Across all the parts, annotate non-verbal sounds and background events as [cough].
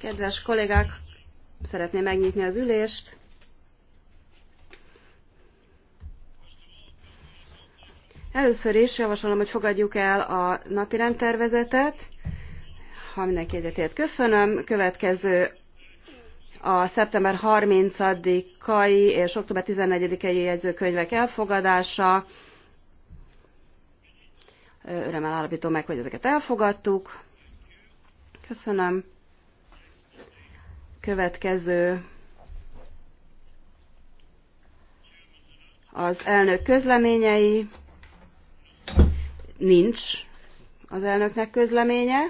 Kedves kollégák, szeretném megnyitni az ülést. Először is javasolom, hogy fogadjuk el a napi rendtervezetet. Ha mindenki egyetért, köszönöm. Következő a szeptember 30-ai és október 14-i jegyzőkönyvek elfogadása. Örömmel állapítom meg, hogy ezeket elfogadtuk. Köszönöm. Következő az elnök közleményei. Nincs az elnöknek közleménye.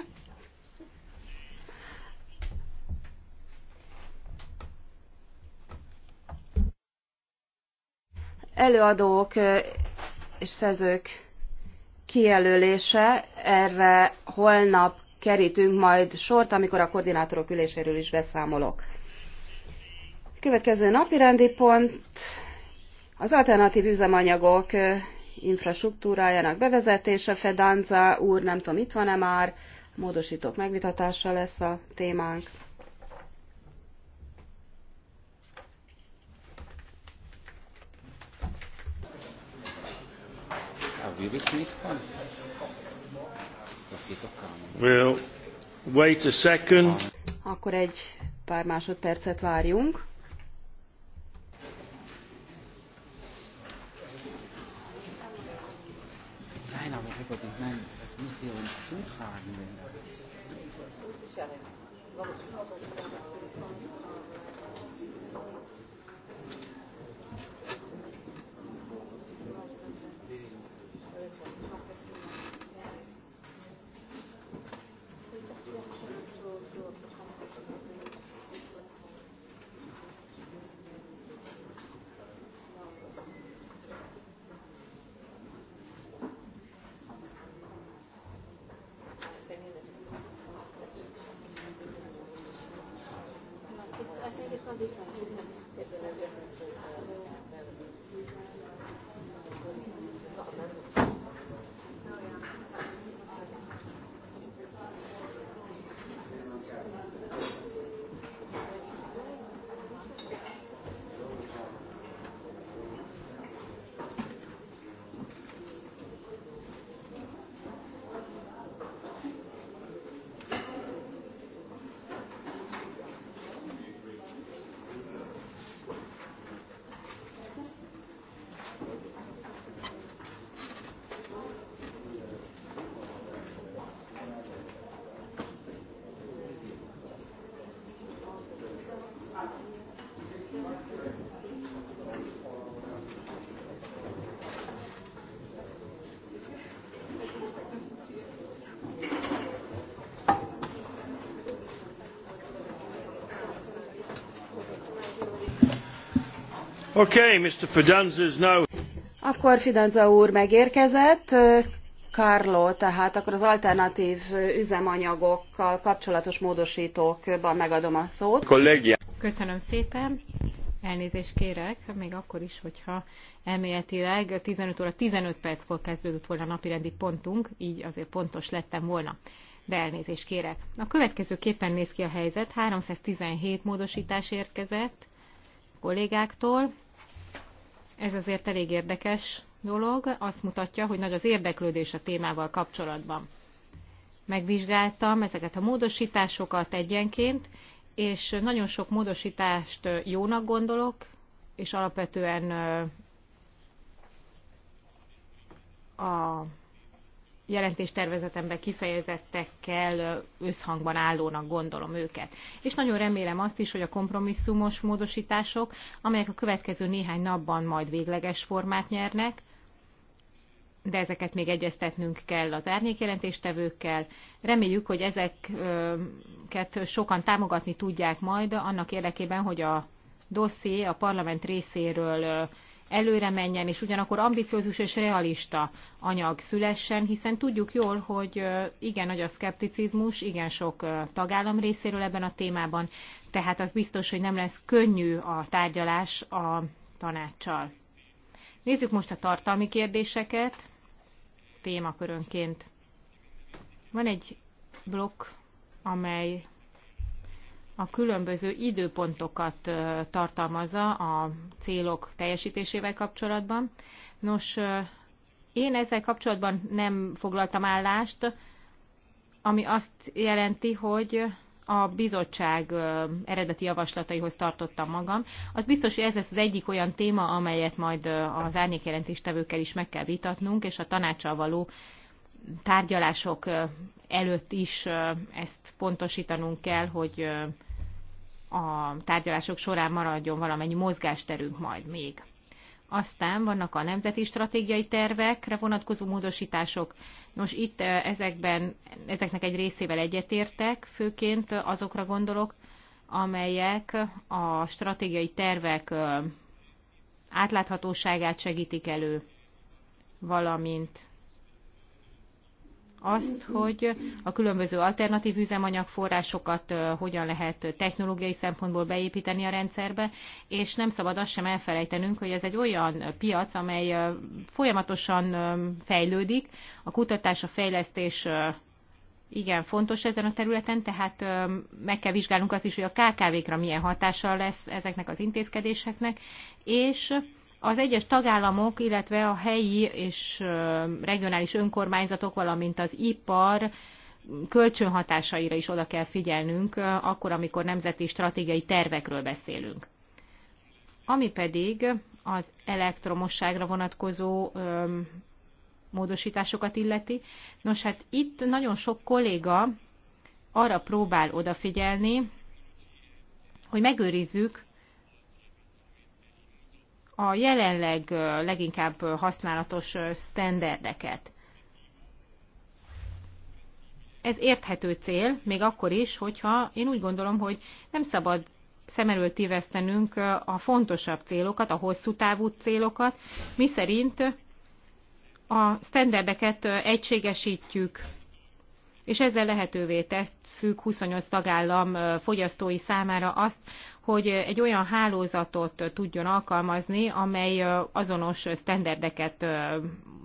Előadók és szerzők kijelölése erre holnap kerítünk majd sort, amikor a koordinátorok üléséről is beszámolok. Következő napi rendi pont az alternatív üzemanyagok infrastruktúrájának bevezetése. Fedanza úr, nem tudom, itt van-e már, módosítók megvitatása lesz a témánk. Wie wissen nicht von? We'll wait a second. Akkor egy pár másodpercet várjunk. Nein, aber das müsst ihr uns Akkor Fidanza úr megérkezett. Carlo, tehát akkor az alternatív üzemanyagokkal kapcsolatos módosítókban megadom a szót. Köszönöm szépen. Elnézést kérek, még akkor is, hogyha elméletileg 15 óra 15 perckor kezdődött volna a napirendi pontunk, így azért pontos lettem volna. De elnézést kérek. A képen néz ki a helyzet. 317 módosítás érkezett kollégáktól, ez azért elég érdekes dolog, azt mutatja, hogy nagy az érdeklődés a témával kapcsolatban. Megvizsgáltam ezeket a módosításokat egyenként, és nagyon sok módosítást jónak gondolok, és alapvetően a jelentéstervezetemben kifejezettekkel összhangban állónak gondolom őket. És nagyon remélem azt is, hogy a kompromisszumos módosítások, amelyek a következő néhány napban majd végleges formát nyernek, de ezeket még egyeztetnünk kell az árnyékjelentéstevőkkel. Reméljük, hogy ezeket sokan támogatni tudják majd annak érdekében, hogy a dosszié a parlament részéről előre menjen, és ugyanakkor ambiciózus és realista anyag szülessen, hiszen tudjuk jól, hogy igen nagy a szkepticizmus, igen sok tagállam részéről ebben a témában, tehát az biztos, hogy nem lesz könnyű a tárgyalás a tanácssal. Nézzük most a tartalmi kérdéseket témakörönként. Van egy blokk, amely a különböző időpontokat tartalmazza a célok teljesítésével kapcsolatban. Nos, én ezzel kapcsolatban nem foglaltam állást, ami azt jelenti, hogy a bizottság eredeti javaslataihoz tartottam magam. Az biztos, hogy ez lesz az egyik olyan téma, amelyet majd az árnyékjelentéstevőkkel is meg kell vitatnunk, és a tanácsal való tárgyalások előtt is ezt pontosítanunk kell, hogy a tárgyalások során maradjon valamennyi mozgásterünk majd még. Aztán vannak a nemzeti stratégiai tervekre vonatkozó módosítások. Nos, itt ezekben, ezeknek egy részével egyetértek, főként azokra gondolok, amelyek a stratégiai tervek átláthatóságát segítik elő, valamint azt, hogy a különböző alternatív üzemanyagforrásokat hogyan lehet technológiai szempontból beépíteni a rendszerbe, és nem szabad azt sem elfelejtenünk, hogy ez egy olyan piac, amely folyamatosan fejlődik, a kutatás, a fejlesztés igen fontos ezen a területen, tehát meg kell vizsgálnunk azt is, hogy a KKV-kra milyen hatással lesz ezeknek az intézkedéseknek, és az egyes tagállamok, illetve a helyi és regionális önkormányzatok, valamint az ipar kölcsönhatásaira is oda kell figyelnünk, akkor, amikor nemzeti stratégiai tervekről beszélünk. Ami pedig az elektromosságra vonatkozó módosításokat illeti. Nos, hát itt nagyon sok kolléga arra próbál odafigyelni, hogy megőrizzük a jelenleg leginkább használatos standardeket. Ez érthető cél, még akkor is, hogyha én úgy gondolom, hogy nem szabad szem elől tévesztenünk a fontosabb célokat, a hosszú távú célokat, miszerint a standardeket egységesítjük, és ezzel lehetővé tesszük 28 tagállam fogyasztói számára azt, hogy egy olyan hálózatot tudjon alkalmazni, amely azonos sztenderdeket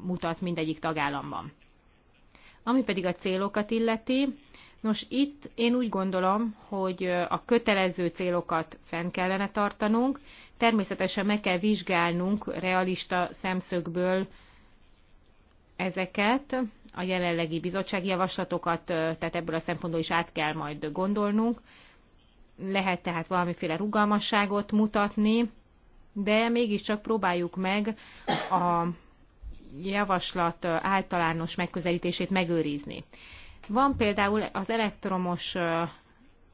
mutat mindegyik tagállamban. Ami pedig a célokat illeti, nos itt én úgy gondolom, hogy a kötelező célokat fenn kellene tartanunk, természetesen meg kell vizsgálnunk realista szemszögből ezeket, a jelenlegi bizottsági javaslatokat, tehát ebből a szempontból is át kell majd gondolnunk. Lehet tehát valamiféle rugalmasságot mutatni, de mégiscsak próbáljuk meg a javaslat általános megközelítését megőrizni. Van például az elektromos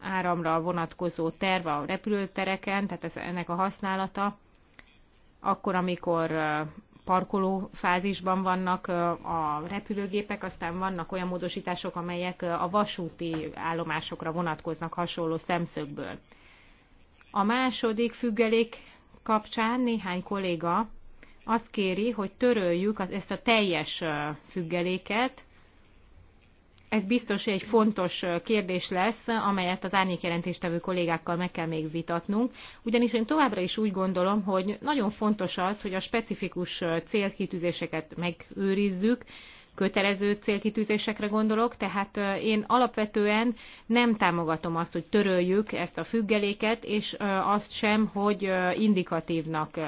áramra vonatkozó terve a repülőtereken, tehát ez, ennek a használata, akkor, amikor parkoló fázisban vannak a repülőgépek, aztán vannak olyan módosítások, amelyek a vasúti állomásokra vonatkoznak hasonló szemszögből. A második függelék kapcsán néhány kolléga azt kéri, hogy töröljük ezt a teljes függeléket, ez biztos egy fontos kérdés lesz, amelyet az árnyékjelentéstevő kollégákkal meg kell még vitatnunk, ugyanis én továbbra is úgy gondolom, hogy nagyon fontos az, hogy a specifikus célkitűzéseket megőrizzük, kötelező célkitűzésekre gondolok, tehát én alapvetően nem támogatom azt, hogy töröljük ezt a függeléket, és azt sem, hogy indikatívnak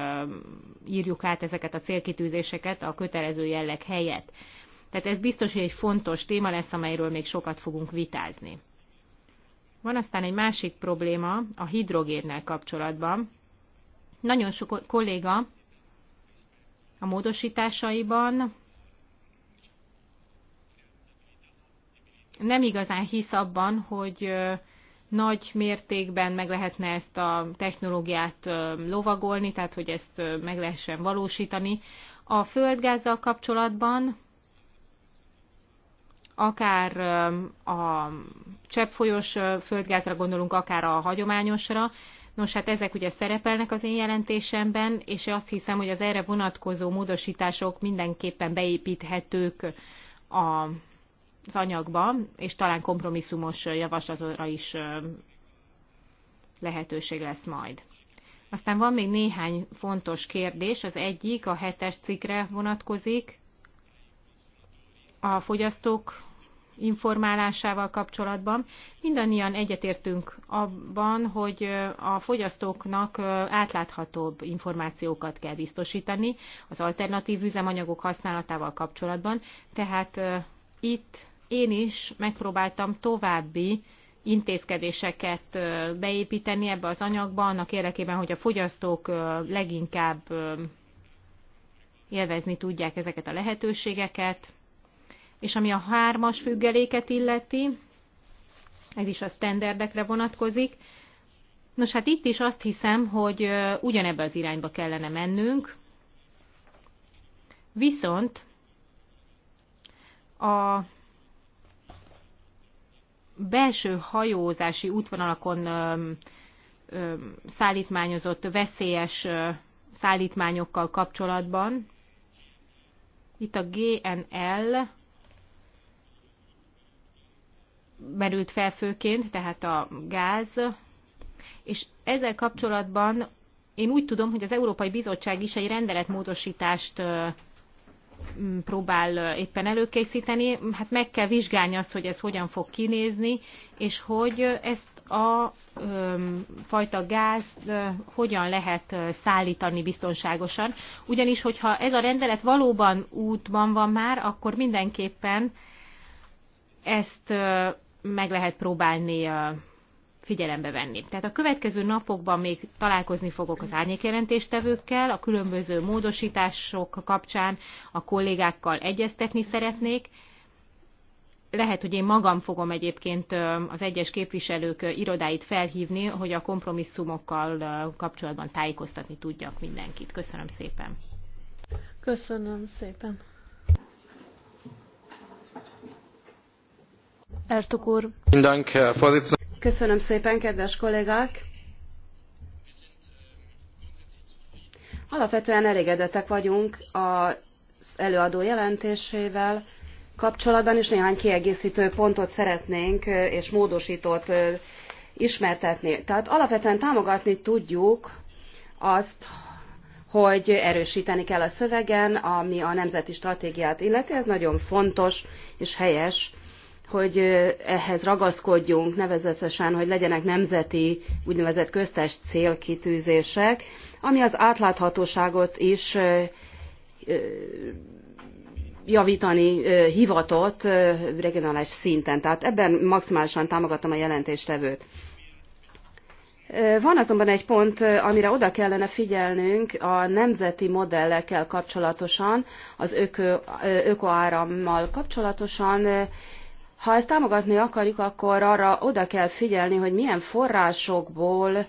írjuk át ezeket a célkitűzéseket a kötelező jelleg helyett. Tehát ez biztos, hogy egy fontos téma lesz, amelyről még sokat fogunk vitázni. Van aztán egy másik probléma a hidrogénnel kapcsolatban. Nagyon sok kolléga a módosításaiban nem igazán hisz abban, hogy nagy mértékben meg lehetne ezt a technológiát lovagolni, tehát hogy ezt meg lehessen valósítani. A földgázzal kapcsolatban akár a cseppfolyós földgázra gondolunk, akár a hagyományosra. Nos, hát ezek ugye szerepelnek az én jelentésemben, és azt hiszem, hogy az erre vonatkozó módosítások mindenképpen beépíthetők a, az anyagba, és talán kompromisszumos javaslatra is lehetőség lesz majd. Aztán van még néhány fontos kérdés. Az egyik a hetes cikkre vonatkozik. A fogyasztók informálásával kapcsolatban. Mindannyian egyetértünk abban, hogy a fogyasztóknak átláthatóbb információkat kell biztosítani az alternatív üzemanyagok használatával kapcsolatban, tehát itt én is megpróbáltam további intézkedéseket beépíteni ebbe az anyagba, annak érdekében, hogy a fogyasztók leginkább élvezni tudják ezeket a lehetőségeket. És ami a hármas függeléket illeti, ez is a standardekre vonatkozik. Nos, hát itt is azt hiszem, hogy ugyanebbe az irányba kellene mennünk, viszont a belső hajózási útvonalakon szállítmányozott veszélyes ö, szállítmányokkal kapcsolatban. Itt a GNL merült fel főként, tehát a gáz, és ezzel kapcsolatban én úgy tudom, hogy az Európai Bizottság is egy rendeletmódosítást próbál éppen előkészíteni. Hát meg kell vizsgálni azt, hogy ez hogyan fog kinézni, és hogy ezt a fajta gáz hogyan lehet szállítani biztonságosan. Ugyanis, hogyha ez a rendelet valóban útban van már, akkor mindenképpen ezt meg lehet próbálni figyelembe venni. Tehát a következő napokban még találkozni fogok az árnyékjelentéstevőkkel, a különböző módosítások kapcsán a kollégákkal egyeztetni szeretnék. Lehet, hogy én magam fogom egyébként az egyes képviselők irodáit felhívni, hogy a kompromisszumokkal kapcsolatban tájékoztatni tudjak mindenkit. Köszönöm szépen. Köszönöm szépen. úr. Köszönöm szépen, kedves kollégák! Alapvetően elégedettek vagyunk az előadó jelentésével kapcsolatban, és néhány kiegészítő pontot szeretnénk és módosítót ismertetni. Tehát alapvetően támogatni tudjuk azt, hogy erősíteni kell a szövegen, ami a nemzeti stratégiát illeti, ez nagyon fontos és helyes hogy ehhez ragaszkodjunk, nevezetesen, hogy legyenek nemzeti úgynevezett köztes célkitűzések, ami az átláthatóságot is javítani hivatott regionális szinten. Tehát ebben maximálisan támogatom a jelentéstevőt. Van azonban egy pont, amire oda kellene figyelnünk a nemzeti modellekkel kapcsolatosan, az ökoárammal kapcsolatosan ha ezt támogatni akarjuk, akkor arra oda kell figyelni, hogy milyen forrásokból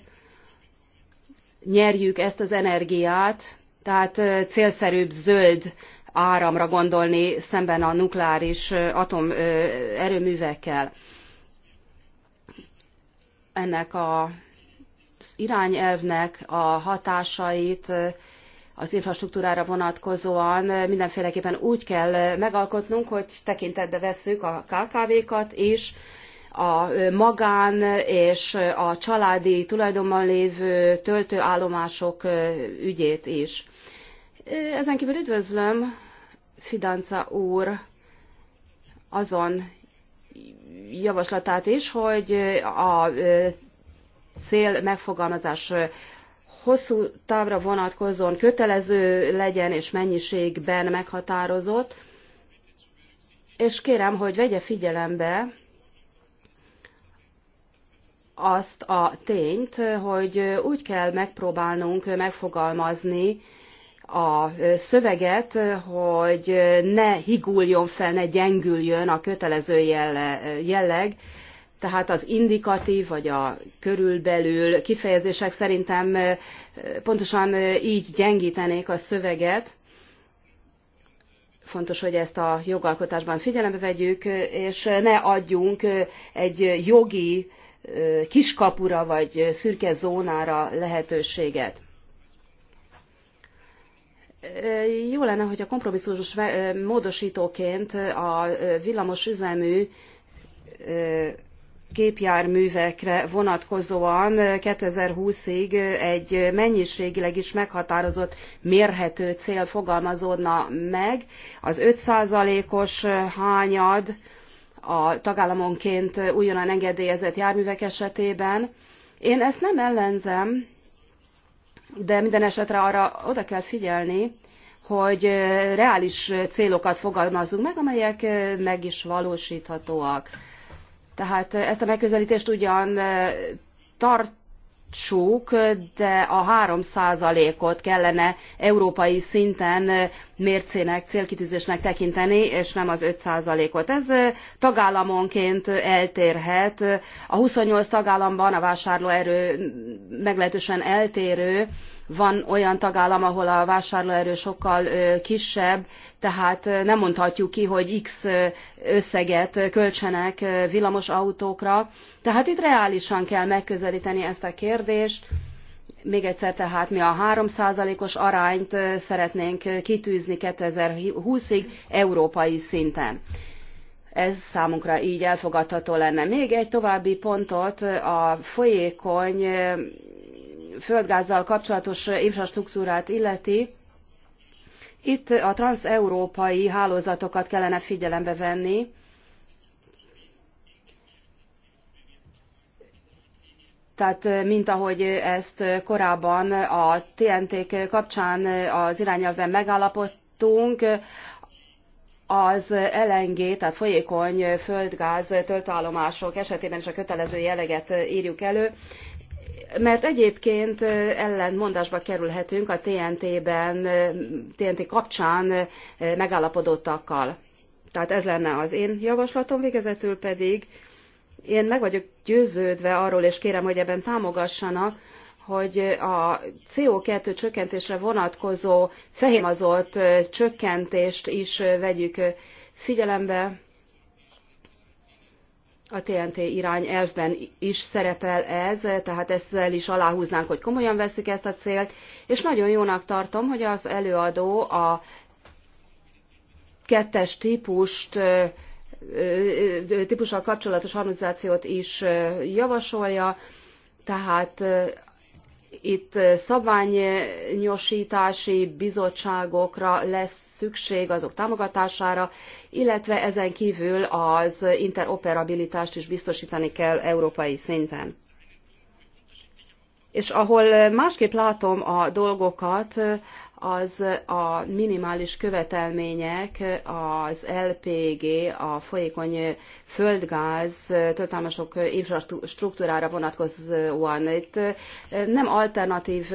nyerjük ezt az energiát, tehát célszerűbb zöld áramra gondolni szemben a nukleáris atomerőművekkel. Ennek a irányelvnek a hatásait az infrastruktúrára vonatkozóan mindenféleképpen úgy kell megalkotnunk, hogy tekintetbe vesszük a KKV-kat is, a magán és a családi tulajdonban lévő töltőállomások ügyét is. Ezen kívül üdvözlöm Fidanca úr azon javaslatát is, hogy a cél megfogalmazás hosszú távra vonatkozóan kötelező legyen és mennyiségben meghatározott, és kérem, hogy vegye figyelembe azt a tényt, hogy úgy kell megpróbálnunk megfogalmazni a szöveget, hogy ne higuljon fel, ne gyengüljön a kötelező jelleg, tehát az indikatív vagy a körülbelül kifejezések szerintem pontosan így gyengítenék a szöveget. Fontos, hogy ezt a jogalkotásban figyelembe vegyük, és ne adjunk egy jogi kiskapura vagy szürke zónára lehetőséget. Jó lenne, hogy a kompromisszusos módosítóként a villamos üzemű gépjárművekre vonatkozóan 2020-ig egy mennyiségileg is meghatározott mérhető cél fogalmazódna meg. Az 5%-os hányad a tagállamonként újonnan engedélyezett járművek esetében. Én ezt nem ellenzem, de minden esetre arra oda kell figyelni, hogy reális célokat fogalmazzunk meg, amelyek meg is valósíthatóak. Tehát ezt a megközelítést ugyan e, tartsuk, de a 3 ot kellene európai szinten e, mércének, célkitűzésnek tekinteni, és nem az 5 ot Ez e, tagállamonként eltérhet. A 28 tagállamban a vásárlóerő meglehetősen eltérő, van olyan tagállam, ahol a vásárlóerő sokkal kisebb, tehát nem mondhatjuk ki, hogy X összeget költsenek villamos autókra. Tehát itt reálisan kell megközelíteni ezt a kérdést. Még egyszer tehát mi a 3%-os arányt szeretnénk kitűzni 2020-ig európai szinten ez számunkra így elfogadható lenne. Még egy további pontot a folyékony földgázzal kapcsolatos infrastruktúrát illeti, itt a transeurópai hálózatokat kellene figyelembe venni. Tehát, mint ahogy ezt korábban a TNT-k kapcsán az irányelven megállapodtunk, az LNG, tehát folyékony földgáz töltőállomások esetében is a kötelező jelleget írjuk elő, mert egyébként ellentmondásba kerülhetünk a TNT-ben, TNT kapcsán megállapodottakkal. Tehát ez lenne az én javaslatom, végezetül pedig én meg vagyok győződve arról, és kérem, hogy ebben támogassanak, hogy a CO2 csökkentésre vonatkozó fehémazolt csökkentést is vegyük figyelembe a TNT irány elvben is szerepel ez, tehát ezzel is aláhúznánk, hogy komolyan veszük ezt a célt, és nagyon jónak tartom, hogy az előadó a kettes típust típussal kapcsolatos harmonizációt is javasolja, tehát itt szabványnyosítási bizottságokra lesz szükség azok támogatására, illetve ezen kívül az interoperabilitást is biztosítani kell európai szinten. És ahol másképp látom a dolgokat, az a minimális követelmények az LPG, a folyékony földgáz töltelmesok infrastruktúrára vonatkozóan. Itt nem alternatív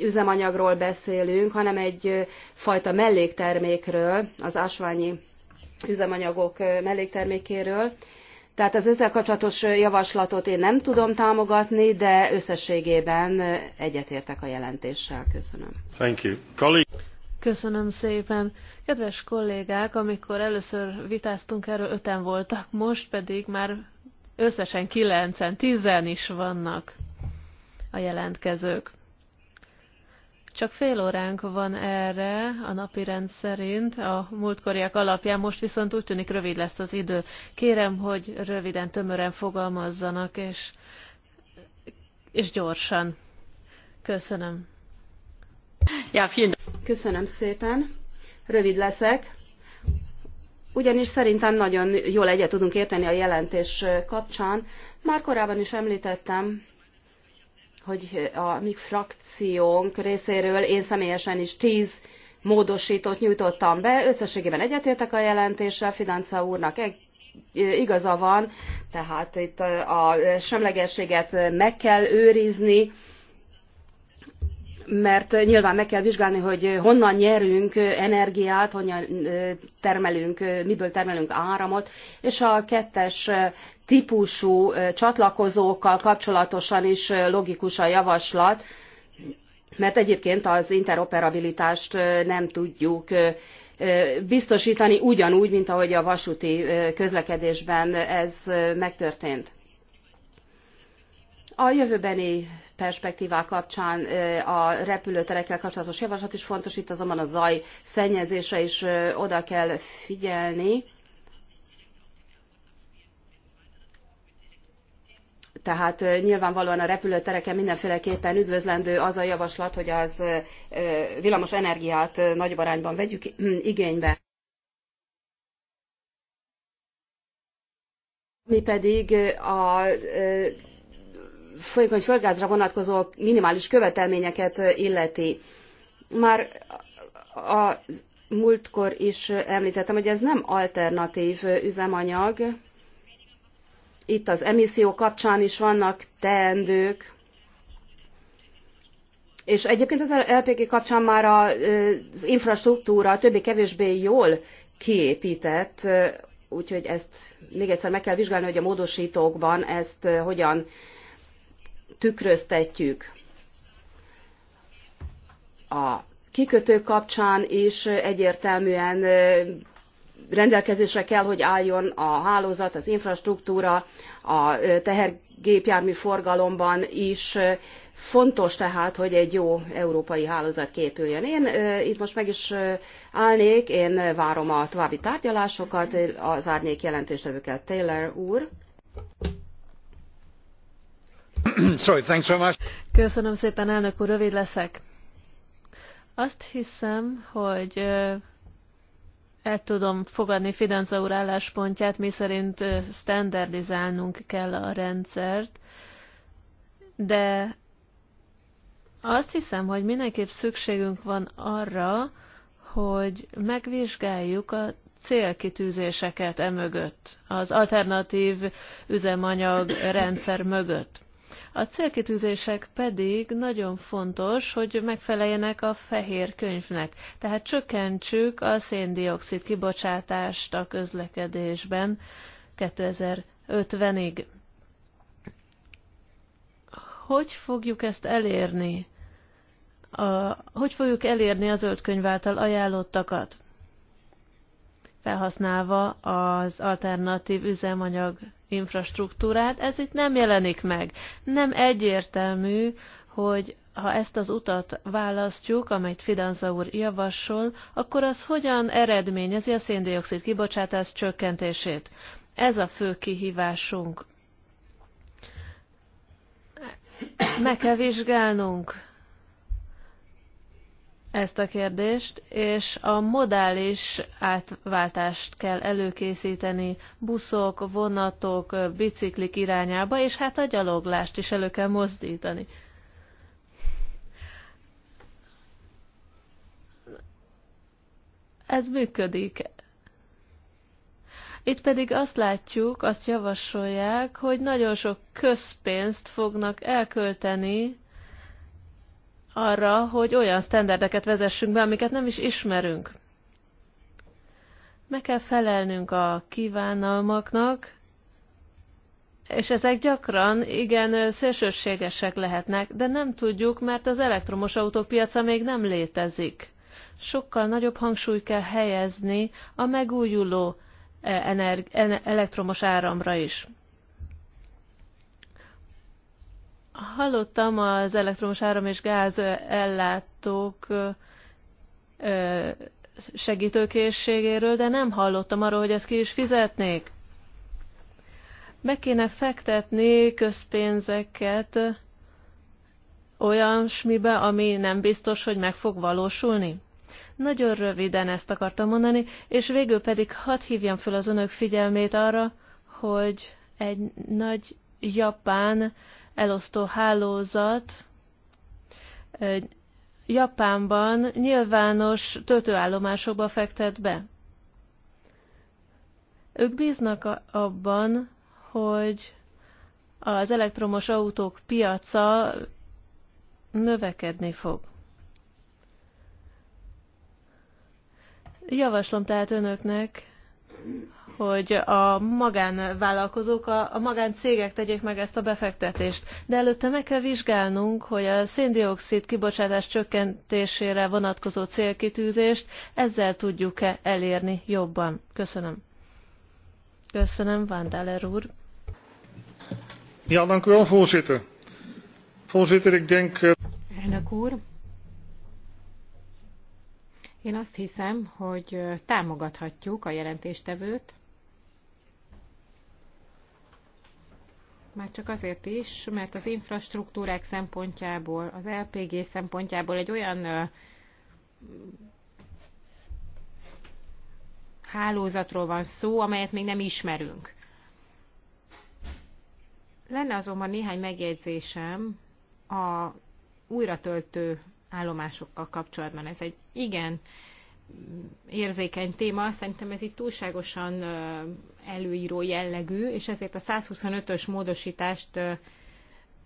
üzemanyagról beszélünk, hanem egy fajta melléktermékről, az ásványi üzemanyagok melléktermékéről, tehát az ezzel kapcsolatos javaslatot én nem tudom támogatni, de összességében egyetértek a jelentéssel. Köszönöm. Thank you. Köszönöm szépen. Kedves kollégák, amikor először vitáztunk erről, öten voltak, most pedig már összesen kilencen, tizen is vannak a jelentkezők. Csak fél óránk van erre a napi rend szerint, a múltkoriak alapján, most viszont úgy tűnik rövid lesz az idő. Kérem, hogy röviden, tömören fogalmazzanak, és, és gyorsan. Köszönöm. Ja, Köszönöm szépen. Rövid leszek. Ugyanis szerintem nagyon jól egyet tudunk érteni a jelentés kapcsán. Már korábban is említettem, hogy a mi frakciónk részéről én személyesen is tíz módosítót nyújtottam be. Összességében egyetértek a jelentéssel, Fidanca úrnak igaza van, tehát itt a semlegességet meg kell őrizni, mert nyilván meg kell vizsgálni, hogy honnan nyerünk energiát, honnan termelünk, miből termelünk áramot, és a kettes típusú csatlakozókkal kapcsolatosan is logikus a javaslat, mert egyébként az interoperabilitást nem tudjuk biztosítani ugyanúgy, mint ahogy a vasúti közlekedésben ez megtörtént. A jövőbeni perspektívák kapcsán a repülőterekkel kapcsolatos javaslat is fontos, itt azonban a zaj szennyezése is oda kell figyelni. Tehát nyilvánvalóan a repülőtereken mindenféleképpen üdvözlendő az a javaslat, hogy az villamos energiát nagyobb arányban vegyük igénybe. Mi pedig a folyékony földgázra vonatkozó minimális követelményeket illeti. Már a múltkor is említettem, hogy ez nem alternatív üzemanyag, itt az emisszió kapcsán is vannak teendők, és egyébként az LPG kapcsán már az infrastruktúra többé-kevésbé jól kiépített, úgyhogy ezt még egyszer meg kell vizsgálni, hogy a módosítókban ezt hogyan tükröztetjük. A kikötő kapcsán is egyértelműen rendelkezésre kell, hogy álljon a hálózat, az infrastruktúra, a tehergépjármű forgalomban is. Fontos tehát, hogy egy jó európai hálózat képüljön. Én itt most meg is állnék, én várom a további tárgyalásokat, az árnyék jelentéstevőkkel Taylor úr. [clears throat] Sorry, thanks very much. Köszönöm szépen, elnök úr, rövid leszek. Azt hiszem, hogy el tudom fogadni Fidenza úr álláspontját, mi szerint standardizálnunk kell a rendszert, de azt hiszem, hogy mindenképp szükségünk van arra, hogy megvizsgáljuk a célkitűzéseket emögött, mögött, az alternatív üzemanyag rendszer mögött. A célkitűzések pedig nagyon fontos, hogy megfeleljenek a fehér könyvnek. Tehát csökkentsük a széndiokszid kibocsátást a közlekedésben 2050-ig. Hogy fogjuk ezt elérni? A, hogy fogjuk elérni a zöld könyv által ajánlottakat? Felhasználva az alternatív üzemanyag infrastruktúrát, ez itt nem jelenik meg. Nem egyértelmű, hogy ha ezt az utat választjuk, amelyet Fidanza úr javasol, akkor az hogyan eredményezi a széndiokszid kibocsátás csökkentését. Ez a fő kihívásunk. Meg kell vizsgálnunk ezt a kérdést, és a modális átváltást kell előkészíteni buszok, vonatok, biciklik irányába, és hát a gyaloglást is elő kell mozdítani. Ez működik. Itt pedig azt látjuk, azt javasolják, hogy nagyon sok közpénzt fognak elkölteni arra, hogy olyan sztenderdeket vezessünk be, amiket nem is ismerünk. Meg kell felelnünk a kívánalmaknak, és ezek gyakran igen szélsőségesek lehetnek, de nem tudjuk, mert az elektromos autópiaca még nem létezik. Sokkal nagyobb hangsúly kell helyezni a megújuló eh, elektromos áramra is. Hallottam az elektromos áram és gáz ellátók segítőkészségéről, de nem hallottam arról, hogy ezt ki is fizetnék. Meg kéne fektetni közpénzeket olyasmibe, ami nem biztos, hogy meg fog valósulni. Nagyon röviden ezt akartam mondani, és végül pedig hadd hívjam fel az önök figyelmét arra, hogy egy nagy japán elosztó hálózat Japánban nyilvános töltőállomásokba fektet be. Ők bíznak abban, hogy az elektromos autók piaca növekedni fog. Javaslom tehát önöknek, hogy a magánvállalkozók, a, a magáncégek tegyék meg ezt a befektetést. De előtte meg kell vizsgálnunk, hogy a széndiokszid kibocsátás csökkentésére vonatkozó célkitűzést ezzel tudjuk-e elérni jobban. Köszönöm. Köszönöm, Vandaler úr. Ja, dank u wel, voorzitter. Voorzitter, ik denk... Eh, Elnök úr, én azt hiszem, hogy eh, támogathatjuk a jelentéstevőt, Már csak azért is, mert az infrastruktúrák szempontjából, az LPG szempontjából egy olyan hálózatról van szó, amelyet még nem ismerünk. Lenne azonban néhány megjegyzésem a újratöltő állomásokkal kapcsolatban. Ez egy igen érzékeny téma, szerintem ez itt túlságosan előíró jellegű, és ezért a 125-ös módosítást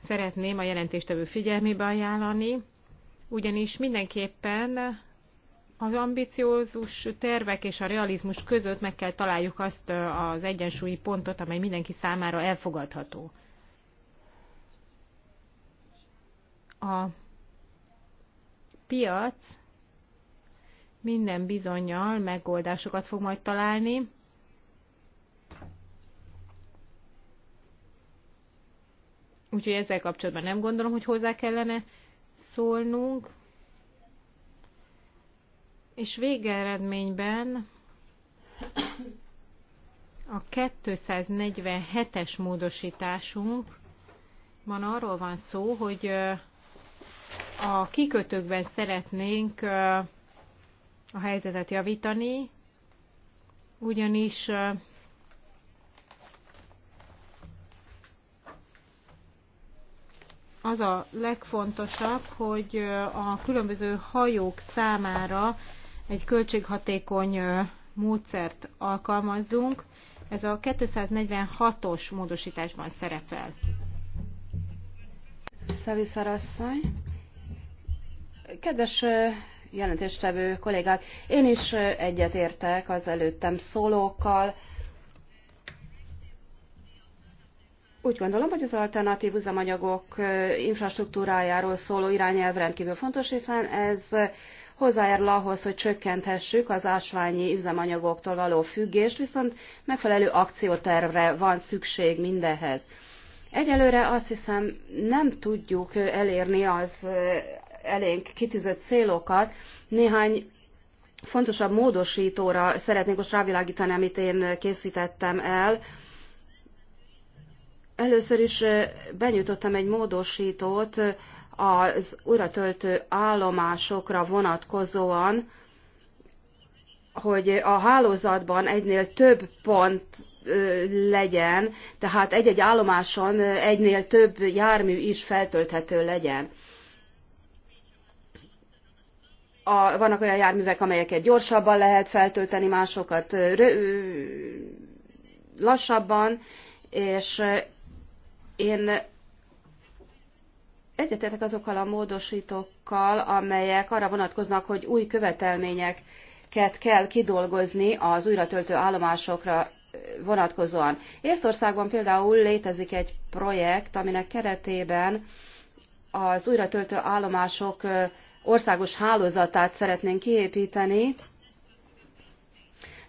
szeretném a jelentéstevő figyelmébe ajánlani, ugyanis mindenképpen az ambiciózus tervek és a realizmus között meg kell találjuk azt az egyensúlyi pontot, amely mindenki számára elfogadható. A piac minden bizonyal megoldásokat fog majd találni. Úgyhogy ezzel kapcsolatban nem gondolom, hogy hozzá kellene szólnunk. És végeredményben a 247-es van arról van szó, hogy a kikötőkben szeretnénk a helyzetet javítani, ugyanis az a legfontosabb, hogy a különböző hajók számára egy költséghatékony módszert alkalmazzunk. Ez a 246-os módosításban szerepel. Szaviszar Kedves jelentéstevő kollégák, én is egyetértek az előttem szólókkal. Úgy gondolom, hogy az alternatív üzemanyagok infrastruktúrájáról szóló irányelv rendkívül fontos, hiszen ez hozzájárul ahhoz, hogy csökkenthessük az ásványi üzemanyagoktól való függést, viszont megfelelő akciótervre van szükség mindehhez. Egyelőre azt hiszem nem tudjuk elérni az elénk kitűzött célokat. Néhány fontosabb módosítóra szeretnék most rávilágítani, amit én készítettem el. Először is benyújtottam egy módosítót az uratöltő állomásokra vonatkozóan, hogy a hálózatban egynél több pont legyen, tehát egy-egy állomáson egynél több jármű is feltölthető legyen a, vannak olyan járművek, amelyeket gyorsabban lehet feltölteni, másokat rö, lassabban, és én egyetértek azokkal a módosítókkal, amelyek arra vonatkoznak, hogy új követelményeket kell kidolgozni az újratöltő állomásokra vonatkozóan. Észtországban például létezik egy projekt, aminek keretében az újratöltő állomások országos hálózatát szeretnénk kiépíteni.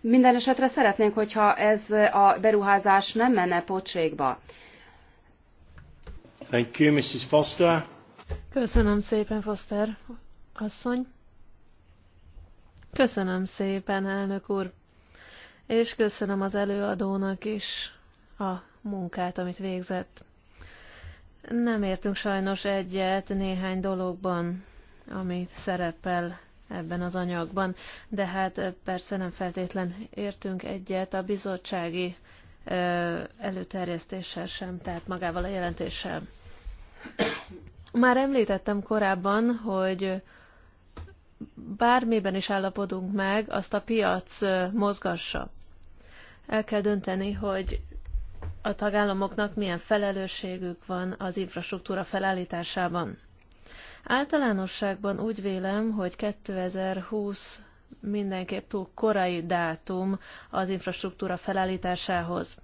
Minden esetre szeretnénk, hogyha ez a beruházás nem menne pocsékba. Thank you, Mrs. Foster. Köszönöm szépen, Foster asszony. Köszönöm szépen, elnök úr. És köszönöm az előadónak is a munkát, amit végzett. Nem értünk sajnos egyet néhány dologban ami szerepel ebben az anyagban, de hát persze nem feltétlen értünk egyet a bizottsági előterjesztéssel sem, tehát magával a jelentéssel. Már említettem korábban, hogy bármiben is állapodunk meg, azt a piac mozgassa. El kell dönteni, hogy a tagállamoknak milyen felelősségük van az infrastruktúra felállításában. Általánosságban úgy vélem, hogy 2020 mindenképp túl korai dátum az infrastruktúra felállításához.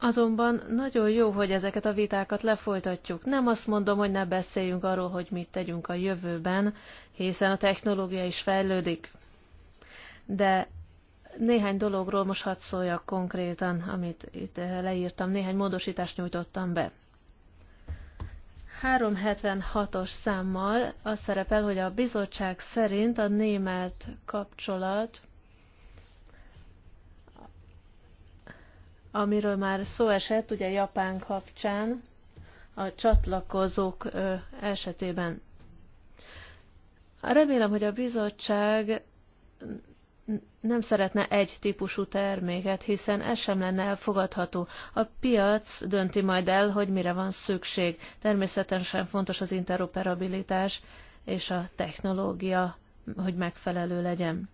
Azonban nagyon jó, hogy ezeket a vitákat lefolytatjuk. Nem azt mondom, hogy ne beszéljünk arról, hogy mit tegyünk a jövőben, hiszen a technológia is fejlődik. De néhány dologról most hadd szóljak konkrétan, amit itt leírtam, néhány módosítást nyújtottam be. 376-os számmal az szerepel, hogy a bizottság szerint a német kapcsolat, amiről már szó esett, ugye Japán kapcsán, a csatlakozók esetében. Remélem, hogy a bizottság nem szeretne egy típusú terméket, hiszen ez sem lenne elfogadható. A piac dönti majd el, hogy mire van szükség. Természetesen fontos az interoperabilitás és a technológia, hogy megfelelő legyen.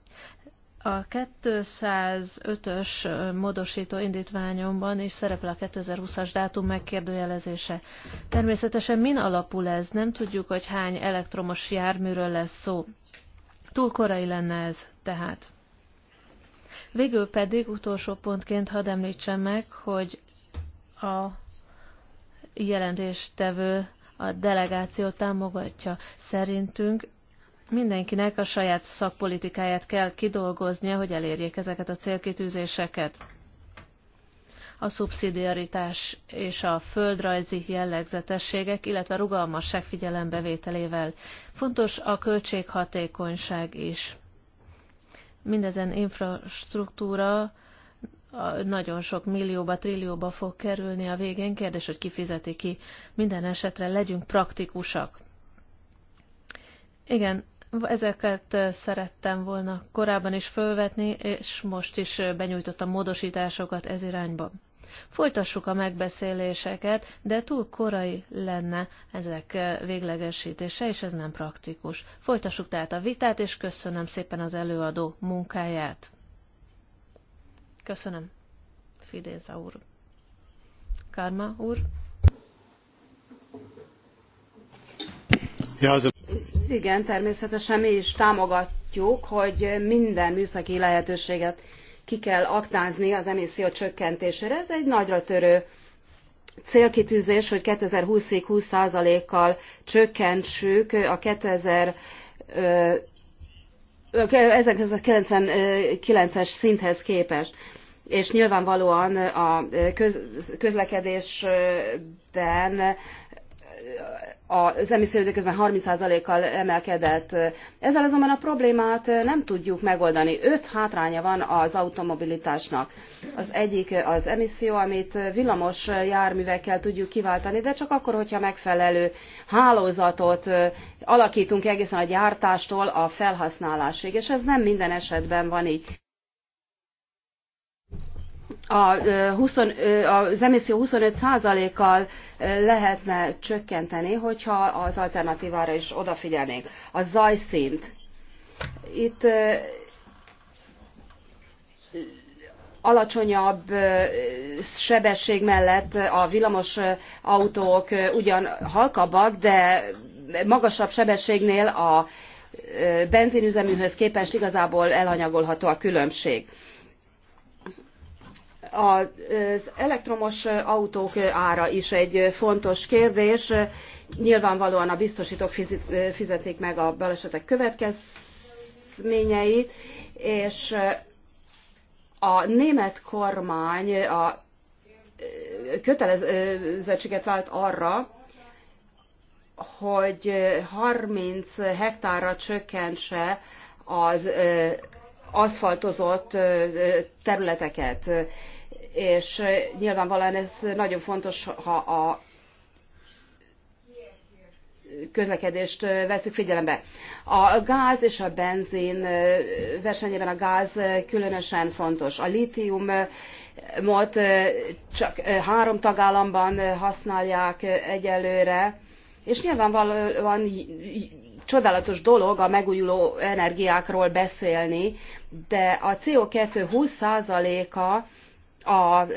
A 205-ös módosító indítványomban is szerepel a 2020-as dátum megkérdőjelezése. Természetesen min alapul ez? Nem tudjuk, hogy hány elektromos járműről lesz szó. Túl korai lenne ez tehát. Végül pedig utolsó pontként hadd említsem meg, hogy a jelentéstevő a delegáció támogatja. Szerintünk mindenkinek a saját szakpolitikáját kell kidolgoznia, hogy elérjék ezeket a célkitűzéseket. A szubszidiaritás és a földrajzi jellegzetességek, illetve rugalmasság figyelembevételével. Fontos a költséghatékonyság is mindezen infrastruktúra nagyon sok millióba, trillióba fog kerülni a végén. Kérdés, hogy ki fizeti ki. Minden esetre legyünk praktikusak. Igen, ezeket szerettem volna korábban is fölvetni, és most is benyújtottam módosításokat ez irányba. Folytassuk a megbeszéléseket, de túl korai lenne ezek véglegesítése, és ez nem praktikus. Folytassuk tehát a vitát, és köszönöm szépen az előadó munkáját. Köszönöm. Fidéza úr. Karma úr. Igen, természetesen mi is támogatjuk, hogy minden műszaki lehetőséget ki kell aktázni az emisszió csökkentésére. Ez egy nagyra törő célkitűzés, hogy 2020-ig 20%-kal csökkentsük a 2000 1999-es szinthez képest. És nyilvánvalóan a közlekedésben az emisszió közben 30%-kal emelkedett. Ezzel azonban a problémát nem tudjuk megoldani. Öt hátránya van az automobilitásnak. Az egyik az emisszió, amit villamos járművekkel tudjuk kiváltani, de csak akkor, hogyha megfelelő hálózatot alakítunk egészen a gyártástól a felhasználásig, és ez nem minden esetben van így a, 20, az emisszió 25%-kal lehetne csökkenteni, hogyha az alternatívára is odafigyelnénk. A zajszint. Itt alacsonyabb sebesség mellett a villamos autók ugyan halkabbak, de magasabb sebességnél a benzinüzeműhöz képest igazából elhanyagolható a különbség. Az elektromos autók ára is egy fontos kérdés. Nyilvánvalóan a biztosítók fizetik meg a balesetek következményeit, és a német kormány a kötelezettséget vált arra, hogy 30 hektárra csökkentse az aszfaltozott területeket és nyilvánvalóan ez nagyon fontos, ha a közlekedést veszük figyelembe. A gáz és a benzin versenyében a gáz különösen fontos. A litiumot csak három tagállamban használják egyelőre, és nyilvánvalóan csodálatos dolog a megújuló energiákról beszélni, de a CO2 20%-a az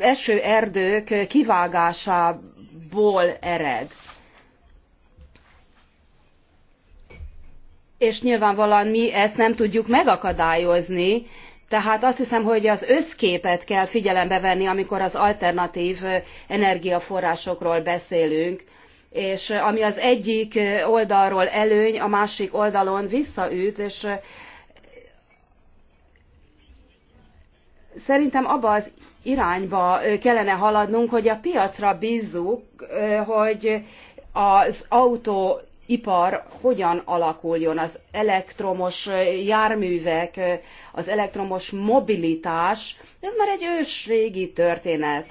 eső erdők kivágásából ered. És nyilvánvalóan mi ezt nem tudjuk megakadályozni, tehát azt hiszem, hogy az összképet kell figyelembe venni, amikor az alternatív energiaforrásokról beszélünk, és ami az egyik oldalról előny, a másik oldalon visszaüt, és Szerintem abba az irányba kellene haladnunk, hogy a piacra bízzuk, hogy az ipar hogyan alakuljon, az elektromos járművek, az elektromos mobilitás, ez már egy ősrégi történet.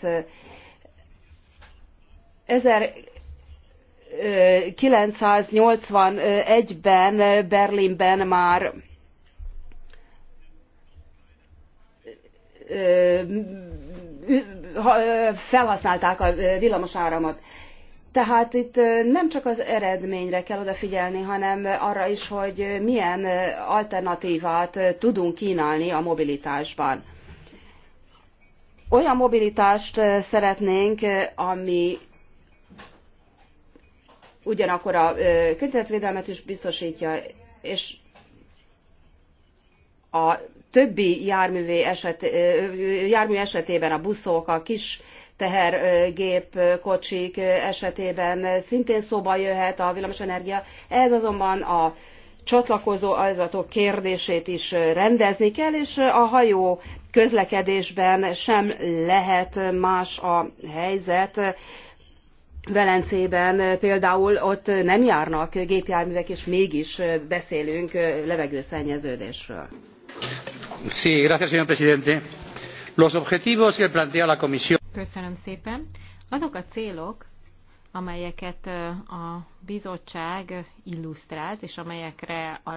1981-ben Berlinben már felhasználták a villamos áramot. Tehát itt nem csak az eredményre kell odafigyelni, hanem arra is, hogy milyen alternatívát tudunk kínálni a mobilitásban. Olyan mobilitást szeretnénk, ami ugyanakkor a környezetvédelmet is biztosítja, és a többi járművé eset, jármű esetében a buszok, a kis tehergép, kocsik esetében szintén szóba jöhet a villamosenergia. Ez azonban a csatlakozó azatok kérdését is rendezni kell, és a hajó közlekedésben sem lehet más a helyzet. Velencében például ott nem járnak gépjárművek, és mégis beszélünk levegőszennyeződésről. Köszönöm Azok a célok, amelyeket a bizottság illusztrált, és amelyekre a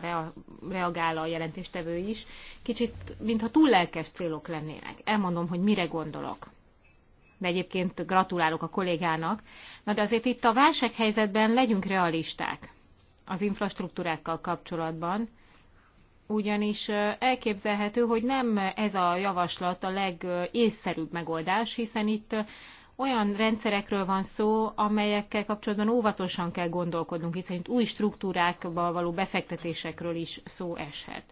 reagál a jelentéstevő is, kicsit mintha túl lelkes célok lennének. Elmondom, hogy mire gondolok. De egyébként gratulálok a kollégának. Na de azért itt a válsághelyzetben legyünk realisták az infrastruktúrákkal kapcsolatban, ugyanis elképzelhető, hogy nem ez a javaslat a legészszerűbb megoldás, hiszen itt olyan rendszerekről van szó, amelyekkel kapcsolatban óvatosan kell gondolkodnunk, hiszen itt új struktúrákba való befektetésekről is szó eshet.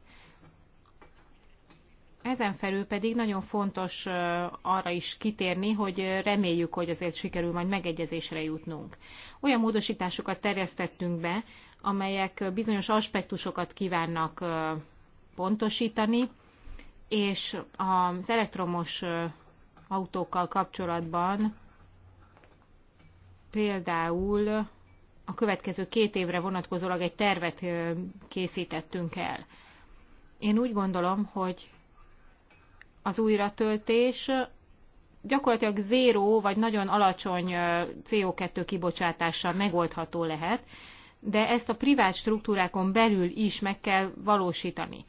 Ezen felül pedig nagyon fontos arra is kitérni, hogy reméljük, hogy azért sikerül majd megegyezésre jutnunk. Olyan módosításokat terjesztettünk be, amelyek bizonyos aspektusokat kívánnak pontosítani, és az elektromos autókkal kapcsolatban például a következő két évre vonatkozólag egy tervet készítettünk el. Én úgy gondolom, hogy az újratöltés gyakorlatilag zéró vagy nagyon alacsony CO2 kibocsátással megoldható lehet, de ezt a privát struktúrákon belül is meg kell valósítani,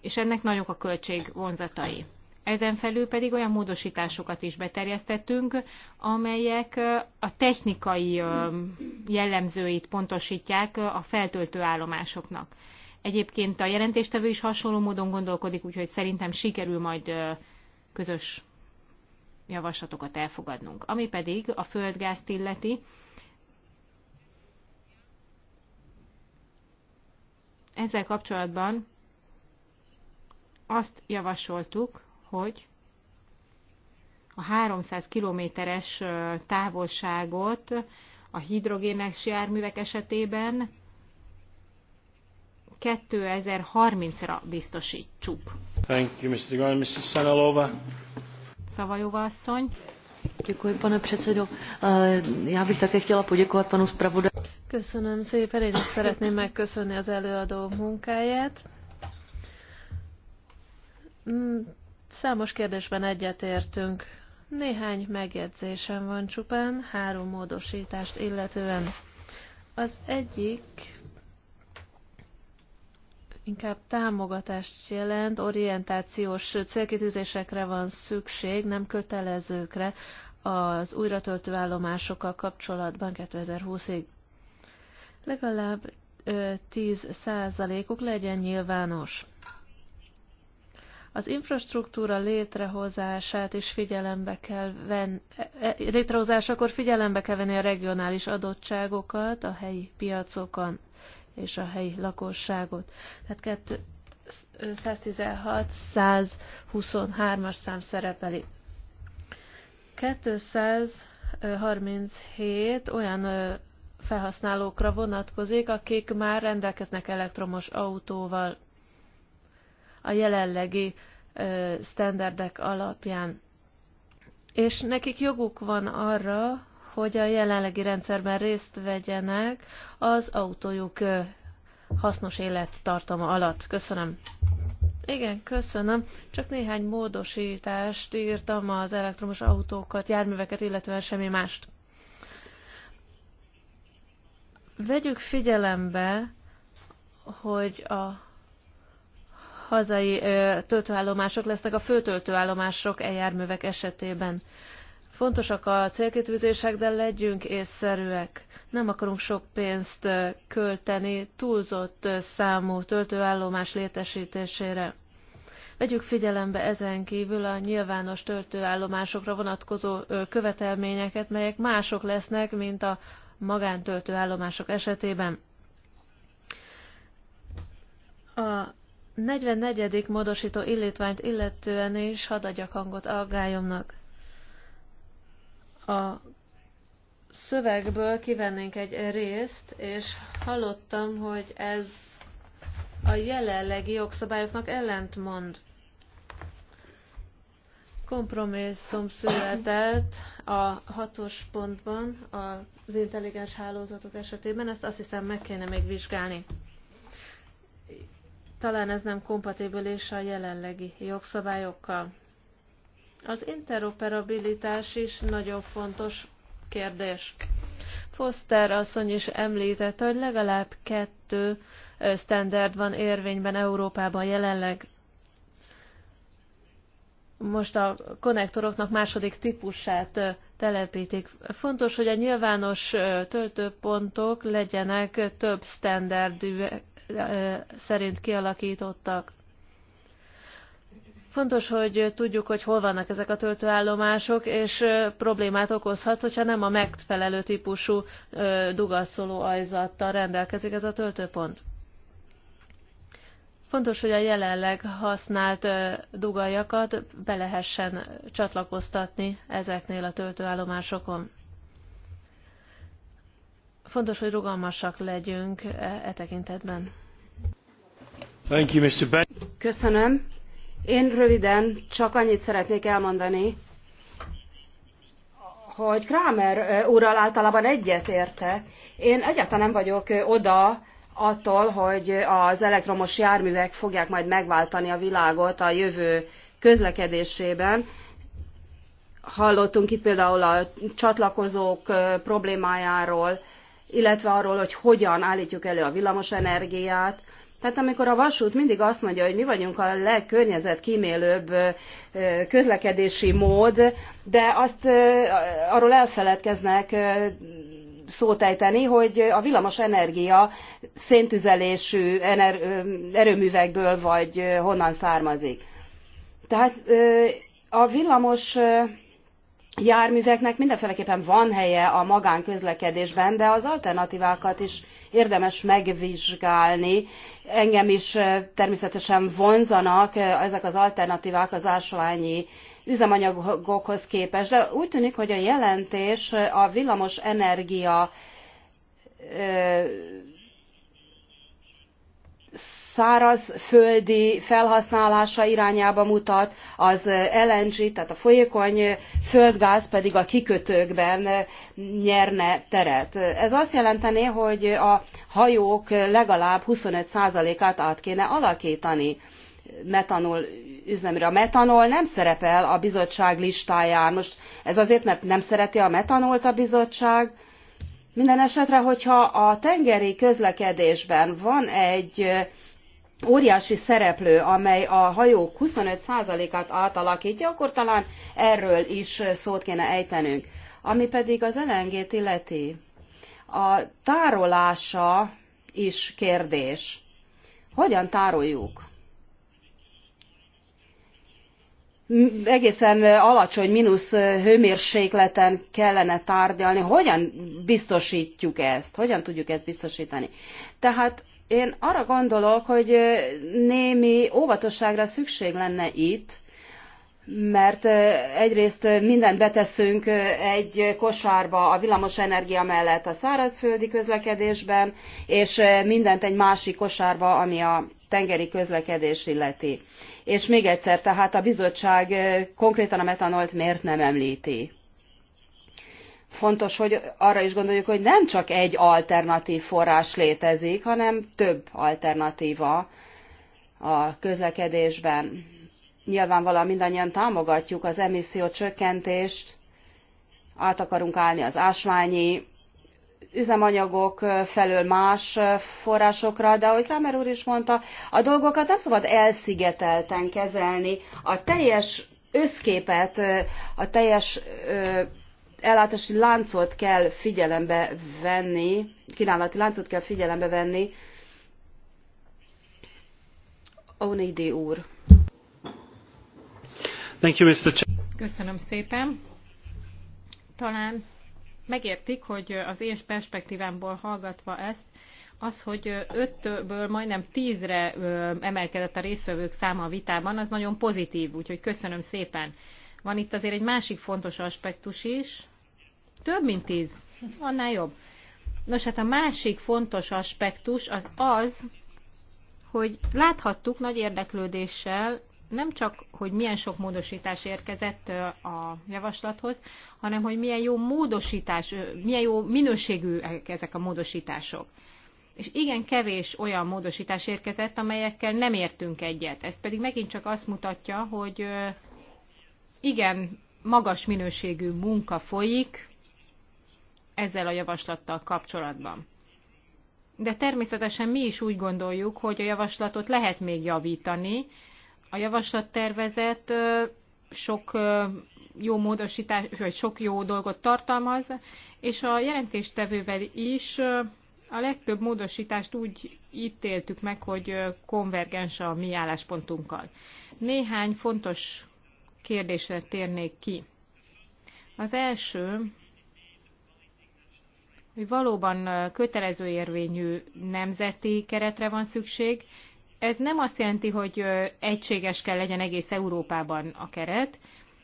és ennek nagyok a költség vonzatai. Ezen felül pedig olyan módosításokat is beterjesztettünk, amelyek a technikai jellemzőit pontosítják a feltöltő állomásoknak. Egyébként a jelentéstevő is hasonló módon gondolkodik, úgyhogy szerintem sikerül majd közös javaslatokat elfogadnunk. Ami pedig a földgázt illeti, Ezzel kapcsolatban azt javasoltuk, hogy a 300 kilométeres távolságot a hidrogénes járművek esetében 2030-ra biztosítsuk. Thank you, Mr. Gone, Mrs. Sanalova. Szavajóva asszony. Děkuji, pane předsedo. Eh, já bych také chtěla poděkovat panu zpravodaj. Köszönöm szépen, én is szeretném megköszönni az előadó munkáját. Hmm, számos kérdésben egyetértünk. Néhány megjegyzésem van csupán, három módosítást illetően. Az egyik inkább támogatást jelent, orientációs célkitűzésekre van szükség, nem kötelezőkre az újratöltő állomásokkal kapcsolatban 2020-ig. Legalább 10 százalékuk legyen nyilvános. Az infrastruktúra létrehozását is figyelembe kell venni, e, e, létrehozásakor figyelembe kell venni a regionális adottságokat a helyi piacokon és a helyi lakosságot. Tehát 116-123-as szám szerepeli. 237 olyan felhasználókra vonatkozik, akik már rendelkeznek elektromos autóval a jelenlegi standardek alapján. És nekik joguk van arra, hogy a jelenlegi rendszerben részt vegyenek az autójuk hasznos élettartama alatt. Köszönöm. Igen, köszönöm. Csak néhány módosítást írtam az elektromos autókat, járműveket, illetve semmi mást. Vegyük figyelembe, hogy a hazai töltőállomások lesznek a főtöltőállomások e járművek esetében. Fontosak a célkitűzések, de legyünk észszerűek. Nem akarunk sok pénzt költeni túlzott számú töltőállomás létesítésére. Vegyük figyelembe ezen kívül a nyilvános töltőállomásokra vonatkozó követelményeket, melyek mások lesznek, mint a magántöltőállomások esetében. A 44. módosító illítványt illetően is hadd adjak hangot aggályomnak a szövegből kivennénk egy részt, és hallottam, hogy ez a jelenlegi jogszabályoknak ellentmond. Kompromisszum született a hatos pontban az intelligens hálózatok esetében, ezt azt hiszem meg kéne még vizsgálni. Talán ez nem kompatibilis a jelenlegi jogszabályokkal. Az interoperabilitás is nagyon fontos kérdés. Foster asszony is említette, hogy legalább kettő standard van érvényben Európában jelenleg. Most a konnektoroknak második típusát telepítik. Fontos, hogy a nyilvános töltőpontok legyenek több standard szerint kialakítottak. Fontos, hogy tudjuk, hogy hol vannak ezek a töltőállomások, és problémát okozhat, hogyha nem a megfelelő típusú dugaszoló ajzattal rendelkezik ez a töltőpont. Fontos, hogy a jelenleg használt dugaljakat be lehessen csatlakoztatni ezeknél a töltőállomásokon. Fontos, hogy rugalmasak legyünk e, e tekintetben. Thank you, Mr. Ben. Köszönöm. Én röviden csak annyit szeretnék elmondani, hogy Kramer úrral általában egyet érte. Én egyáltalán nem vagyok oda attól, hogy az elektromos járművek fogják majd megváltani a világot a jövő közlekedésében. Hallottunk itt például a csatlakozók problémájáról, illetve arról, hogy hogyan állítjuk elő a villamos energiát. Tehát amikor a vasút mindig azt mondja, hogy mi vagyunk a legkörnyezetkímélőbb közlekedési mód, de azt arról elfeledkeznek szótejteni, hogy a villamos energia széntüzelésű erőművekből vagy honnan származik. Tehát a villamos járműveknek mindenféleképpen van helye a magánközlekedésben, de az alternatívákat is érdemes megvizsgálni. Engem is természetesen vonzanak ezek az alternatívák az ásványi üzemanyagokhoz képest, de úgy tűnik, hogy a jelentés a villamos energia szárazföldi felhasználása irányába mutat, az LNG, tehát a folyékony földgáz pedig a kikötőkben nyerne teret. Ez azt jelentené, hogy a hajók legalább 25%-át át kéne alakítani metanol üzemre. A metanol nem szerepel a bizottság listáján. Most ez azért, mert nem szereti a metanolt a bizottság. Minden esetre, hogyha a tengeri közlekedésben van egy óriási szereplő, amely a hajók 25%-át átalakítja, akkor talán erről is szót kéne ejtenünk. Ami pedig az LNG-t illeti, a tárolása is kérdés. Hogyan tároljuk? egészen alacsony mínusz hőmérsékleten kellene tárgyalni. Hogyan biztosítjuk ezt? Hogyan tudjuk ezt biztosítani? Tehát én arra gondolok, hogy némi óvatosságra szükség lenne itt, mert egyrészt mindent beteszünk egy kosárba a villamosenergia mellett a szárazföldi közlekedésben, és mindent egy másik kosárba, ami a tengeri közlekedés illeti. És még egyszer, tehát a bizottság konkrétan a metanolt miért nem említi? fontos, hogy arra is gondoljuk, hogy nem csak egy alternatív forrás létezik, hanem több alternatíva a közlekedésben. Nyilvánvalóan mindannyian támogatjuk az emisszió csökkentést, át akarunk állni az ásványi üzemanyagok felől más forrásokra, de ahogy Kramer úr is mondta, a dolgokat nem szabad elszigetelten kezelni. A teljes összképet, a teljes ellátási láncot kell figyelembe venni, kínálati láncot kell figyelembe venni. Onidi úr. Thank you, Mr. Köszönöm szépen. Talán megértik, hogy az én perspektívámból hallgatva ezt, az, hogy ötből majdnem tízre emelkedett a résztvevők száma a vitában, az nagyon pozitív, úgyhogy köszönöm szépen. Van itt azért egy másik fontos aspektus is. Több, mint tíz. Annál jobb. Nos, hát a másik fontos aspektus az az, hogy láthattuk nagy érdeklődéssel, nem csak, hogy milyen sok módosítás érkezett a javaslathoz, hanem hogy milyen jó módosítás, milyen jó minőségűek ezek a módosítások. És igen kevés olyan módosítás érkezett, amelyekkel nem értünk egyet. Ez pedig megint csak azt mutatja, hogy igen magas minőségű munka folyik ezzel a javaslattal kapcsolatban. De természetesen mi is úgy gondoljuk, hogy a javaslatot lehet még javítani. A javaslattervezet sok jó módosítás, vagy sok jó dolgot tartalmaz, és a jelentéstevővel is a legtöbb módosítást úgy ítéltük meg, hogy konvergens a mi álláspontunkkal. Néhány fontos kérdésre térnék ki. Az első, hogy valóban kötelező érvényű nemzeti keretre van szükség. Ez nem azt jelenti, hogy egységes kell legyen egész Európában a keret,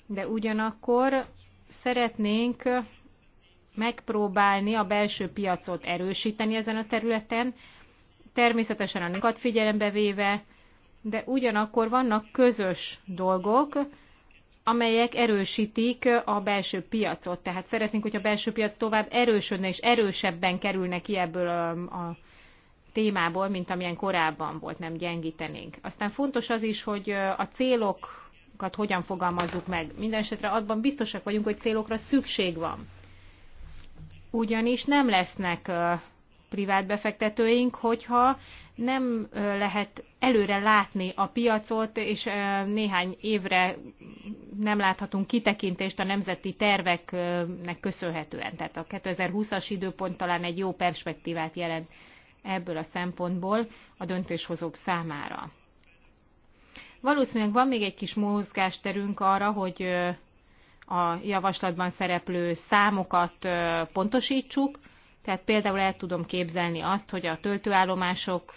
de ugyanakkor szeretnénk megpróbálni a belső piacot erősíteni ezen a területen, természetesen a figyelembe véve, de ugyanakkor vannak közös dolgok, amelyek erősítik a belső piacot. Tehát szeretnénk, hogy a belső piac tovább erősödne és erősebben kerülne ki ebből a, a témából, mint amilyen korábban volt, nem gyengítenénk. Aztán fontos az is, hogy a célokat hogyan fogalmazzuk meg. Mindenesetre abban biztosak vagyunk, hogy célokra szükség van. Ugyanis nem lesznek privát befektetőink, hogyha nem lehet előre látni a piacot, és néhány évre nem láthatunk kitekintést a nemzeti terveknek köszönhetően. Tehát a 2020-as időpont talán egy jó perspektívát jelent ebből a szempontból a döntéshozók számára. Valószínűleg van még egy kis mozgásterünk arra, hogy a javaslatban szereplő számokat pontosítsuk, tehát például el tudom képzelni azt, hogy a töltőállomások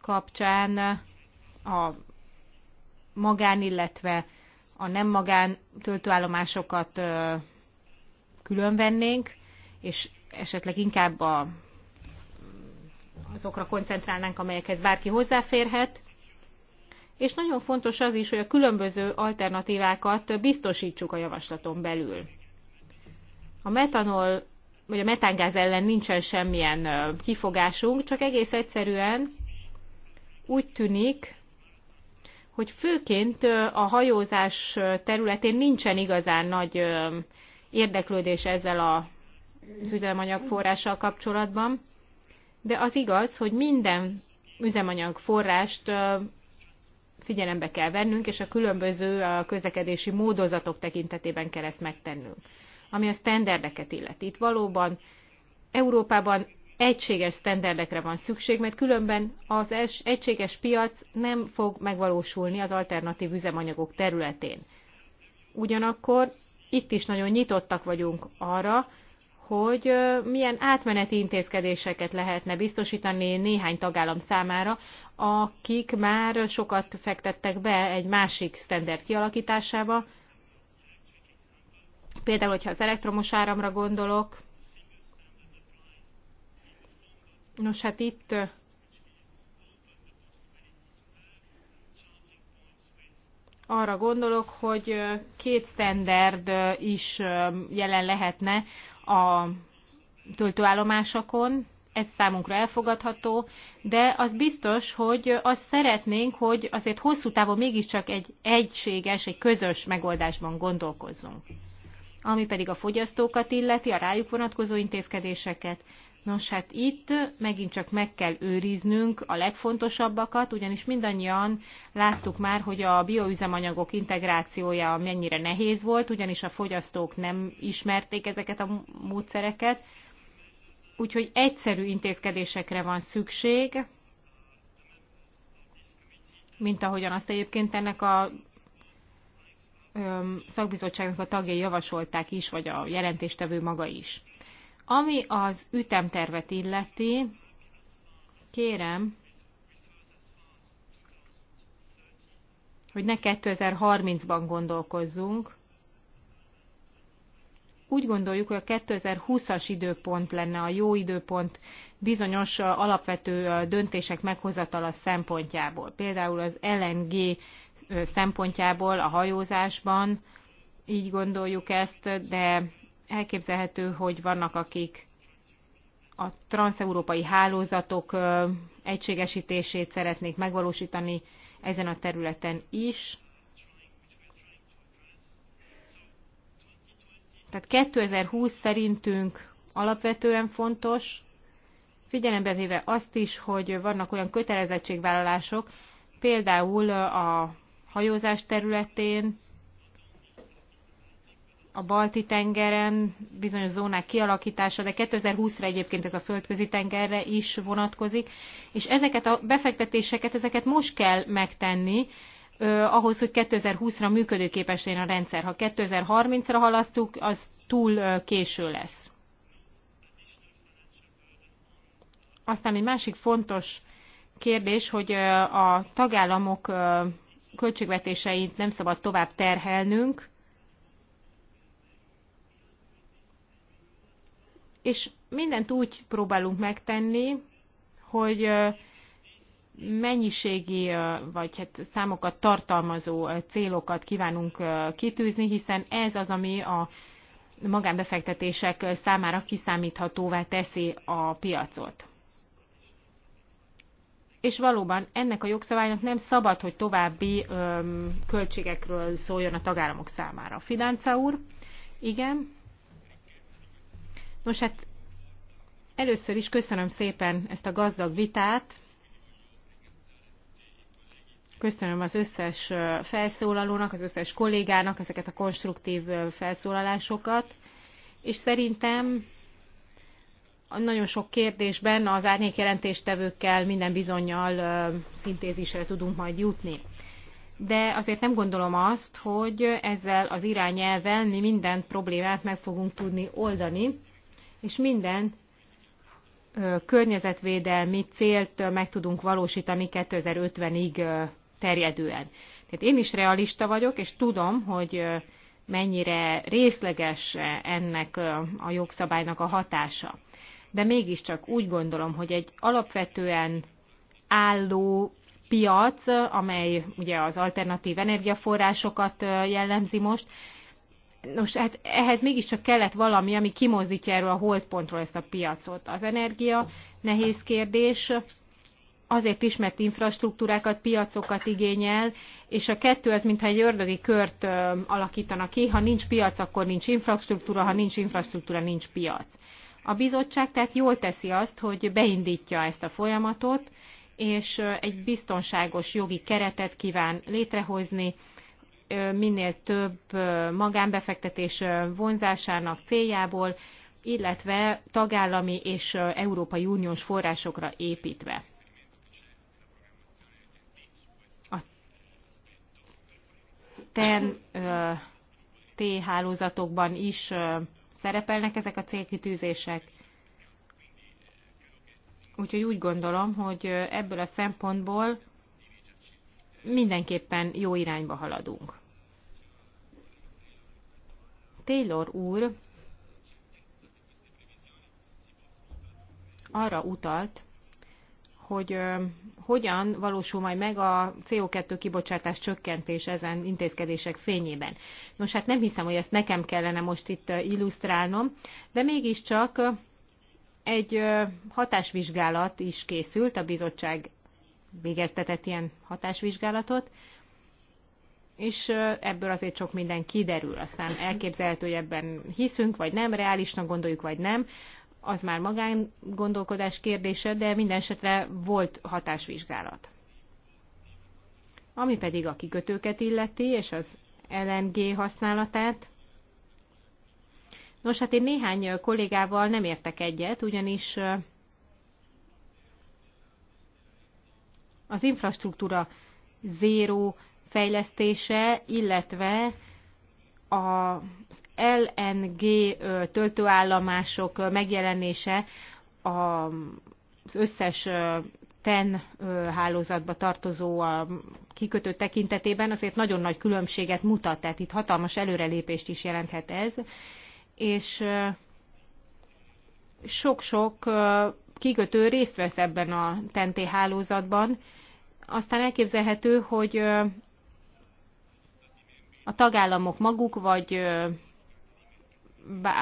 kapcsán a magán, illetve a nem magán töltőállomásokat különvennénk, és esetleg inkább a, azokra koncentrálnánk, amelyekhez bárki hozzáférhet. És nagyon fontos az is, hogy a különböző alternatívákat biztosítsuk a javaslaton belül. A metanol vagy a metángáz ellen nincsen semmilyen kifogásunk, csak egész egyszerűen úgy tűnik, hogy főként a hajózás területén nincsen igazán nagy érdeklődés ezzel a üzemanyag forrással kapcsolatban, de az igaz, hogy minden forrást figyelembe kell vennünk, és a különböző közlekedési módozatok tekintetében kell ezt megtennünk ami a sztenderdeket illeti. Itt valóban Európában egységes sztenderdekre van szükség, mert különben az egységes piac nem fog megvalósulni az alternatív üzemanyagok területén. Ugyanakkor itt is nagyon nyitottak vagyunk arra, hogy milyen átmeneti intézkedéseket lehetne biztosítani néhány tagállam számára, akik már sokat fektettek be egy másik standard kialakításába, Például, hogyha az elektromos áramra gondolok. Nos, hát itt arra gondolok, hogy két standard is jelen lehetne a töltőállomásokon, ez számunkra elfogadható, de az biztos, hogy azt szeretnénk, hogy azért hosszú távon mégiscsak egy egységes, egy közös megoldásban gondolkozzunk. Ami pedig a fogyasztókat illeti, a rájuk vonatkozó intézkedéseket, Nos, hát itt megint csak meg kell őriznünk a legfontosabbakat, ugyanis mindannyian láttuk már, hogy a bioüzemanyagok integrációja mennyire nehéz volt, ugyanis a fogyasztók nem ismerték ezeket a módszereket. Úgyhogy egyszerű intézkedésekre van szükség, mint ahogyan azt egyébként ennek a szakbizottságnak a tagjai javasolták is, vagy a jelentéstevő maga is. Ami az ütemtervet illeti, kérem, hogy ne 2030-ban gondolkozzunk. Úgy gondoljuk, hogy a 2020-as időpont lenne a jó időpont bizonyos alapvető döntések meghozatala szempontjából. Például az LNG szempontjából a hajózásban, így gondoljuk ezt, de elképzelhető, hogy vannak, akik a transeurópai hálózatok egységesítését szeretnék megvalósítani ezen a területen is. Tehát 2020 szerintünk alapvetően fontos, figyelembe véve azt is, hogy vannak olyan kötelezettségvállalások, például a hajózás területén, a balti tengeren, bizonyos zónák kialakítása, de 2020-ra egyébként ez a földközi tengerre is vonatkozik, és ezeket a befektetéseket, ezeket most kell megtenni, ahhoz, hogy 2020-ra működőképes legyen a rendszer. Ha 2030-ra halasztjuk, az túl késő lesz. Aztán egy másik fontos kérdés, hogy a tagállamok költségvetéseit nem szabad tovább terhelnünk, és mindent úgy próbálunk megtenni, hogy mennyiségi vagy hát számokat tartalmazó célokat kívánunk kitűzni, hiszen ez az, ami a magánbefektetések számára kiszámíthatóvá teszi a piacot és valóban ennek a jogszabálynak nem szabad, hogy további öm, költségekről szóljon a tagállamok számára. Fidánca úr, igen. Nos hát először is köszönöm szépen ezt a gazdag vitát. Köszönöm az összes felszólalónak, az összes kollégának ezeket a konstruktív felszólalásokat, és szerintem nagyon sok kérdésben az árnyékjelentéstevőkkel minden bizonyal szintézisre tudunk majd jutni. De azért nem gondolom azt, hogy ezzel az irányelvel mi minden problémát meg fogunk tudni oldani, és minden környezetvédelmi célt meg tudunk valósítani 2050-ig terjedően. Tehát én is realista vagyok, és tudom, hogy mennyire részleges ennek a jogszabálynak a hatása de mégiscsak úgy gondolom, hogy egy alapvetően álló piac, amely ugye az alternatív energiaforrásokat jellemzi most, Nos, hát ehhez mégiscsak kellett valami, ami kimozdítja erről a holdpontról ezt a piacot. Az energia nehéz kérdés, azért is, mert infrastruktúrákat, piacokat igényel, és a kettő az mintha egy ördögi kört alakítanak. ki, ha nincs piac, akkor nincs infrastruktúra, ha nincs infrastruktúra, nincs piac. A bizottság tehát jól teszi azt, hogy beindítja ezt a folyamatot, és egy biztonságos jogi keretet kíván létrehozni, minél több magánbefektetés vonzásának céljából, illetve tagállami és Európai Uniós forrásokra építve. A TEN T hálózatokban is szerepelnek ezek a célkitűzések. Úgyhogy úgy gondolom, hogy ebből a szempontból mindenképpen jó irányba haladunk. Taylor úr arra utalt, hogy hogyan valósul majd meg a CO2 kibocsátás csökkentés ezen intézkedések fényében. Nos, hát nem hiszem, hogy ezt nekem kellene most itt illusztrálnom, de mégiscsak egy hatásvizsgálat is készült, a bizottság végeztetett ilyen hatásvizsgálatot, és ebből azért sok minden kiderül. Aztán elképzelhető, hogy ebben hiszünk, vagy nem, reálisnak gondoljuk, vagy nem az már magán gondolkodás kérdése, de minden esetre volt hatásvizsgálat. Ami pedig a kikötőket illeti, és az LNG használatát, Nos, hát én néhány kollégával nem értek egyet, ugyanis az infrastruktúra zéró fejlesztése, illetve az LNG töltőállomások megjelenése az összes TEN hálózatba tartozó a kikötő tekintetében azért nagyon nagy különbséget mutat, tehát itt hatalmas előrelépést is jelenthet ez, és sok-sok kikötő részt vesz ebben a TNT hálózatban, aztán elképzelhető, hogy a tagállamok maguk, vagy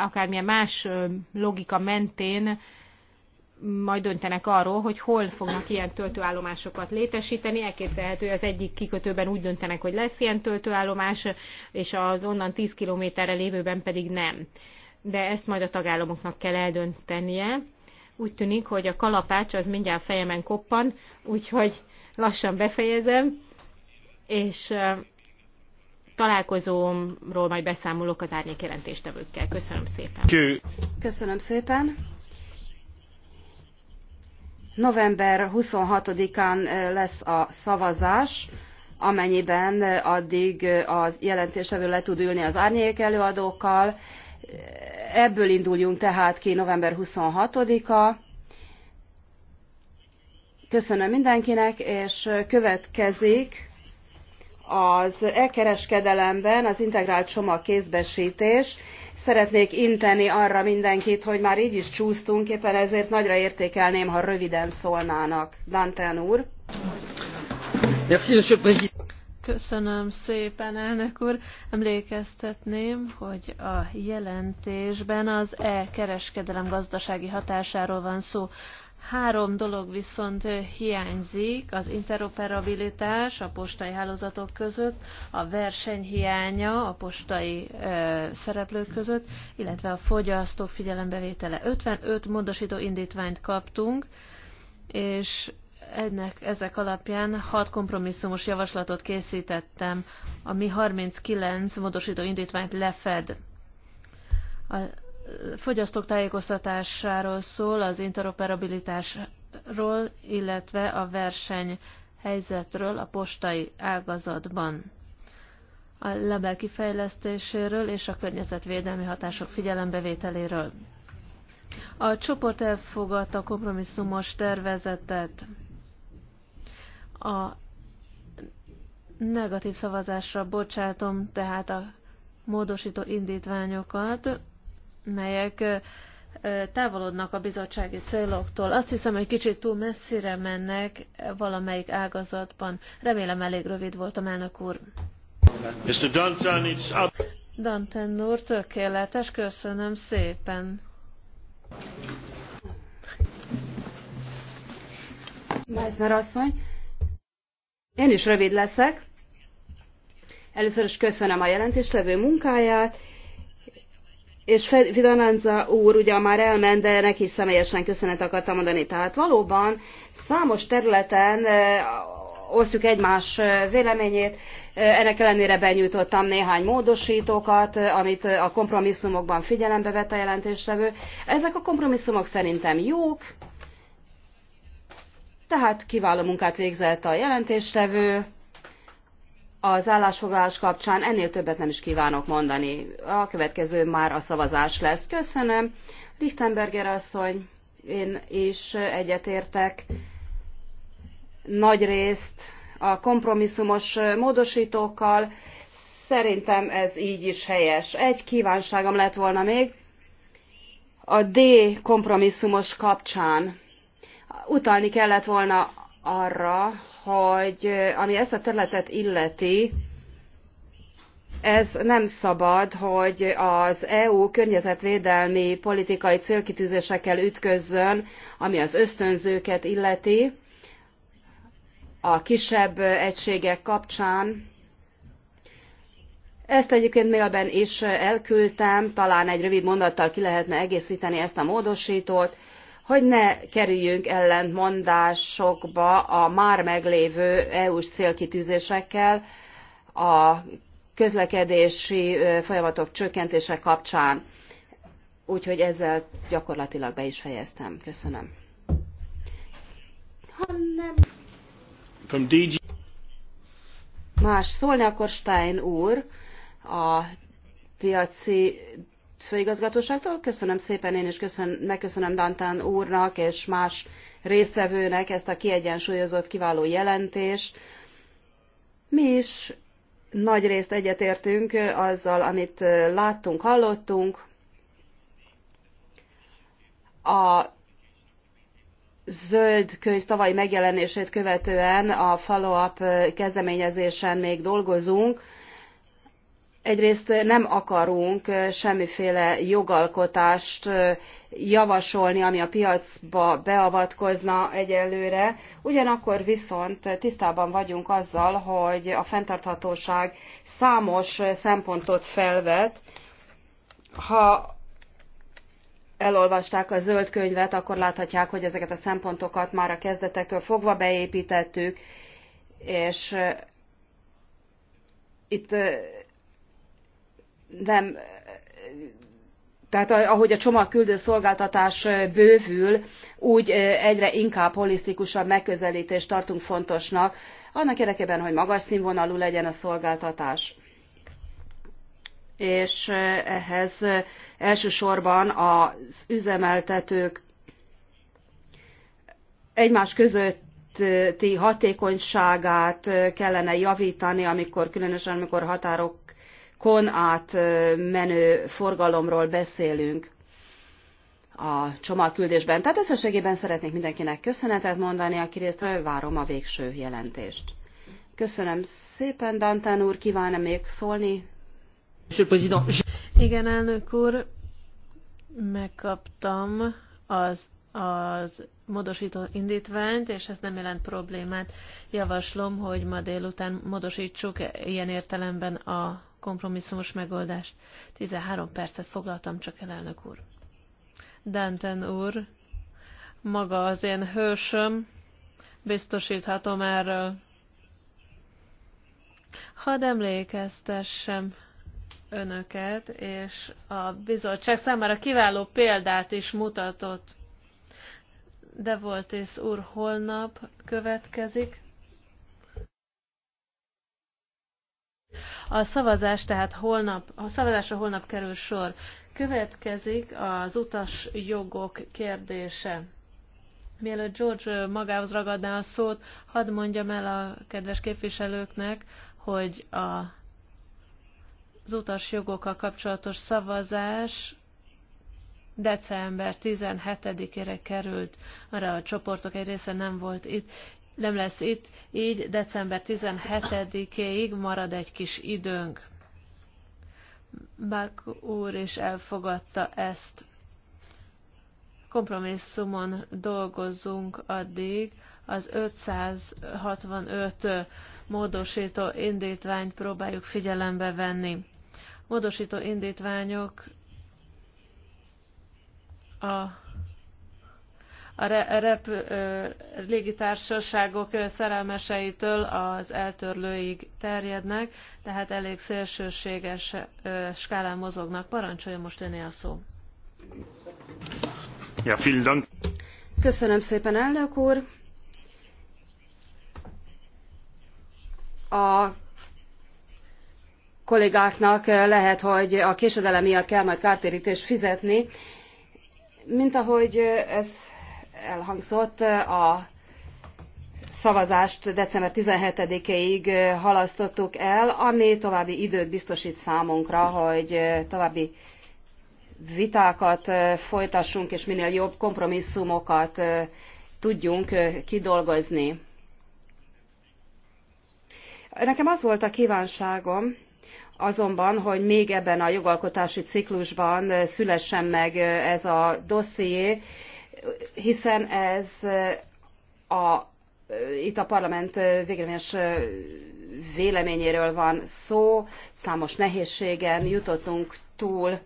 akármilyen más logika mentén majd döntenek arról, hogy hol fognak ilyen töltőállomásokat létesíteni. Elképzelhető, hogy az egyik kikötőben úgy döntenek, hogy lesz ilyen töltőállomás, és az onnan 10 kilométerre lévőben pedig nem. De ezt majd a tagállamoknak kell eldöntenie. Úgy tűnik, hogy a kalapács az mindjárt fejemen koppan, úgyhogy lassan befejezem, és találkozómról majd beszámolok az árnyék jelentéstevőkkel. Köszönöm szépen. Köszönöm szépen. November 26-án eh, lesz a szavazás, amennyiben eh, addig eh, az jelentéstevő le tud ülni az árnyék előadókkal. Ebből induljunk tehát ki november 26-a. Köszönöm mindenkinek, és következik az e-kereskedelemben az integrált csomag Szeretnék inteni arra mindenkit, hogy már így is csúsztunk, éppen ezért nagyra értékelném, ha röviden szólnának. dantin úr. Köszönöm szépen, elnök úr. Emlékeztetném, hogy a jelentésben az e-kereskedelem gazdasági hatásáról van szó. Három dolog viszont hiányzik, az interoperabilitás a postai hálózatok között, a verseny hiánya a postai ö, szereplők között, illetve a fogyasztók figyelembevétele. 55 módosító indítványt kaptunk, és ennek, ezek alapján hat kompromisszumos javaslatot készítettem, ami 39 módosító indítványt lefed. A fogyasztók tájékoztatásáról szól, az interoperabilitásról, illetve a verseny helyzetről a postai ágazatban, a label kifejlesztéséről és a környezetvédelmi hatások figyelembevételéről. A csoport elfogadta a kompromisszumos tervezetet a negatív szavazásra bocsátom tehát a módosító indítványokat, melyek távolodnak a bizottsági céloktól. Azt hiszem, hogy kicsit túl messzire mennek valamelyik ágazatban. Remélem elég rövid voltam, elnök úr. Mr. Danton, it's up. Danton úr, tökéletes, köszönöm szépen. Meissner asszony, én is rövid leszek. Először is köszönöm a jelentéstevő munkáját, és Fidananza úr ugye már elment, de neki is személyesen köszönet akartam mondani. Tehát valóban számos területen osztjuk egymás véleményét. Ennek ellenére benyújtottam néhány módosítókat, amit a kompromisszumokban figyelembe vett a jelentéslevő. Ezek a kompromisszumok szerintem jók, tehát kiváló munkát végzett a jelentéstevő, az állásfoglalás kapcsán ennél többet nem is kívánok mondani. A következő már a szavazás lesz. Köszönöm. Lichtenberger asszony, én is egyetértek nagy részt a kompromisszumos módosítókkal. Szerintem ez így is helyes. Egy kívánságom lett volna még a D kompromisszumos kapcsán. Utalni kellett volna arra, hogy ami ezt a területet illeti, ez nem szabad, hogy az EU környezetvédelmi politikai célkitűzésekkel ütközzön, ami az ösztönzőket illeti, a kisebb egységek kapcsán. Ezt egyébként mailben is elküldtem, talán egy rövid mondattal ki lehetne egészíteni ezt a módosítót hogy ne kerüljünk ellentmondásokba a már meglévő EU-s célkitűzésekkel a közlekedési folyamatok csökkentése kapcsán. Úgyhogy ezzel gyakorlatilag be is fejeztem. Köszönöm. Ha nem... From DG... Más szólni, akkor Stein úr, a piaci főigazgatóságtól. Köszönöm szépen, én is köszön, megköszönöm Dantán úrnak és más résztvevőnek ezt a kiegyensúlyozott, kiváló jelentést. Mi is nagy részt egyetértünk azzal, amit láttunk, hallottunk. A zöld könyv tavalyi megjelenését követően a follow-up kezdeményezésen még dolgozunk egyrészt nem akarunk semmiféle jogalkotást javasolni, ami a piacba beavatkozna egyelőre, ugyanakkor viszont tisztában vagyunk azzal, hogy a fenntarthatóság számos szempontot felvet. Ha elolvasták a zöld könyvet, akkor láthatják, hogy ezeket a szempontokat már a kezdetektől fogva beépítettük, és itt nem, tehát ahogy a csomagküldő szolgáltatás bővül, úgy egyre inkább holisztikusabb megközelítést tartunk fontosnak, annak érdekében, hogy magas színvonalú legyen a szolgáltatás. És ehhez elsősorban az üzemeltetők egymás közötti hatékonyságát kellene javítani, amikor különösen amikor határok kon át menő forgalomról beszélünk a csomagküldésben. Tehát összességében szeretnék mindenkinek köszönetet mondani, aki részt várom a végső jelentést. Köszönöm szépen, Dantán úr, kíván -e még szólni? Igen, elnök úr, megkaptam az, az módosító indítványt, és ez nem jelent problémát. Javaslom, hogy ma délután módosítsuk ilyen értelemben a kompromisszumos megoldást. 13 percet foglaltam csak el, elnök úr. Danten úr, maga az én hősöm, biztosíthatom erről. Hadd emlékeztessem önöket, és a bizottság számára kiváló példát is mutatott. De volt és úr holnap következik. A szavazás tehát holnap, a szavazásra holnap kerül sor. Következik az utas jogok kérdése. Mielőtt George magához ragadná a szót, hadd mondjam el a kedves képviselőknek, hogy a, az utas jogokkal kapcsolatos szavazás december 17-ére került, arra a csoportok egy része nem volt itt, nem lesz itt, így december 17-éig marad egy kis időnk. Bák úr is elfogadta ezt. Kompromisszumon dolgozzunk addig, az 565 módosító indítványt próbáljuk figyelembe venni. Módosító indítványok a a rep légitársaságok szerelmeseitől az eltörlőig terjednek, tehát elég szélsőséges skálán mozognak. Parancsolja most öné a szó. Ja, vielen Köszönöm szépen, elnök úr. A kollégáknak lehet, hogy a késedelem miatt kell majd kártérítést fizetni. Mint ahogy ez elhangzott, a szavazást december 17-ig halasztottuk el, ami további időt biztosít számunkra, hogy további vitákat folytassunk, és minél jobb kompromisszumokat tudjunk kidolgozni. Nekem az volt a kívánságom, azonban, hogy még ebben a jogalkotási ciklusban szülessen meg ez a dosszié, hiszen ez a, itt a parlament végleges véleményéről van szó, számos nehézségen jutottunk túl.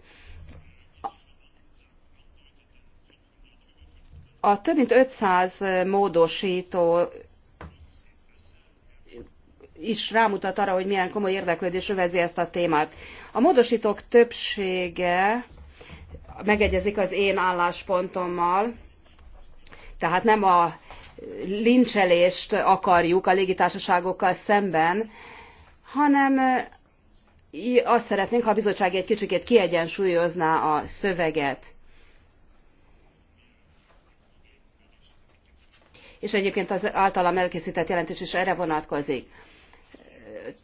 A több mint 500 módosító is rámutat arra, hogy milyen komoly érdeklődés övezi ezt a témát. A módosítók többsége megegyezik az én álláspontommal, tehát nem a lincselést akarjuk a légitársaságokkal szemben, hanem azt szeretnénk, ha a bizottság egy kicsikét kiegyensúlyozná a szöveget. És egyébként az általam elkészített jelentés is erre vonatkozik.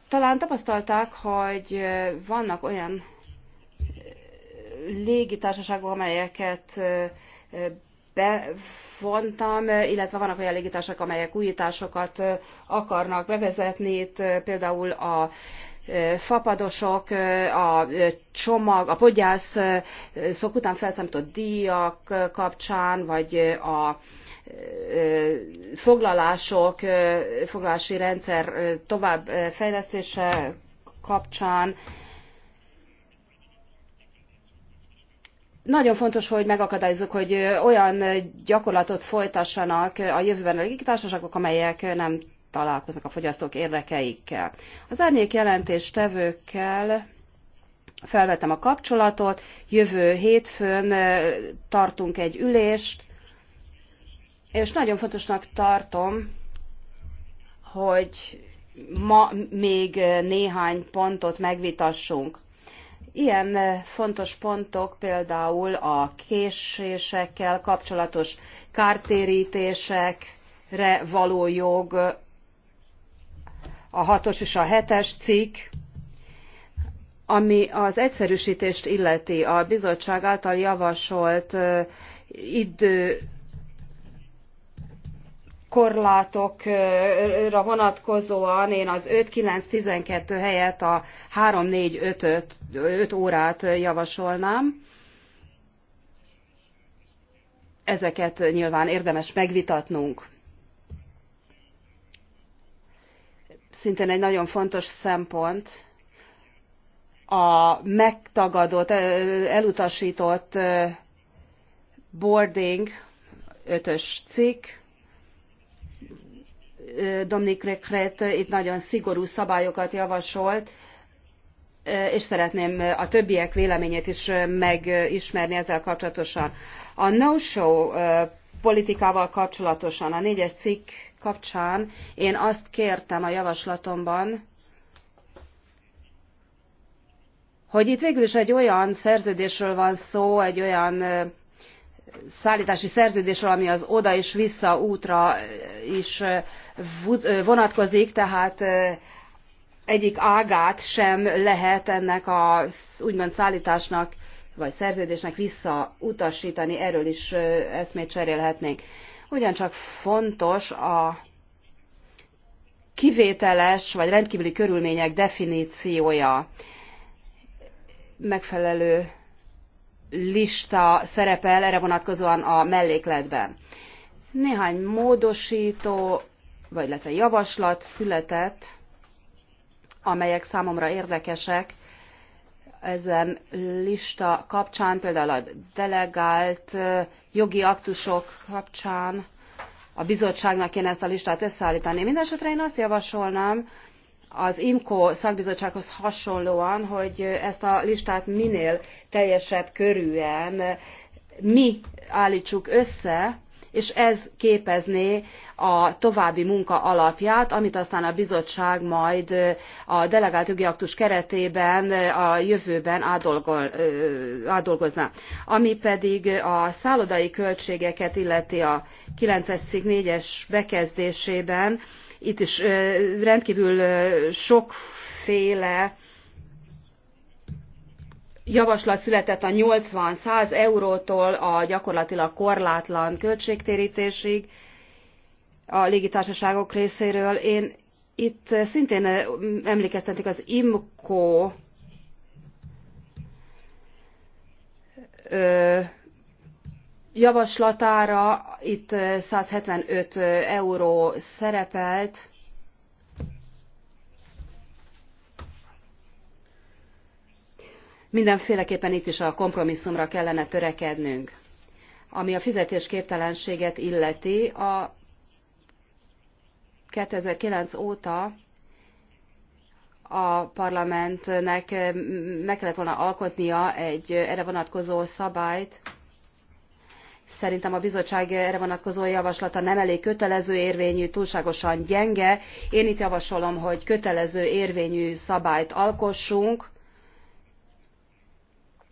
Talán tapasztalták, hogy vannak olyan légitársaságok, amelyeket bevontam, illetve vannak olyan légitársak, amelyek újításokat akarnak bevezetni, itt például a fapadosok, a csomag, a podgyász szok után felszámított díjak kapcsán, vagy a foglalások, foglalási rendszer továbbfejlesztése kapcsán, nagyon fontos, hogy megakadályozzuk, hogy olyan gyakorlatot folytassanak a jövőben a légitársaságok, amelyek nem találkoznak a fogyasztók érdekeikkel. Az árnyék tevőkkel felvettem a kapcsolatot, jövő hétfőn tartunk egy ülést, és nagyon fontosnak tartom, hogy ma még néhány pontot megvitassunk. Ilyen eh, fontos pontok például a késésekkel kapcsolatos kártérítésekre való jog, a hatos és a hetes cikk, ami az egyszerűsítést illeti a bizottság által javasolt eh, idő korlátokra vonatkozóan én az 5-9-12 helyett a 3-4-5 5 órát javasolnám. Ezeket nyilván érdemes megvitatnunk. Szintén egy nagyon fontos szempont a megtagadott, elutasított eh, boarding ötös cikk, Dominik Rekret itt nagyon szigorú szabályokat javasolt, és szeretném a többiek véleményét is megismerni ezzel kapcsolatosan. A no-show politikával kapcsolatosan, a négyes cikk kapcsán én azt kértem a javaslatomban, hogy itt végül is egy olyan szerződésről van szó, egy olyan szállítási szerződésről, ami az oda és vissza útra is vonatkozik, tehát egyik ágát sem lehet ennek a úgymond szállításnak vagy szerződésnek visszautasítani, erről is eszmét cserélhetnénk. Ugyancsak fontos a kivételes vagy rendkívüli körülmények definíciója megfelelő lista szerepel erre vonatkozóan a mellékletben. Néhány módosító, vagy illetve javaslat született, amelyek számomra érdekesek ezen lista kapcsán, például a delegált jogi aktusok kapcsán a bizottságnak kéne ezt a listát összeállítani. Mindenesetre én azt javasolnám, az IMCO szakbizottsághoz hasonlóan, hogy ezt a listát minél teljesebb körűen mi állítsuk össze, és ez képezné a további munka alapját, amit aztán a bizottság majd a delegált jogi aktus keretében a jövőben átdolgol, átdolgozná. Ami pedig a szállodai költségeket illeti a 9-es cikk 4-es bekezdésében, itt is rendkívül sokféle javaslat született a 80-100 eurótól a gyakorlatilag korlátlan költségtérítésig a légitársaságok részéről. Én itt szintén emlékeztetik az IMCO javaslatára itt 175 eh, eh, euró szerepelt. Mindenféleképpen itt is a kompromisszumra kellene törekednünk. Ami a fizetésképtelenséget illeti, a 2009 óta a parlamentnek eh, meg kellett volna alkotnia egy erre vonatkozó szabályt, Szerintem a bizottság erre vonatkozó javaslata nem elég kötelező érvényű, túlságosan gyenge. Én itt javasolom, hogy kötelező érvényű szabályt alkossunk,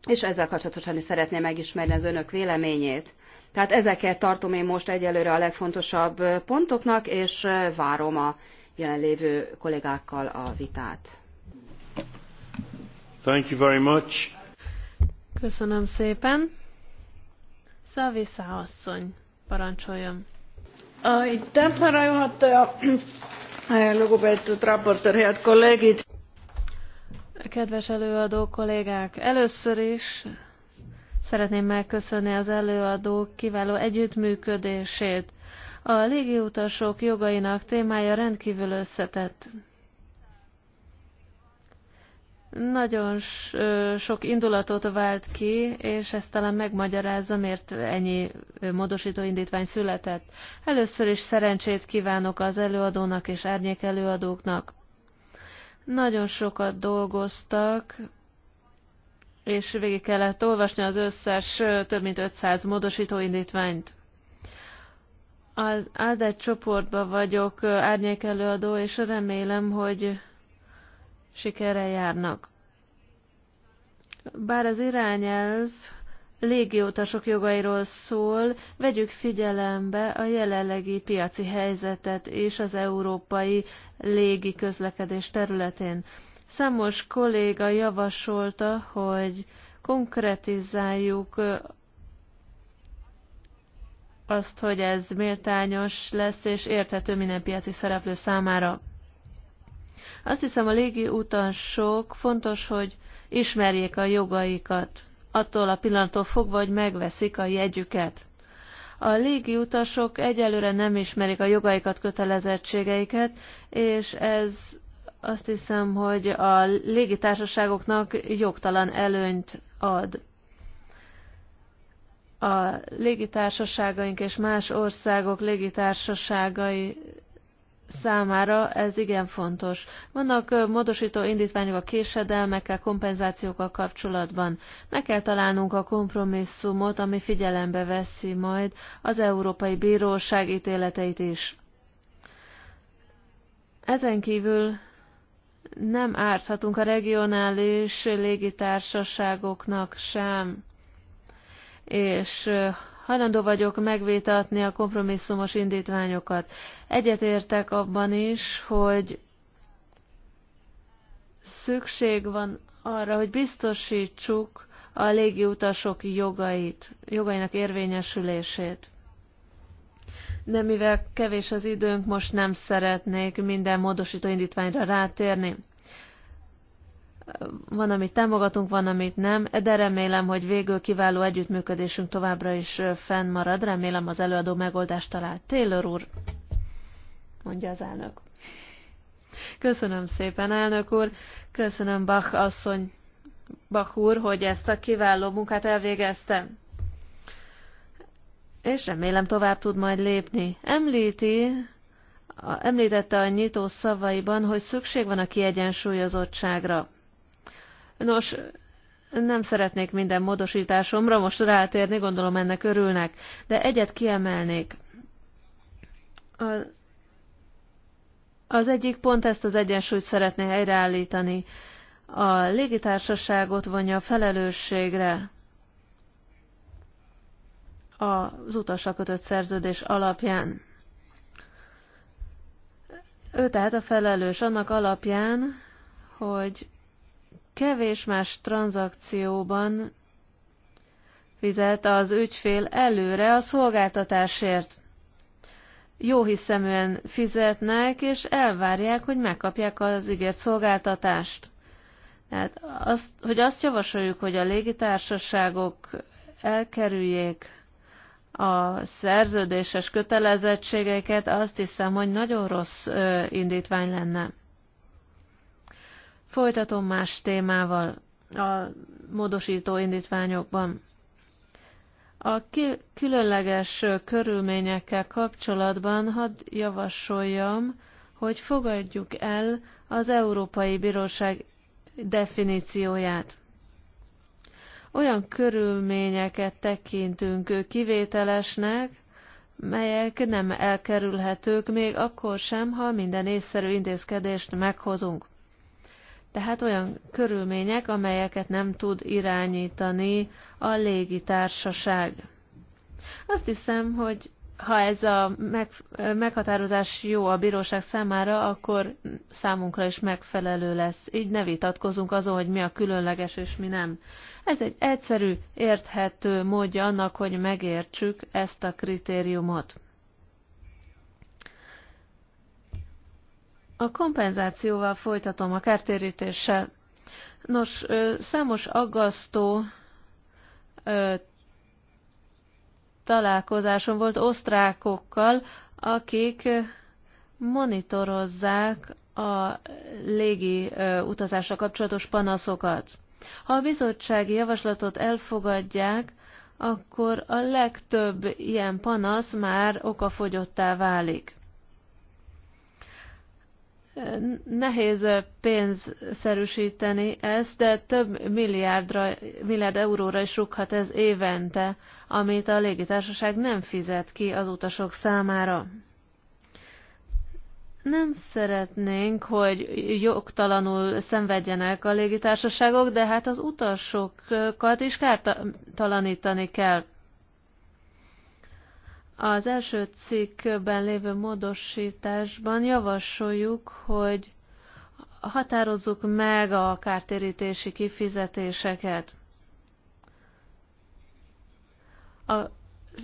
és ezzel kapcsolatosan is szeretném megismerni az önök véleményét. Tehát ezeket tartom én most egyelőre a legfontosabb pontoknak, és várom a jelenlévő kollégákkal a vitát. Thank you very much. Köszönöm szépen. Szavisza asszony, parancsoljon. Itt härra juhataja, lugupeetud raportőr, head kolleegid. Kedves előadó kollégák, először is szeretném megköszönni az előadók kiváló együttműködését. A légiutasok jogainak témája rendkívül összetett nagyon sok indulatot vált ki, és ezt talán megmagyarázza, miért ennyi módosító indítvány született. Először is szerencsét kívánok az előadónak és árnyék előadóknak. Nagyon sokat dolgoztak, és végig kellett olvasni az összes több mint 500 módosító indítványt. Az áldás csoportba vagyok árnyék előadó, és remélem, hogy sikerrel járnak. Bár az irányelv légiótasok jogairól szól, vegyük figyelembe a jelenlegi piaci helyzetet és az európai légi közlekedés területén. Számos kolléga javasolta, hogy konkretizáljuk azt, hogy ez méltányos lesz és érthető minden piaci szereplő számára. Azt hiszem a légi utasok fontos, hogy ismerjék a jogaikat, attól a pillanattól fogva, hogy megveszik a jegyüket. A légi utasok egyelőre nem ismerik a jogaikat, kötelezettségeiket, és ez azt hiszem, hogy a légitársaságoknak jogtalan előnyt ad a légitársaságaink és más országok légitársaságai számára ez igen fontos. Vannak módosító indítványok a késedelmekkel, kompenzációkkal kapcsolatban. Meg kell találnunk a kompromisszumot, ami figyelembe veszi majd az Európai Bíróság ítéleteit is. Ezen kívül nem árthatunk a regionális légitársaságoknak sem, és Hajlandó vagyok megvétatni a kompromisszumos indítványokat. Egyetértek abban is, hogy szükség van arra, hogy biztosítsuk a légiutasok jogait, jogainak érvényesülését. De mivel kevés az időnk, most nem szeretnék minden módosító indítványra rátérni. Van, amit támogatunk, van, amit nem, de remélem, hogy végül kiváló együttműködésünk továbbra is fennmarad. Remélem az előadó megoldást talál. Taylor úr, mondja az elnök. Köszönöm szépen, elnök úr. Köszönöm Bach asszony, Bach úr, hogy ezt a kiváló munkát elvégezte. És remélem tovább tud majd lépni. Említi, a, említette a nyitó szavaiban, hogy szükség van a kiegyensúlyozottságra. Nos, nem szeretnék minden módosításomra most rátérni, gondolom ennek örülnek, de egyet kiemelnék. A, az egyik pont ezt az egyensúlyt szeretné helyreállítani. A légitársaságot vonja a felelősségre az utasra kötött szerződés alapján. Ő tehát a felelős annak alapján, hogy kevés más tranzakcióban fizet az ügyfél előre a szolgáltatásért. Jó hiszeműen fizetnek, és elvárják, hogy megkapják az ígért szolgáltatást. Tehát azt, hogy azt javasoljuk, hogy a légitársaságok elkerüljék a szerződéses kötelezettségeiket, azt hiszem, hogy nagyon rossz indítvány lenne. Folytatom más témával a módosító indítványokban. A különleges körülményekkel kapcsolatban hadd javasoljam, hogy fogadjuk el az Európai Bíróság definícióját. Olyan körülményeket tekintünk kivételesnek, melyek nem elkerülhetők még akkor sem, ha minden észszerű intézkedést meghozunk. Tehát olyan körülmények, amelyeket nem tud irányítani a légitársaság. Azt hiszem, hogy ha ez a meg, meghatározás jó a bíróság számára, akkor számunkra is megfelelő lesz. Így ne vitatkozunk azon, hogy mi a különleges és mi nem. Ez egy egyszerű, érthető módja annak, hogy megértsük ezt a kritériumot. A kompenzációval folytatom, a kártérítéssel. Nos, számos aggasztó találkozásom volt osztrákokkal, akik monitorozzák a légi utazásra kapcsolatos panaszokat. Ha a bizottsági javaslatot elfogadják, akkor a legtöbb ilyen panasz már okafogyottá válik. Nehéz pénzszerűsíteni ezt, de több milliárdra, milliárd euróra is rúghat ez évente, amit a légitársaság nem fizet ki az utasok számára. Nem szeretnénk, hogy jogtalanul szenvedjenek a légitársaságok, de hát az utasokat is kártalanítani kell. Az első cikkben lévő módosításban javasoljuk, hogy határozzuk meg a kártérítési kifizetéseket. Az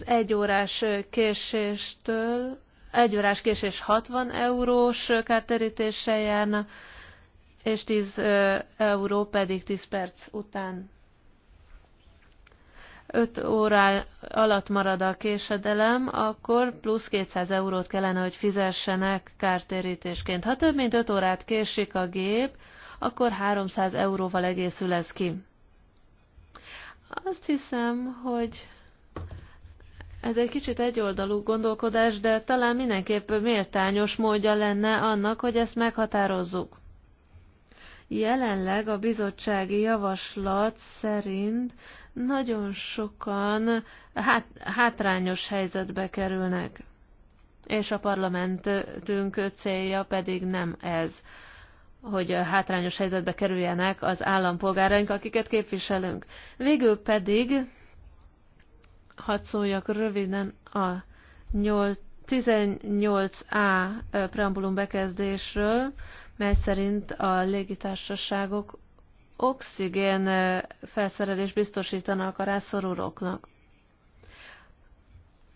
egyórás késéstől, egyórás késés 60 eurós kártérítéssel járna, és 10 euró pedig 10 perc után 5 órá alatt marad a késedelem, akkor plusz 200 eurót kellene, hogy fizessenek kártérítésként. Ha több mint 5 órát késik a gép, akkor 300 euróval egészül ez ki. Azt hiszem, hogy ez egy kicsit egyoldalú gondolkodás, de talán mindenképp méltányos módja lenne annak, hogy ezt meghatározzuk. Jelenleg a bizottsági javaslat szerint nagyon sokan hát, hátrányos helyzetbe kerülnek, és a parlamentünk célja pedig nem ez, hogy hátrányos helyzetbe kerüljenek az állampolgáraink, akiket képviselünk. Végül pedig, hadd szóljak röviden a 18A preambulum bekezdésről, mely szerint a légitársaságok oxigén felszerelés biztosítanak a rászorulóknak.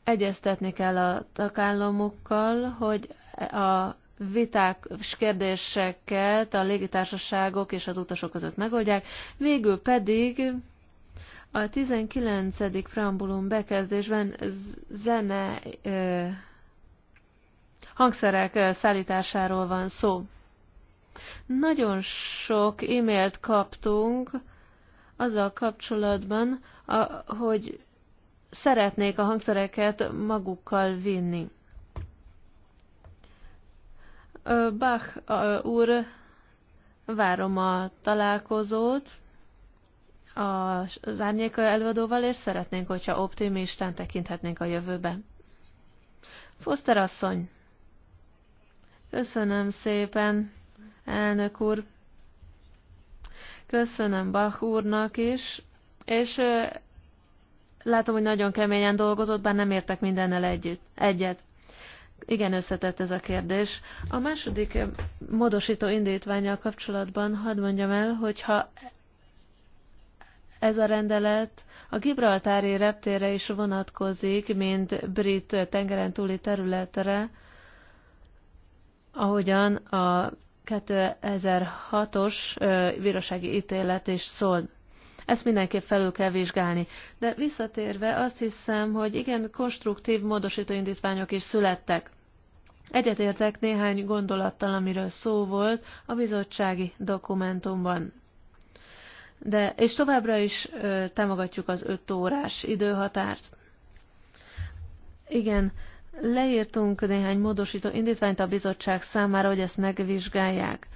Egyeztetni kell a takállomukkal, hogy a viták és kérdéseket a légitársaságok és az utasok között megoldják, végül pedig a 19. preambulum bekezdésben zene hangszerek szállításáról van szó. Nagyon sok e-mailt kaptunk azzal kapcsolatban, a, hogy szeretnék a hangszereket magukkal vinni. Bach úr, várom a találkozót az árnyéka előadóval, és szeretnénk, hogyha optimistán tekinthetnénk a jövőbe. Foster asszony, köszönöm szépen elnök úr. Köszönöm Bach úrnak is, és látom, hogy nagyon keményen dolgozott, bár nem értek mindennel együtt, egyet. Igen, összetett ez a kérdés. A második módosító indítványjal kapcsolatban hadd mondjam el, hogyha ez a rendelet a Gibraltári reptére is vonatkozik, mint brit tengeren túli területre, ahogyan a 2006-os bírósági ítélet is szól. Ezt mindenképp felül kell vizsgálni. De visszatérve azt hiszem, hogy igen, konstruktív módosítóindítványok is születtek. Egyetértek néhány gondolattal, amiről szó volt a bizottsági dokumentumban. De, és továbbra is ö, támogatjuk az 5 órás időhatárt. Igen, Leírtunk néhány módosító indítványt a bizottság számára, hogy ezt megvizsgálják.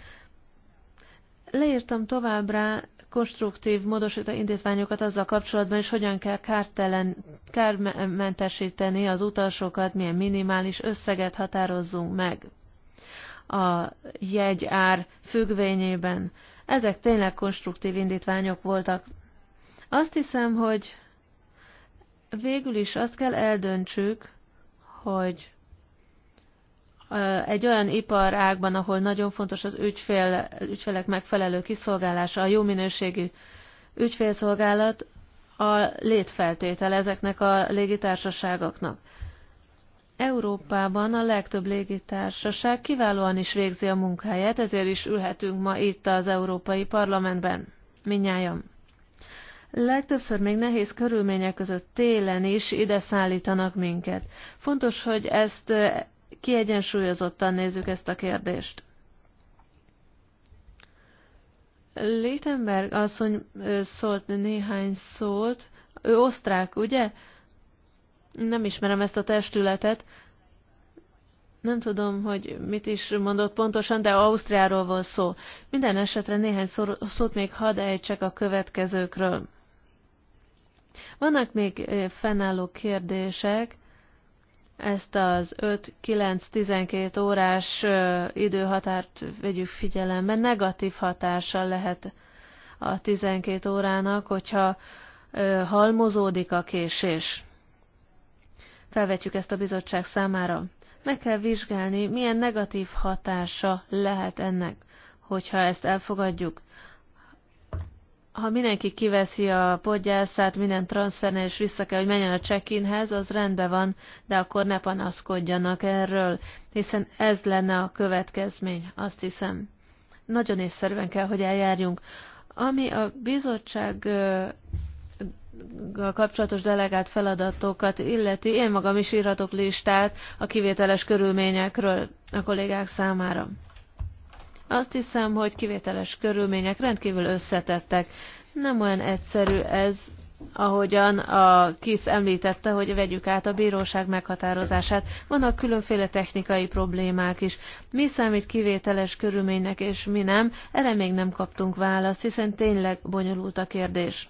Leírtam továbbra konstruktív módosító indítványokat azzal kapcsolatban és hogyan kell kártelen, kármentesíteni az utasokat, milyen minimális összeget határozzunk meg a jegyár függvényében. Ezek tényleg konstruktív indítványok voltak. Azt hiszem, hogy végül is azt kell eldöntsük, hogy egy olyan iparágban, ahol nagyon fontos az ügyfél, ügyfelek megfelelő kiszolgálása, a jó minőségű ügyfélszolgálat a létfeltétel ezeknek a légitársaságoknak. Európában a legtöbb légitársaság kiválóan is végzi a munkáját, ezért is ülhetünk ma itt az Európai Parlamentben. Minnyájam. Legtöbbször még nehéz körülmények között télen is ide szállítanak minket. Fontos, hogy ezt kiegyensúlyozottan nézzük ezt a kérdést. Lichtenberg asszony szólt néhány szót. Ő osztrák, ugye? Nem ismerem ezt a testületet. Nem tudom, hogy mit is mondott pontosan, de Ausztriáról volt szó. Minden esetre néhány szót még hadd ejtsek a következőkről. Vannak még fennálló kérdések, ezt az 5-9-12 órás időhatárt vegyük figyelembe, negatív hatása lehet a 12 órának, hogyha halmozódik a késés. Felvetjük ezt a bizottság számára. Meg kell vizsgálni, milyen negatív hatása lehet ennek, hogyha ezt elfogadjuk ha mindenki kiveszi a podgyászát minden transfernél, és vissza kell, hogy menjen a check az rendben van, de akkor ne panaszkodjanak erről, hiszen ez lenne a következmény, azt hiszem. Nagyon észszerűen kell, hogy eljárjunk. Ami a bizottság a kapcsolatos delegált feladatokat illeti, én magam is írhatok listát a kivételes körülményekről a kollégák számára. Azt hiszem, hogy kivételes körülmények rendkívül összetettek. Nem olyan egyszerű ez, ahogyan a KISZ említette, hogy vegyük át a bíróság meghatározását. Vannak különféle technikai problémák is. Mi számít kivételes körülménynek és mi nem, erre még nem kaptunk választ, hiszen tényleg bonyolult a kérdés.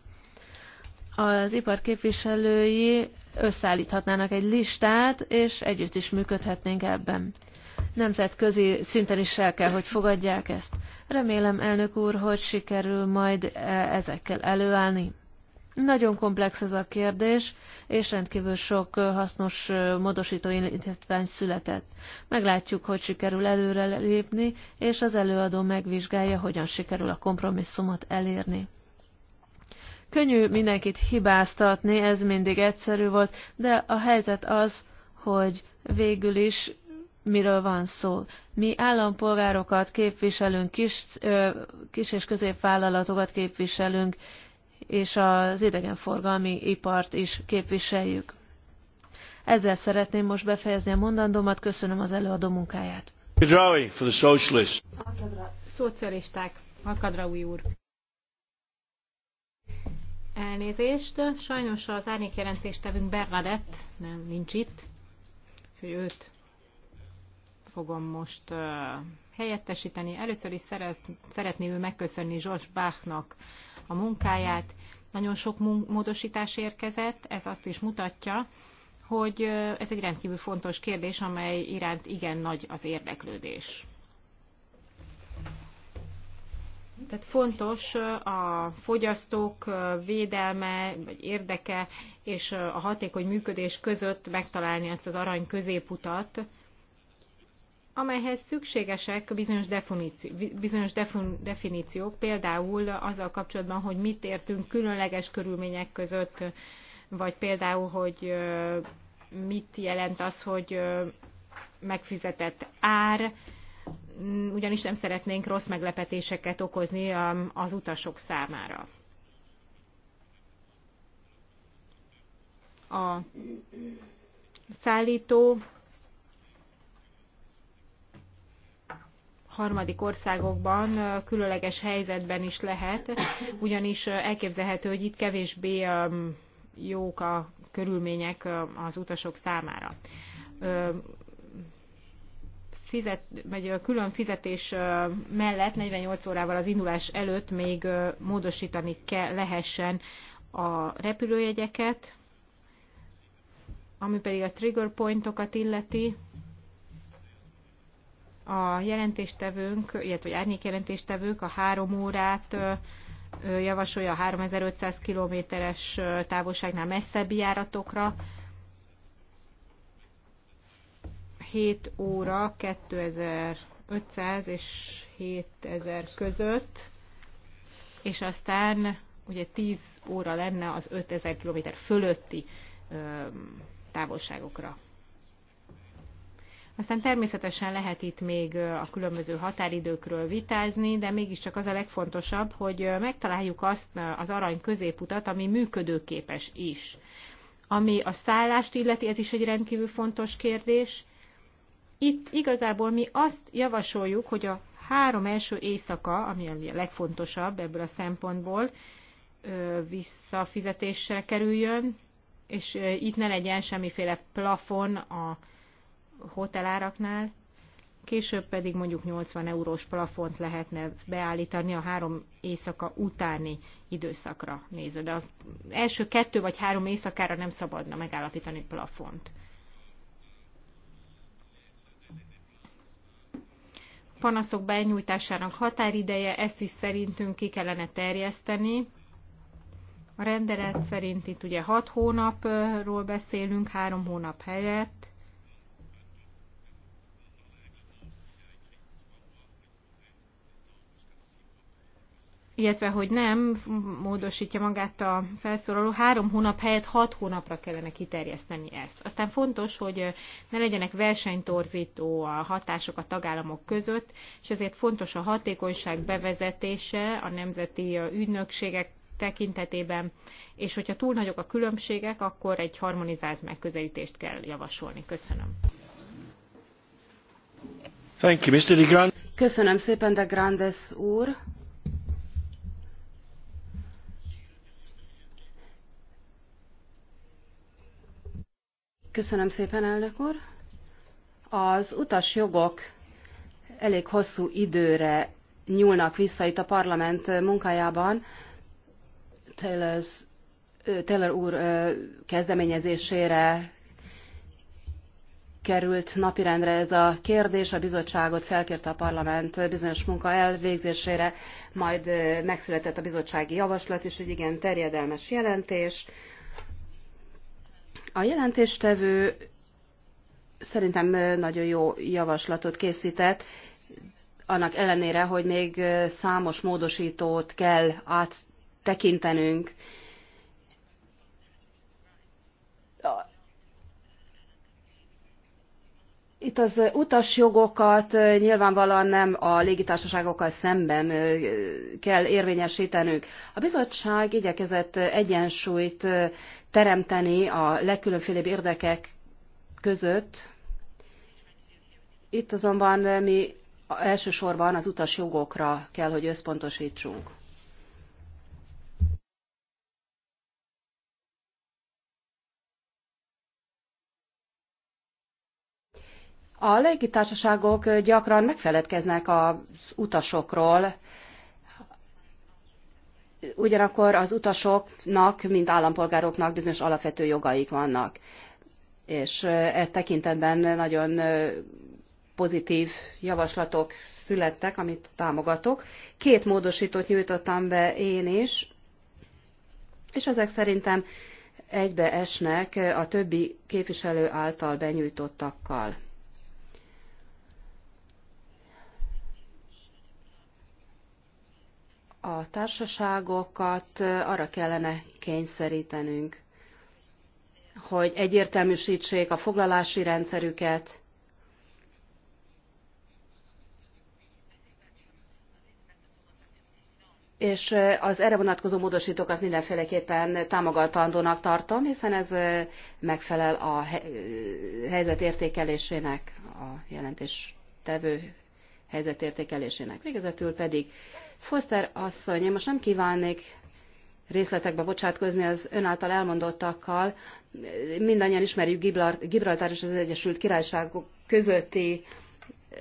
Az ipar képviselői összeállíthatnának egy listát, és együtt is működhetnénk ebben nemzetközi szinten is el kell, hogy fogadják ezt. Remélem, elnök úr, hogy sikerül majd e, ezekkel előállni. Nagyon komplex ez a kérdés, és rendkívül sok hasznos módosító indítvány született. Meglátjuk, hogy sikerül előre lépni, és az előadó megvizsgálja, hogyan sikerül a kompromisszumot elérni. Könnyű mindenkit hibáztatni, ez mindig egyszerű volt, de a helyzet az, hogy végül is miről van szó. Mi állampolgárokat képviselünk, kis, kis és középvállalatokat képviselünk, és az idegenforgalmi ipart is képviseljük. Ezzel szeretném most befejezni a mondandómat, köszönöm az előadó munkáját. Kadraui for the socialists. Akadra, szocialisták, Akadraui úr. Elnézést, sajnos az árnyékjelentéstevünk Bernadett nem nincs itt, hogy őt fogom most helyettesíteni. Először is szeretném megköszönni Zsors Bachnak a munkáját. Nagyon sok módosítás érkezett, ez azt is mutatja, hogy ez egy rendkívül fontos kérdés, amely iránt igen nagy az érdeklődés. Tehát fontos a fogyasztók védelme, vagy érdeke és a hatékony működés között megtalálni ezt az arany középutat, amelyhez szükségesek bizonyos, definíció, bizonyos definíciók, például azzal kapcsolatban, hogy mit értünk különleges körülmények között, vagy például, hogy mit jelent az, hogy megfizetett ár, mm, ugyanis nem szeretnénk rossz meglepetéseket okozni um, az utasok számára. A szállító harmadik országokban különleges helyzetben is lehet, ugyanis elképzelhető, hogy itt kevésbé jók a körülmények az utasok számára. Fizet, vagy külön fizetés mellett 48 órával az indulás előtt még módosítani kell, lehessen a repülőjegyeket, ami pedig a trigger pointokat illeti, a jelentéstevőnk, illetve árnyék jelentéstevők a három órát javasolja a 3500 kilométeres távolságnál messzebbi járatokra. 7 óra 2500 és 7000 között, és aztán ugye 10 óra lenne az 5000 km fölötti távolságokra aztán természetesen lehet itt még a különböző határidőkről vitázni, de mégiscsak az a legfontosabb, hogy megtaláljuk azt az arany középutat, ami működőképes is. Ami a szállást illeti, ez is egy rendkívül fontos kérdés. Itt igazából mi azt javasoljuk, hogy a három első éjszaka, ami a legfontosabb ebből a szempontból, visszafizetéssel kerüljön, és itt ne legyen semmiféle plafon a hoteláraknál, később pedig mondjuk 80 eurós plafont lehetne beállítani a három éjszaka utáni időszakra nézve. De az első kettő vagy három éjszakára nem szabadna megállapítani plafont. panaszok benyújtásának határideje, ezt is szerintünk ki kellene terjeszteni. A rendelet szerint itt ugye 6 hónapról beszélünk, 3 hónap helyett. illetve hogy nem módosítja magát a felszólaló, három hónap helyett hat hónapra kellene kiterjeszteni ezt. Aztán fontos, hogy ne legyenek versenytorzító a hatások a tagállamok között, és ezért fontos a hatékonyság bevezetése a nemzeti ügynökségek tekintetében, és hogyha túl nagyok a különbségek, akkor egy harmonizált megközelítést kell javasolni. Köszönöm. Thank you, Mr. De Grand. Köszönöm szépen, de Grandes úr. Köszönöm szépen, elnök úr. Az utasjogok elég hosszú időre nyúlnak vissza itt a parlament munkájában. Taylor's, Taylor úr kezdeményezésére került napirendre ez a kérdés, a bizottságot felkérte a parlament bizonyos munka elvégzésére, majd megszületett a bizottsági javaslat, és egy igen terjedelmes jelentés, a jelentéstevő szerintem nagyon jó javaslatot készített, annak ellenére, hogy még számos módosítót kell áttekintenünk, Itt az utasjogokat nyilvánvalóan nem a légitársaságokkal szemben kell érvényesítenünk. A bizottság igyekezett egyensúlyt teremteni a legkülönfélebb érdekek között. Itt azonban mi elsősorban az utasjogokra kell, hogy összpontosítsunk. A légitársaságok gyakran megfeledkeznek az utasokról, ugyanakkor az utasoknak, mint állampolgároknak bizonyos alapvető jogaik vannak. És e tekintetben nagyon pozitív javaslatok születtek, amit támogatok. Két módosítót nyújtottam be én is, és ezek szerintem egybeesnek a többi képviselő által benyújtottakkal. a társaságokat arra kellene kényszerítenünk, hogy egyértelműsítsék a foglalási rendszerüket, és az erre vonatkozó módosítókat mindenféleképpen támogatandónak tartom, hiszen ez megfelel a helyzet értékelésének, a jelentéstevő értékelésének. Végezetül pedig Foster asszony, én most nem kívánnék részletekbe bocsátkozni az ön által elmondottakkal. Mindannyian ismerjük Gibraltár és az Egyesült Királyságok közötti eh,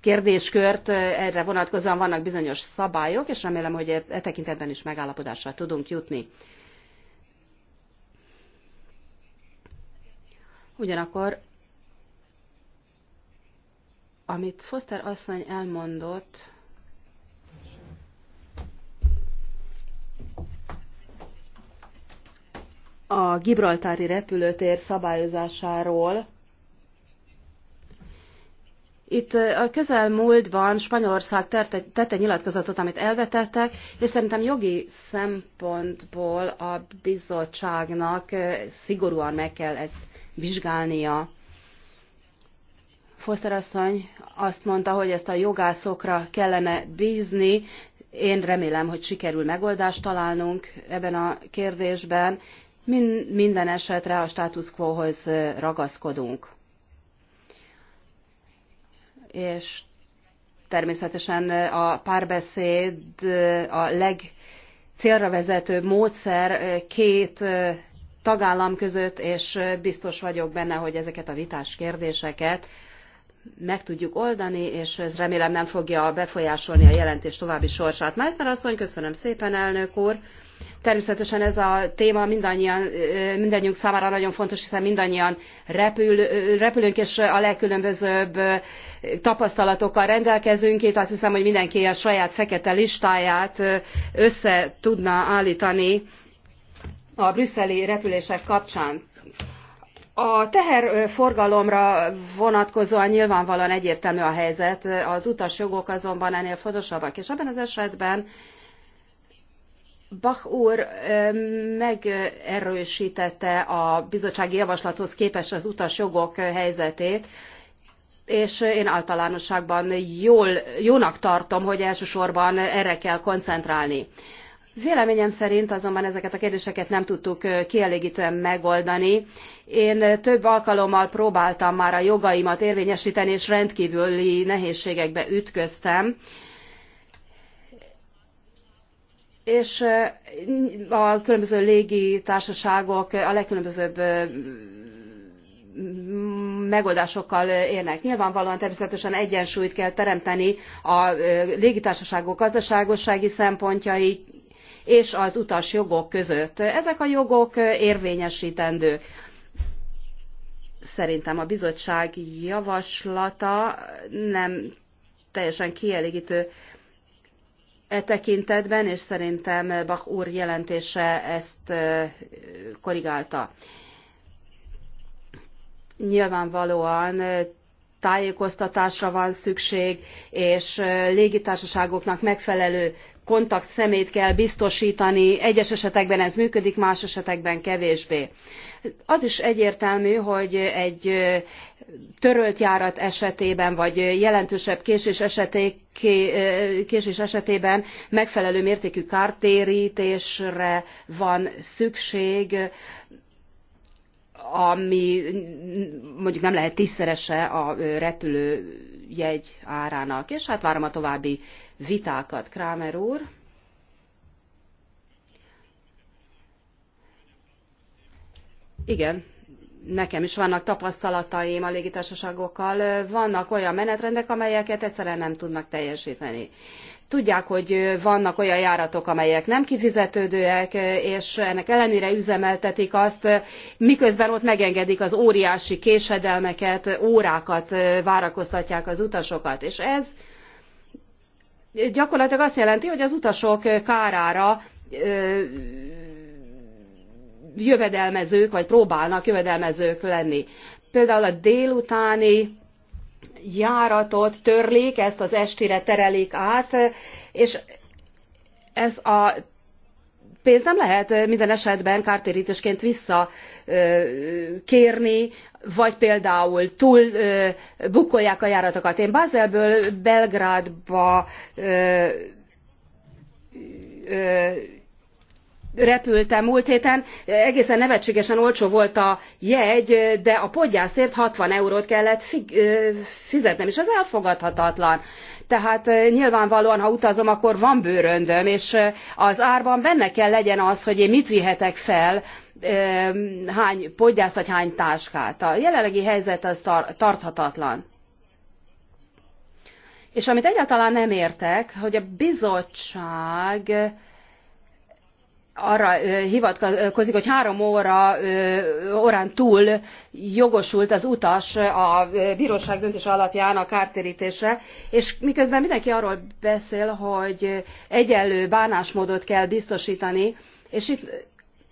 kérdéskört, erre vonatkozóan vannak bizonyos szabályok, és remélem, hogy e, e tekintetben is megállapodásra tudunk jutni. Ugyanakkor amit Foster asszony elmondott, a Gibraltári repülőtér szabályozásáról. Itt a közelmúltban Spanyolország tette nyilatkozatot, amit elvetettek, és szerintem jogi szempontból a bizottságnak szigorúan meg kell ezt vizsgálnia. Foster asszony azt mondta, hogy ezt a jogászokra kellene bízni. Én remélem, hogy sikerül megoldást találnunk ebben a kérdésben. minden esetre a status quo-hoz ragaszkodunk. És természetesen a párbeszéd a legcélra vezető módszer két tagállam között, és biztos vagyok benne, hogy ezeket a vitás kérdéseket meg tudjuk oldani, és ez remélem nem fogja befolyásolni a jelentés további sorsát. Meister asszony, köszönöm szépen, elnök úr. Természetesen ez a téma mindannyian, mindannyiunk számára nagyon fontos, hiszen mindannyian repül, repülünk, és a legkülönbözőbb tapasztalatokkal rendelkezünk. Itt azt hiszem, hogy mindenki a saját fekete listáját össze tudna állítani a brüsszeli repülések kapcsán. A teherforgalomra vonatkozóan nyilvánvalóan egyértelmű a helyzet, az utasjogok azonban ennél fontosabbak, és abban az esetben Bach úr megerősítette a bizottsági javaslathoz képest az utasjogok helyzetét, és én általánosságban jól, jónak tartom, hogy elsősorban erre kell koncentrálni. Véleményem szerint azonban ezeket a kérdéseket nem tudtuk kielégítően megoldani. Én több alkalommal próbáltam már a jogaimat érvényesíteni, és rendkívüli nehézségekbe ütköztem. És a különböző légitársaságok a legkülönbözőbb megoldásokkal érnek. Nyilvánvalóan természetesen egyensúlyt kell teremteni a légitársaságok gazdaságossági szempontjai és az utas jogok között. Ezek a jogok érvényesítendők. Szerintem a bizottság javaslata nem teljesen kielégítő e tekintetben, és szerintem Bach úr jelentése ezt korrigálta. Nyilvánvalóan tájékoztatásra van szükség, és légitársaságoknak megfelelő kontakt szemét kell biztosítani, egyes esetekben ez működik, más esetekben kevésbé. Az is egyértelmű, hogy egy törölt járat esetében, vagy jelentősebb késés, késés esetében megfelelő mértékű kártérítésre van szükség, ami mondjuk nem lehet tízszerese a repülőjegy árának, és hát várom a további vitákat. Krámer úr. Igen, nekem is vannak tapasztalataim a légitársaságokkal. Vannak olyan menetrendek, amelyeket egyszerűen nem tudnak teljesíteni. Tudják, hogy vannak olyan járatok, amelyek nem kifizetődőek, és ennek ellenére üzemeltetik azt, miközben ott megengedik az óriási késedelmeket, órákat várakoztatják az utasokat. És ez gyakorlatilag azt jelenti, hogy az utasok kárára jövedelmezők, vagy próbálnak jövedelmezők lenni. Például a délutáni járatot törlik, ezt az estire terelik át, és ez a pénzt nem lehet minden esetben kártértésként visszakérni vagy például túl bukkolják a járatokat. én Bázelből belgrádba repültem múlt héten egészen nevetségesen olcsó volt a jegy de a podgyászért sixty eurót kellett fizetnem és ez elfogadhatatlan tehát nyilvánvalóan ha utazom akkor van bőröndöm és az árban benne kell legyen az hogy én mit vihetek fel hány podgyászt vagy hány táskát. a jelenlegi helyzet az tarthatatlan. és amit egyáltalán nem értek hogy a bizottság arra hivatkozik, hogy három óra, órán túl jogosult az utas a bróság döntése alapján a kártértésre és miközben mindenki arról beszél, hogy egyenlő bánásmódot kell biztosítani, és itt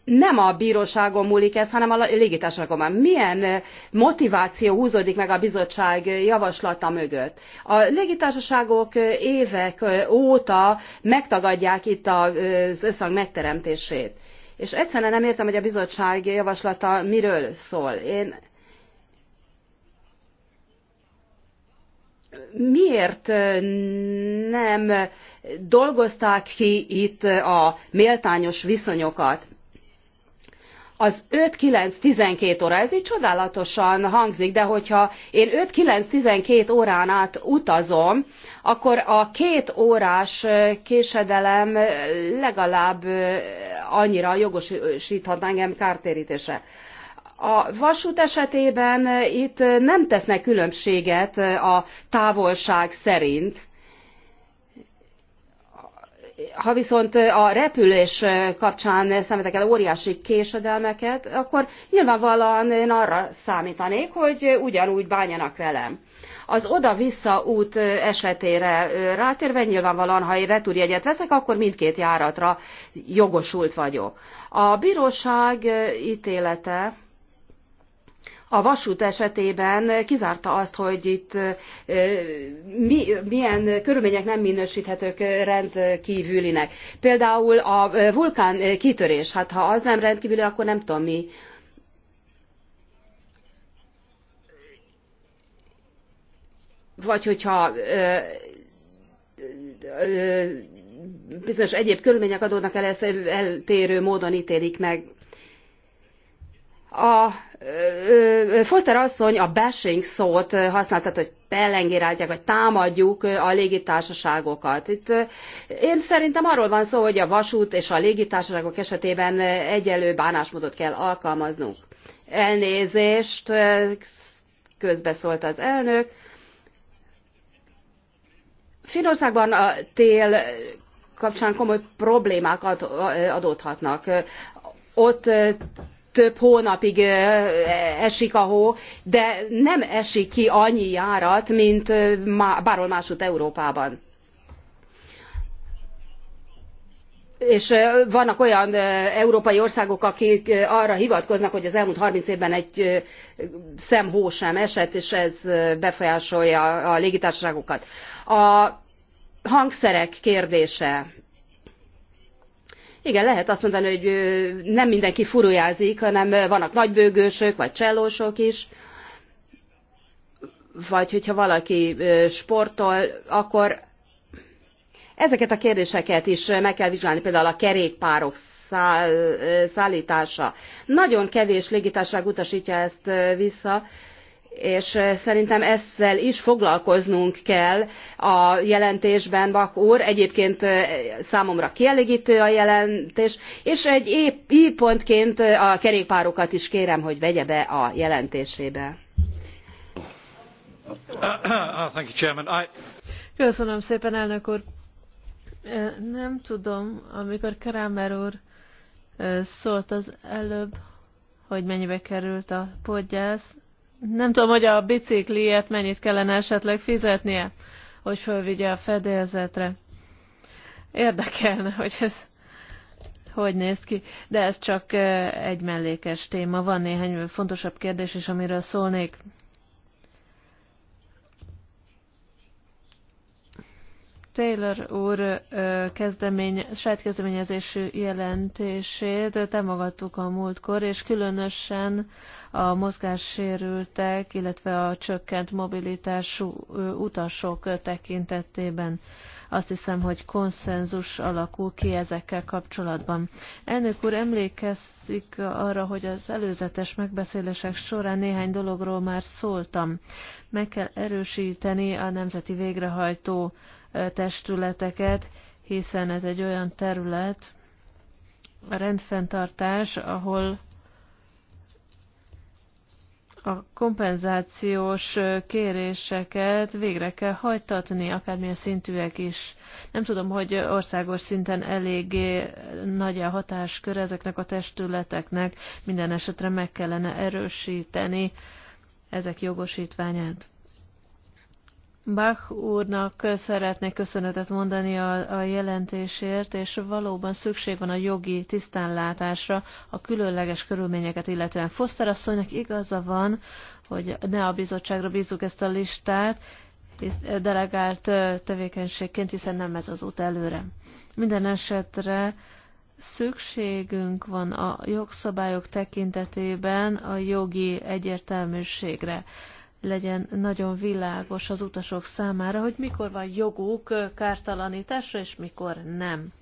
nem a bíróságon múlik ez, hanem a légitársaságon. Milyen eh, motiváció húzódik meg a bizottság eh, javaslata mögött? A légitársaságok eh, évek óta megtagadják itt az összhang megteremtését. És egyszerűen nem értem, hogy a bizottság javaslata miről szól. Én miért nem dolgozták ki itt a méltányos viszonyokat? az 5-9-12 óra, ez így csodálatosan hangzik, de hogyha én 5-9-12 órán át utazom, akkor a két órás késedelem legalább annyira jogosíthat engem kártérítése. A vasút esetében itt nem tesznek különbséget a távolság szerint, ha viszont a repülés kapcsán szemetek el óriási késedelmeket, akkor nyilvánvalóan én arra számítanék, hogy ugyanúgy bánjanak velem. Az oda-vissza út esetére rátérve nyilvánvalóan, ha én returjegyet veszek, akkor mindkét járatra jogosult vagyok. A bíróság ítélete a vasút esetében kizárta azt, hogy itt mi, milyen körülmények nem minősíthetők rendkívülinek. Például a vulkán kitörés, hát ha az nem rendkívüli, akkor nem tudom mi. Vagy hogyha bizonyos egyéb körülmények adódnak el, ezt eltérő módon ítélik meg. A Foster asszony a bashing szót használt, tehát hogy pellengéráltják, vagy támadjuk a légitársaságokat. Itt én szerintem arról van szó, hogy a vasút és a légitársaságok esetében egyelő bánásmódot kell alkalmaznunk. Elnézést, közbeszólt az elnök. Finországban a tél kapcsán komoly problémák adódhatnak. Ott több hónapig e, esik a hó, de nem esik ki annyi járat, mint bárhol máshogy Európában. és vannak olyan európai országok akik arra hivatkoznak hogy az elmúlt thirty évben egy szem hó sem esett és ez befolyásolja a légitársaságokat. a hangszerek kérdése igen, lehet azt mondani, hogy nem mindenki furujázik, hanem vannak nagybőgősök, vagy csellósok is, vagy hogyha valaki sportol, akkor ezeket a kérdéseket is meg kell vizsgálni, például a kerékpárok száll, szállítása. Nagyon kevés légitárság utasítja ezt vissza, és szerintem ezzel is foglalkoznunk kell a jelentésben, bach úr. Egyébként számomra kielégítő a jelentés, és egy I pontként a kerékpárokat is kérem, hogy vegye be a jelentésébe. Ah, Köszönöm szépen, elnök úr. Nem tudom, amikor Kramer úr szólt az előbb, hogy mennyibe került a podgyász, nem tudom, hogy a bicikliért mennyit kellene esetleg fizetnie, hogy fölvigye a fedélzetre. Érdekelne, [laughs] hogy ez hogy néz ki. De ez csak egy mellékes téma. Van néhány fontosabb kérdés is, amiről szólnék. Taylor úr kezdemény, saját kezdeményezésű jelentését támogattuk a múltkor, és különösen a mozgássérültek, illetve a csökkent mobilitású utasok tekintetében. Azt hiszem, hogy konszenzus alakul ki ezekkel kapcsolatban. Elnök úr emlékezik arra, hogy az előzetes megbeszélések során néhány dologról már szóltam. Meg kell erősíteni a nemzeti végrehajtó testületeket, hiszen ez egy olyan terület, a rendfenntartás, ahol a kompenzációs kéréseket végre kell hajtatni, akármilyen szintűek is. Nem tudom, hogy országos szinten eléggé nagy a hatáskör ezeknek a testületeknek, minden esetre meg kellene erősíteni ezek jogosítványát. Bach úrnak szeretnék köszönetet mondani a, a jelentésért, és valóban szükség van a jogi tisztánlátásra, a különleges körülményeket illetően. Foster asszonynak igaza van, hogy ne a bizottságra bízzuk ezt a listát, delegált tevékenységként, hiszen nem ez az út előre. Minden esetre szükségünk van a jogszabályok tekintetében a jogi egyértelműségre legyen nagyon világos az utasok számára, hogy mikor van joguk kártalanításra, és mikor nem.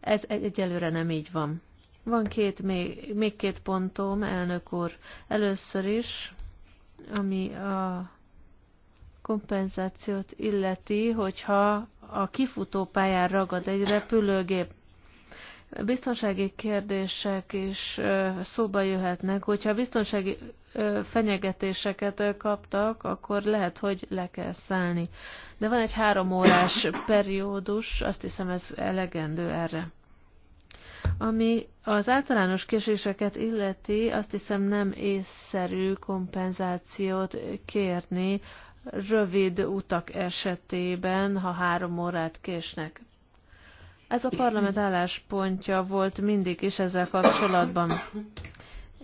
Ez egyelőre nem így van. Van két, még, még két pontom, elnök úr. Először is, ami a kompenzációt illeti, hogyha a kifutó pályán ragad egy repülőgép. Biztonsági kérdések is szóba jöhetnek, hogyha biztonsági fenyegetéseket kaptak, akkor lehet, hogy le kell szállni. De van egy három órás periódus, azt hiszem ez elegendő erre. Ami az általános késéseket illeti, azt hiszem nem észszerű kompenzációt kérni rövid utak esetében, ha három órát késnek. Ez a parlament álláspontja volt mindig is ezzel kapcsolatban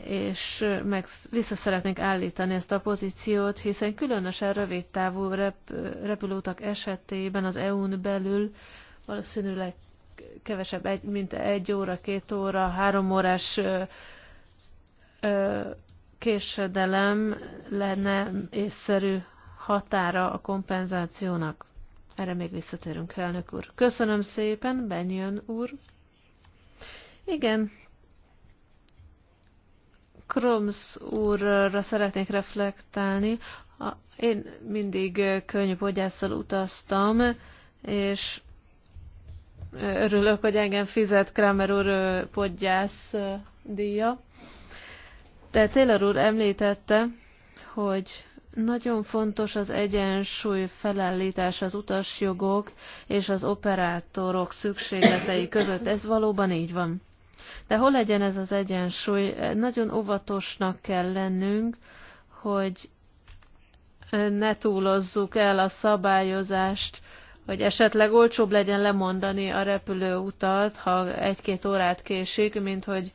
és meg vissza szeretnénk állítani ezt a pozíciót, hiszen különösen rövid távú rep, repülőtak esetében az EU-n belül valószínűleg kevesebb, egy, mint egy óra, két óra, három órás ö, ö, késedelem lenne észszerű határa a kompenzációnak. Erre még visszatérünk, elnök úr. Köszönöm szépen, Benjön úr. Igen, Kroms úrra szeretnék reflektálni. Én mindig könyvbogyásszal utaztam, és örülök, hogy engem fizet Kramer úr podgyász díja. De Taylor úr említette, hogy nagyon fontos az egyensúly felállítás az utasjogok és az operátorok szükségletei között. Ez valóban így van. De hol legyen ez az egyensúly? Nagyon óvatosnak kell lennünk, hogy ne túlozzuk el a szabályozást, hogy esetleg olcsóbb legyen lemondani a repülőutat, ha egy-két órát késik, mint hogy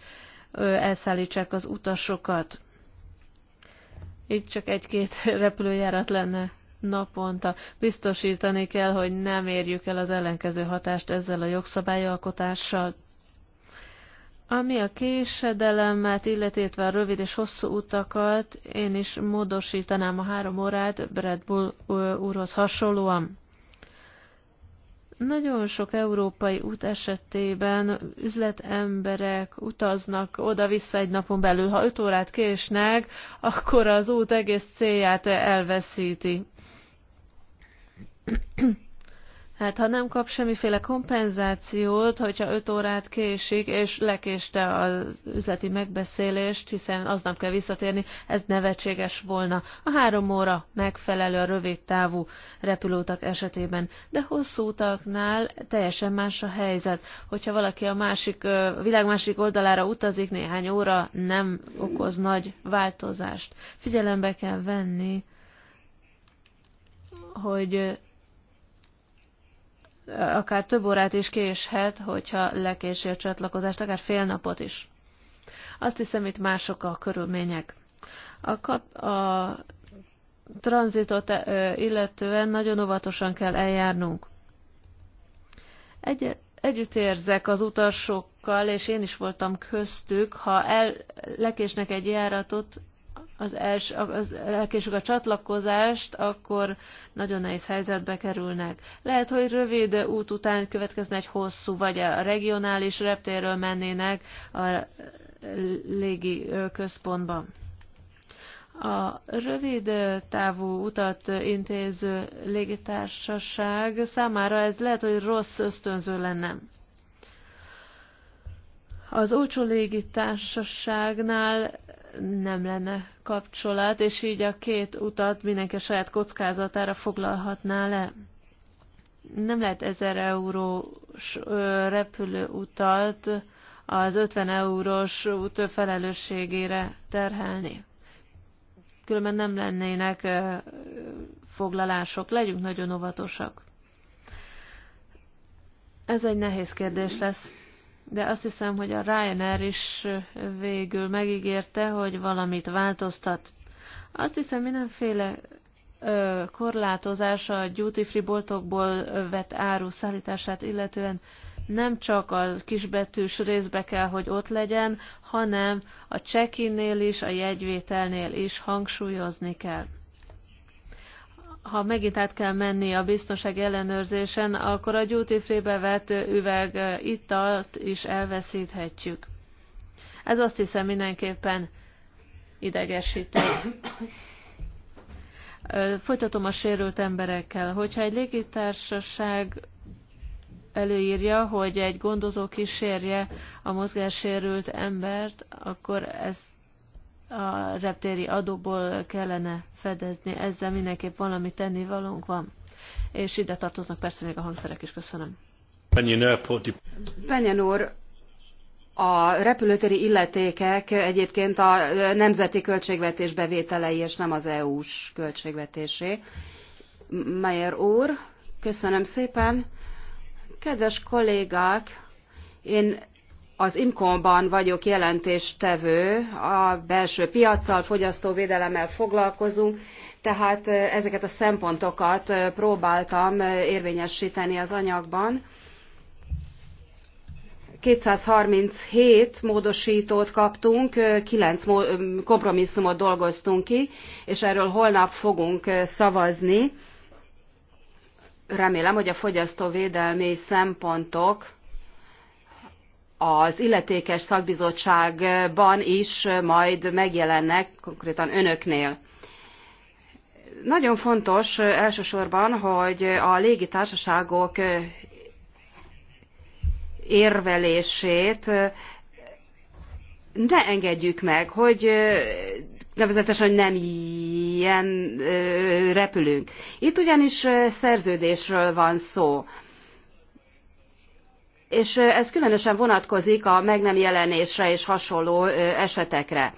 elszállítsák az utasokat. Itt csak egy-két [laughs] repülőjárat lenne naponta. Biztosítani kell, hogy nem érjük el az ellenkező hatást ezzel a jogszabályalkotással. Ami a késedelemet, illetve a rövid és hosszú utakat, én is módosítanám a három órát Brad Bull úrhoz hasonlóan. Nagyon sok európai út esetében üzletemberek utaznak oda-vissza egy napon belül. Ha öt órát késnek, akkor az út egész célját elveszíti. Hát ha nem kap semmiféle kompenzációt, hogyha 5 órát késik, és lekéste az üzleti megbeszélést, hiszen aznap kell visszatérni, ez nevetséges volna. A három óra megfelelő a rövid távú repülőtak esetében, de hosszú utaknál teljesen más a helyzet. Hogyha valaki a másik, a világ másik oldalára utazik, néhány óra nem okoz nagy változást. Figyelembe kell venni, hogy akár több órát is késhet, hogyha lekési a csatlakozást, akár fél napot is. Azt hiszem, itt mások a körülmények. A, kap, a tranzitot illetően nagyon óvatosan kell eljárnunk. Egy, együtt érzek az utasokkal, és én is voltam köztük, ha el, lekésnek egy járatot, az, els, az elkésük a csatlakozást, akkor nagyon nehéz helyzetbe kerülnek. Lehet, hogy rövid út után következne egy hosszú, vagy a regionális reptérről mennének a légi központba. A rövid távú utat intéző légitársaság számára ez lehet, hogy rossz ösztönző lenne. Az olcsó légitársaságnál nem lenne kapcsolat, és így a két utat mindenki a saját kockázatára foglalhatná le. Nem lehet 1000 eurós repülőutat az 50 eurós út felelősségére terhelni. Különben nem lennének foglalások. Legyünk nagyon óvatosak. Ez egy nehéz kérdés lesz de azt hiszem, hogy a Ryanair is végül megígérte, hogy valamit változtat. Azt hiszem, mindenféle ö, korlátozása a duty free boltokból vett áru szállítását illetően nem csak a kisbetűs részbe kell, hogy ott legyen, hanem a check-innél is, a jegyvételnél is hangsúlyozni kell ha megint át kell menni a biztonság ellenőrzésen, akkor a duty free-be vett üveg italt is elveszíthetjük. Ez azt hiszem mindenképpen idegesítő. Folytatom a sérült emberekkel. Hogyha egy légitársaság előírja, hogy egy gondozó kísérje a mozgássérült embert, akkor ezt a reptéri adóból kellene fedezni, ezzel mindenképp valami tennivalónk van. És ide tartoznak persze még a hangszerek is, köszönöm. Penyen úr, a repülőtéri illetékek egyébként a nemzeti költségvetés bevételei, és nem az EU-s költségvetésé. Meyer úr, köszönöm szépen. Kedves kollégák, én az IMCOM-ban vagyok jelentéstevő, a belső piaccal, fogyasztóvédelemmel foglalkozunk, tehát ezeket a szempontokat próbáltam érvényesíteni az anyagban. 237 módosítót kaptunk, 9 kompromisszumot dolgoztunk ki, és erről holnap fogunk szavazni. Remélem, hogy a fogyasztóvédelmi szempontok az illetékes szakbizottságban is majd megjelennek, konkrétan önöknél. Nagyon fontos elsősorban, hogy a légitársaságok érvelését ne engedjük meg, hogy nevezetesen nem ilyen repülünk. Itt ugyanis szerződésről van szó és ez különösen vonatkozik a meg nem jelenésre és hasonló esetekre.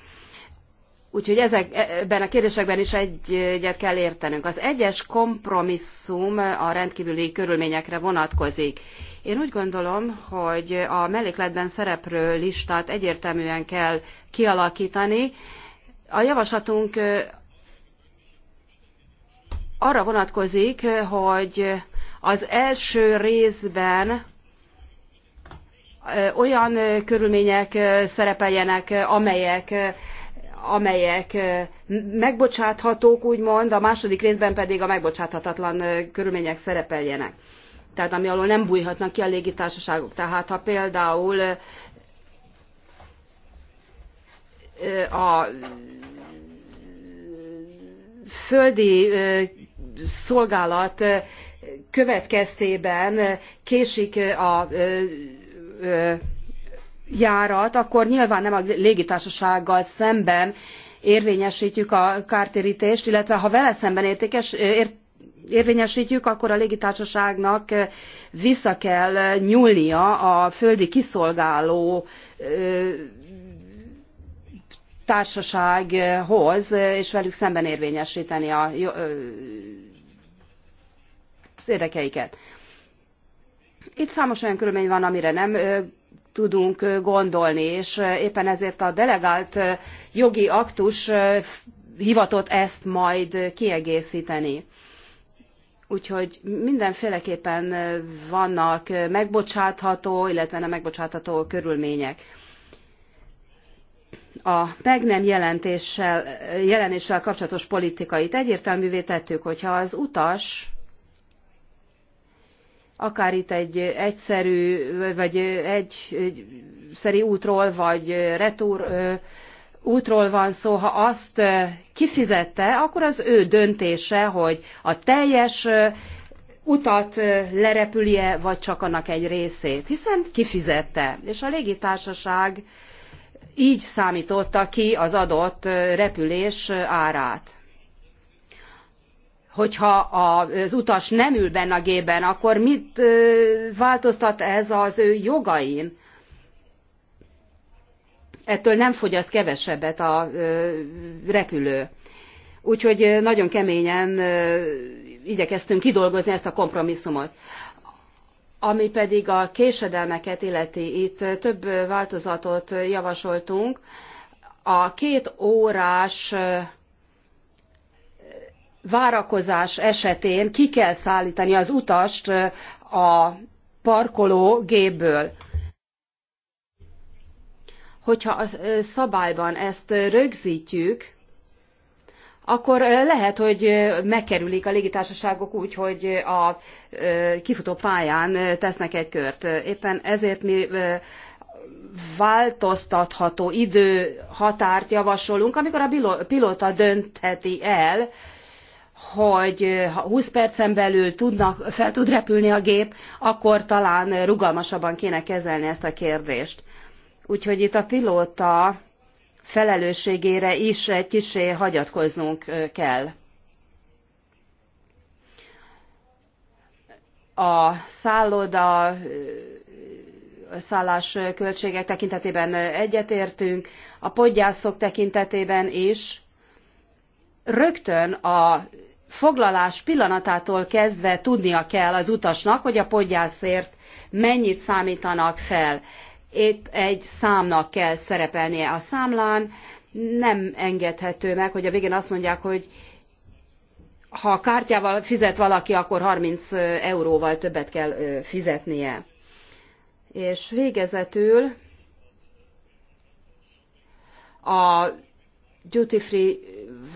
Úgyhogy ezekben e, a kérdésekben is egyet kell értenünk. Az egyes kompromisszum a rendkívüli körülményekre vonatkozik. Én úgy gondolom, hogy a mellékletben szereplő listát egyértelműen kell kialakítani. A javaslatunk arra vonatkozik, hogy az első részben olyan körülmények szerepeljenek, amelyek amelyek megbocsáthatók, úgymond, a második részben pedig a megbocsáthatatlan körülmények szerepeljenek. Tehát ami alól nem bújhatnak ki a légitársaságok. Tehát ha például a földi szolgálat következtében késik a járat, akkor nyilván nem a légitársasággal szemben érvényesítjük a kártérítést, illetve ha vele szemben értékes, érvényesítjük, akkor a légitársaságnak vissza kell nyúlnia a földi kiszolgáló társasághoz, és velük szemben érvényesíteni a, az érdekeiket. Itt számos olyan körülmény van, amire nem tudunk gondolni, és éppen ezért a delegált jogi aktus hivatott ezt majd kiegészíteni. Úgyhogy mindenféleképpen vannak megbocsátható, illetve nem megbocsátható körülmények. A meg nem jelentéssel, jelenéssel kapcsolatos politikait egyértelművé tettük, hogyha az utas akár itt egy egyszerű, vagy egy szeri útról, vagy retúr útról van szó, ha azt kifizette, akkor az ő döntése, hogy a teljes utat lerepülje, vagy csak annak egy részét, hiszen kifizette. És a légitársaság így számította ki az adott repülés árát hogyha az utas nem ül benne a gépben, akkor mit változtat ez az ő jogain? Ettől nem fogyaszt kevesebbet a repülő. Úgyhogy nagyon keményen igyekeztünk kidolgozni ezt a kompromisszumot. Ami pedig a késedelmeket illeti, itt több változatot javasoltunk. A két órás várakozás esetén ki kell szállítani az utast a parkológépből. Hogyha a szabályban ezt rögzítjük, akkor lehet, hogy megkerülik a légitársaságok úgy, hogy a kifutó pályán tesznek egy kört. Éppen ezért mi változtatható idő határt javasolunk, amikor a pilóta döntheti el, hogy ha 20 percen belül tudnak, fel tud repülni a gép, akkor talán rugalmasabban kéne kezelni ezt a kérdést. Úgyhogy itt a pilóta felelősségére is egy kisé hagyatkoznunk kell. A szálloda szállás költségek tekintetében egyetértünk, a podgyászok tekintetében is rögtön a foglalás pillanatától kezdve tudnia kell az utasnak, hogy a podgyászért mennyit számítanak fel. Itt egy számnak kell szerepelnie a számlán, nem engedhető meg, hogy a végén azt mondják, hogy ha kártyával fizet valaki, akkor 30 euróval többet kell fizetnie. És végezetül a duty free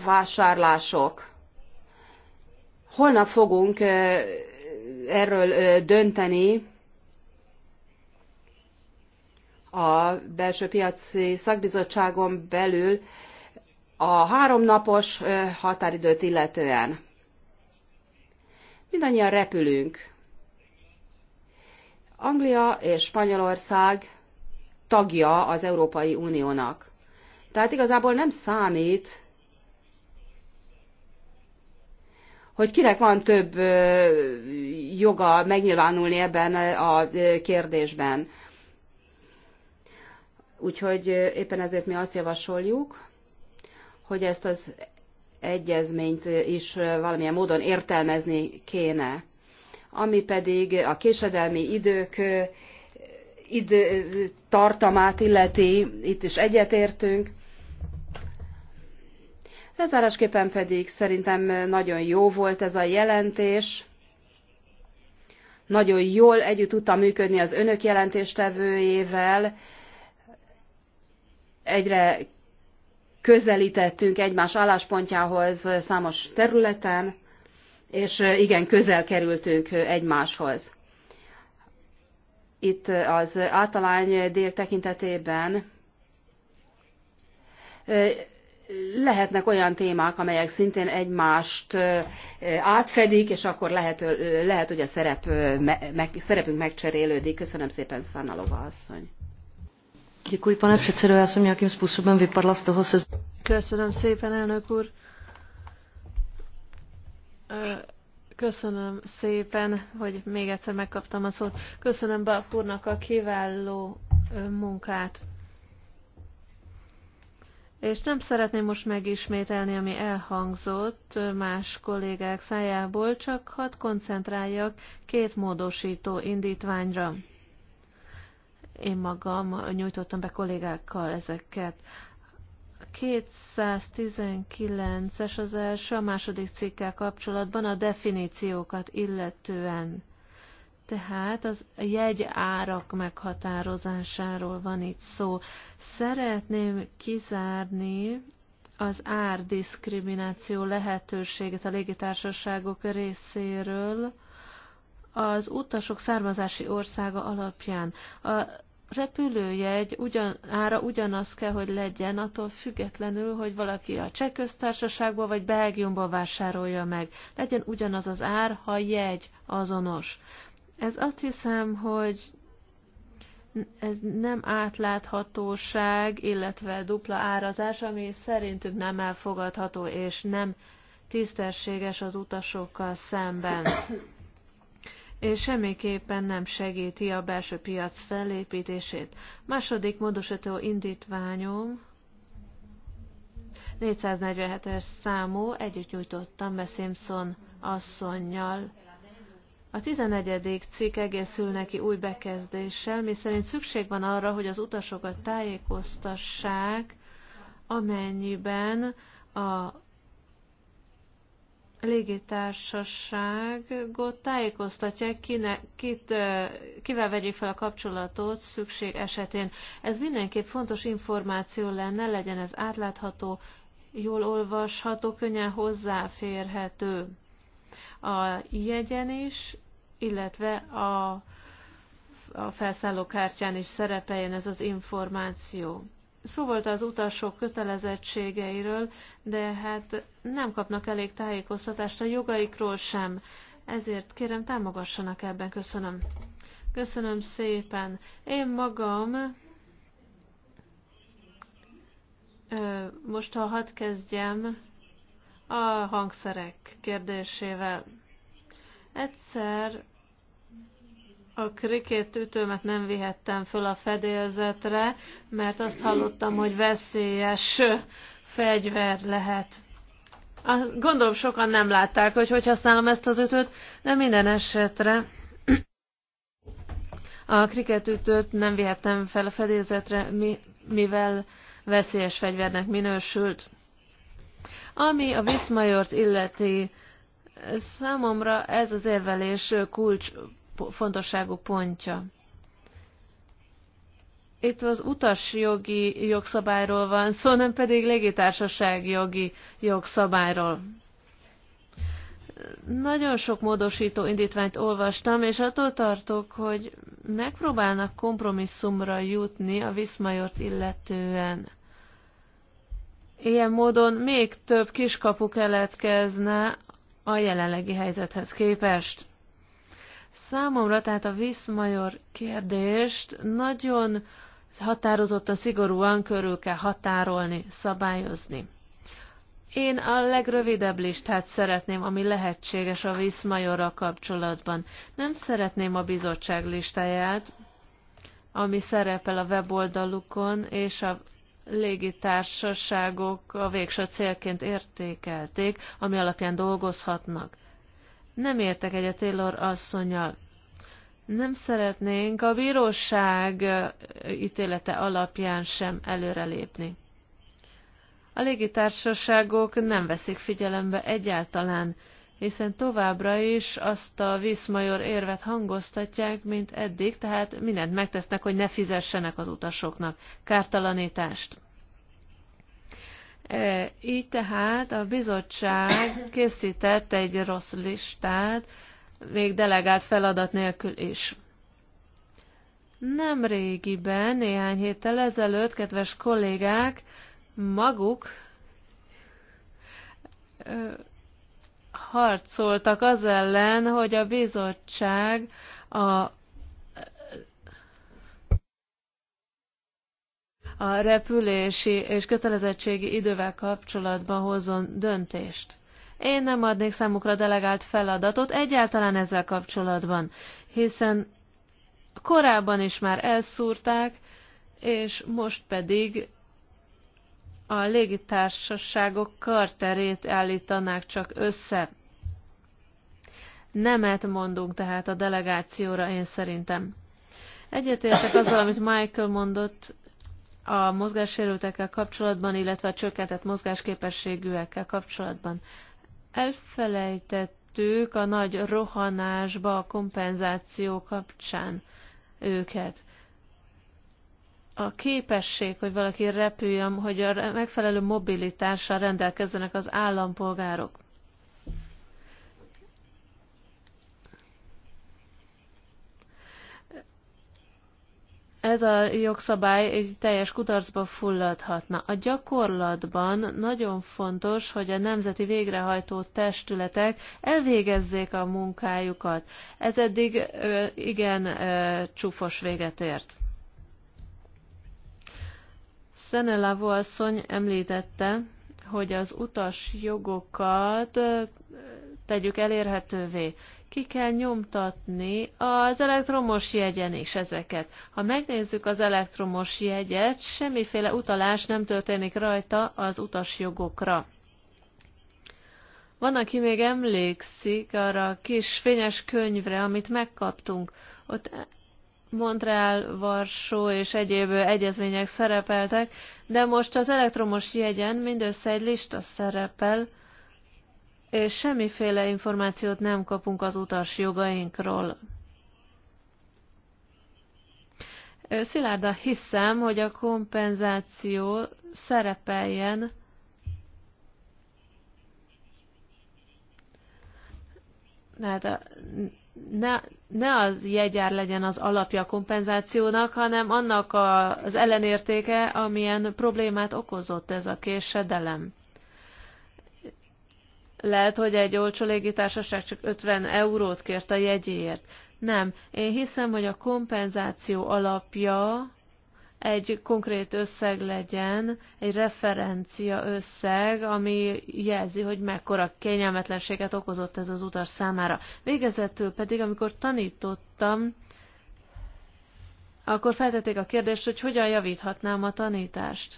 vásárlások. Holnap fogunk erről dönteni a belső piaci szakbizottságon belül a háromnapos határidőt illetően. Mindannyian repülünk. Anglia és Spanyolország tagja az Európai Uniónak. Tehát igazából nem számít, hogy kinek van több joga megnyilvánulni ebben a kérdésben. Úgyhogy éppen ezért mi azt javasoljuk, hogy ezt az egyezményt is valamilyen módon értelmezni kéne. Ami pedig a késedelmi idők id tartamát illeti, itt is egyetértünk. Lezárásképpen pedig szerintem nagyon jó volt ez a jelentés. Nagyon jól együtt tudtam működni az önök jelentéstevőjével. Egyre közelítettünk egymás álláspontjához számos területen, és igen, közel kerültünk egymáshoz. Itt az általány dél tekintetében lehetnek olyan témák, amelyek szintén egymást átfedik, és akkor lehet, lehet hogy a szerep, meg, szerepünk megcserélődik. Köszönöm szépen, Szanalova asszony. Děkuji, pane předsedo. Já jsem nějakým způsobem vypadla z toho se... Köszönöm szépen, elnök úr. Köszönöm szépen, hogy még egyszer megkaptam a szót. Köszönöm Bakurnak a kiváló munkát. És nem szeretném most megismételni, ami elhangzott más kollégák szájából, csak hadd koncentráljak két módosító indítványra. Én magam nyújtottam be kollégákkal ezeket. 219-es az első, a második cikkel kapcsolatban a definíciókat illetően. Tehát az jegy árak meghatározásáról van itt szó. Szeretném kizárni az árdiszkrimináció lehetőséget a légitársaságok részéről az utasok származási országa alapján. A repülőjegy ugyan, ára ugyanaz kell, hogy legyen, attól függetlenül, hogy valaki a cseh köztársaságból vagy Belgiumból vásárolja meg. Legyen ugyanaz az ár, ha jegy azonos. Ez azt hiszem, hogy ez nem átláthatóság, illetve dupla árazás, ami szerintük nem elfogadható és nem tisztességes az utasokkal szemben. és semmiképpen nem segíti a belső piac felépítését. Második módosító indítványom 447-es számú, együtt nyújtottam be Simpson asszonynal a 11. cikk egészül neki új bekezdéssel, miszerint szükség van arra, hogy az utasokat tájékoztassák, amennyiben a légitársaságot tájékoztatják, kine, kit, kivel vegyék fel a kapcsolatot szükség esetén. Ez mindenképp fontos információ lenne, legyen ez átlátható, jól olvasható, könnyen hozzáférhető. A jegyen is illetve a, a felszállókártyán is szerepeljen ez az információ. Szó volt az utasok kötelezettségeiről, de hát nem kapnak elég tájékoztatást a jogaikról sem. Ezért kérem, támogassanak ebben. Köszönöm. Köszönöm szépen. Én magam most ha hadd kezdjem a hangszerek kérdésével. Egyszer a krikét ütőmet nem vihettem föl a fedélzetre, mert azt hallottam, hogy veszélyes fegyver lehet. A gondolom sokan nem látták, hogy hogy használom ezt az ütőt, de minden esetre a kriketütőt nem vihettem fel a fedélzetre, mivel veszélyes fegyvernek minősült. Ami a Viszmajort illeti, számomra ez az érvelés kulcs fontosságú pontja. Itt az utasjogi jogszabályról van szó, nem pedig légitársaság jogi jogszabályról. Nagyon sok módosító indítványt olvastam, és attól tartok, hogy megpróbálnak kompromisszumra jutni a Viszmajort illetően. Ilyen módon még több kiskapu keletkezne a jelenlegi helyzethez képest. Számomra tehát a Viszmajor kérdést nagyon határozottan, szigorúan körül kell határolni, szabályozni. Én a legrövidebb listát szeretném, ami lehetséges a Viszmajorra kapcsolatban. Nem szeretném a bizottság listáját, ami szerepel a weboldalukon, és a légitársaságok a végső célként értékelték, ami alapján dolgozhatnak. Nem értek egyet Taylor asszonyal. Nem szeretnénk a bíróság ítélete alapján sem előrelépni. A légitársaságok nem veszik figyelembe egyáltalán, hiszen továbbra is azt a viszmajor érvet hangoztatják, mint eddig, tehát mindent megtesznek, hogy ne fizessenek az utasoknak kártalanítást. E, így tehát a bizottság készített egy rossz listát, még delegált feladat nélkül is. Nem régiben, néhány héttel ezelőtt, kedves kollégák, maguk ö, harcoltak az ellen, hogy a bizottság a a repülési és kötelezettségi idővel kapcsolatban hozzon döntést. Én nem adnék számukra delegált feladatot egyáltalán ezzel kapcsolatban, hiszen korábban is már elszúrták, és most pedig a légitársaságok karterét állítanák csak össze. Nemet mondunk tehát a delegációra, én szerintem. Egyetértek azzal, amit Michael mondott, a mozgássérültekkel kapcsolatban, illetve a csökkentett mozgásképességűekkel kapcsolatban. Elfelejtettük a nagy rohanásba a kompenzáció kapcsán őket. A képesség, hogy valaki repüljön, hogy a megfelelő mobilitással rendelkezzenek az állampolgárok. ez a jogszabály egy teljes kutarcba fulladhatna. A gyakorlatban nagyon fontos, hogy a nemzeti végrehajtó testületek elvégezzék a munkájukat. Ez eddig igen csúfos véget ért. Szenelavó asszony említette, hogy az utas jogokat tegyük elérhetővé. Ki kell nyomtatni az elektromos jegyen is ezeket. Ha megnézzük az elektromos jegyet, semmiféle utalás nem történik rajta az utasjogokra. Van, aki még emlékszik arra a kis fényes könyvre, amit megkaptunk. Ott Montreal, Varsó és egyéb egyezmények szerepeltek, de most az elektromos jegyen mindössze egy lista szerepel, és semmiféle információt nem kapunk az utas jogainkról. Szilárda hiszem, hogy a kompenzáció szerepeljen hát ne, ne az jegyár legyen az alapja a kompenzációnak, hanem annak a, az ellenértéke, amilyen problémát okozott ez a késedelem. Lehet, hogy egy olcsó légitársaság csak 50 eurót kért a jegyéért. Nem. Én hiszem, hogy a kompenzáció alapja egy konkrét összeg legyen, egy referencia összeg, ami jelzi, hogy mekkora kényelmetlenséget okozott ez az utas számára. Végezetül pedig, amikor tanítottam, akkor feltették a kérdést, hogy hogyan javíthatnám a tanítást.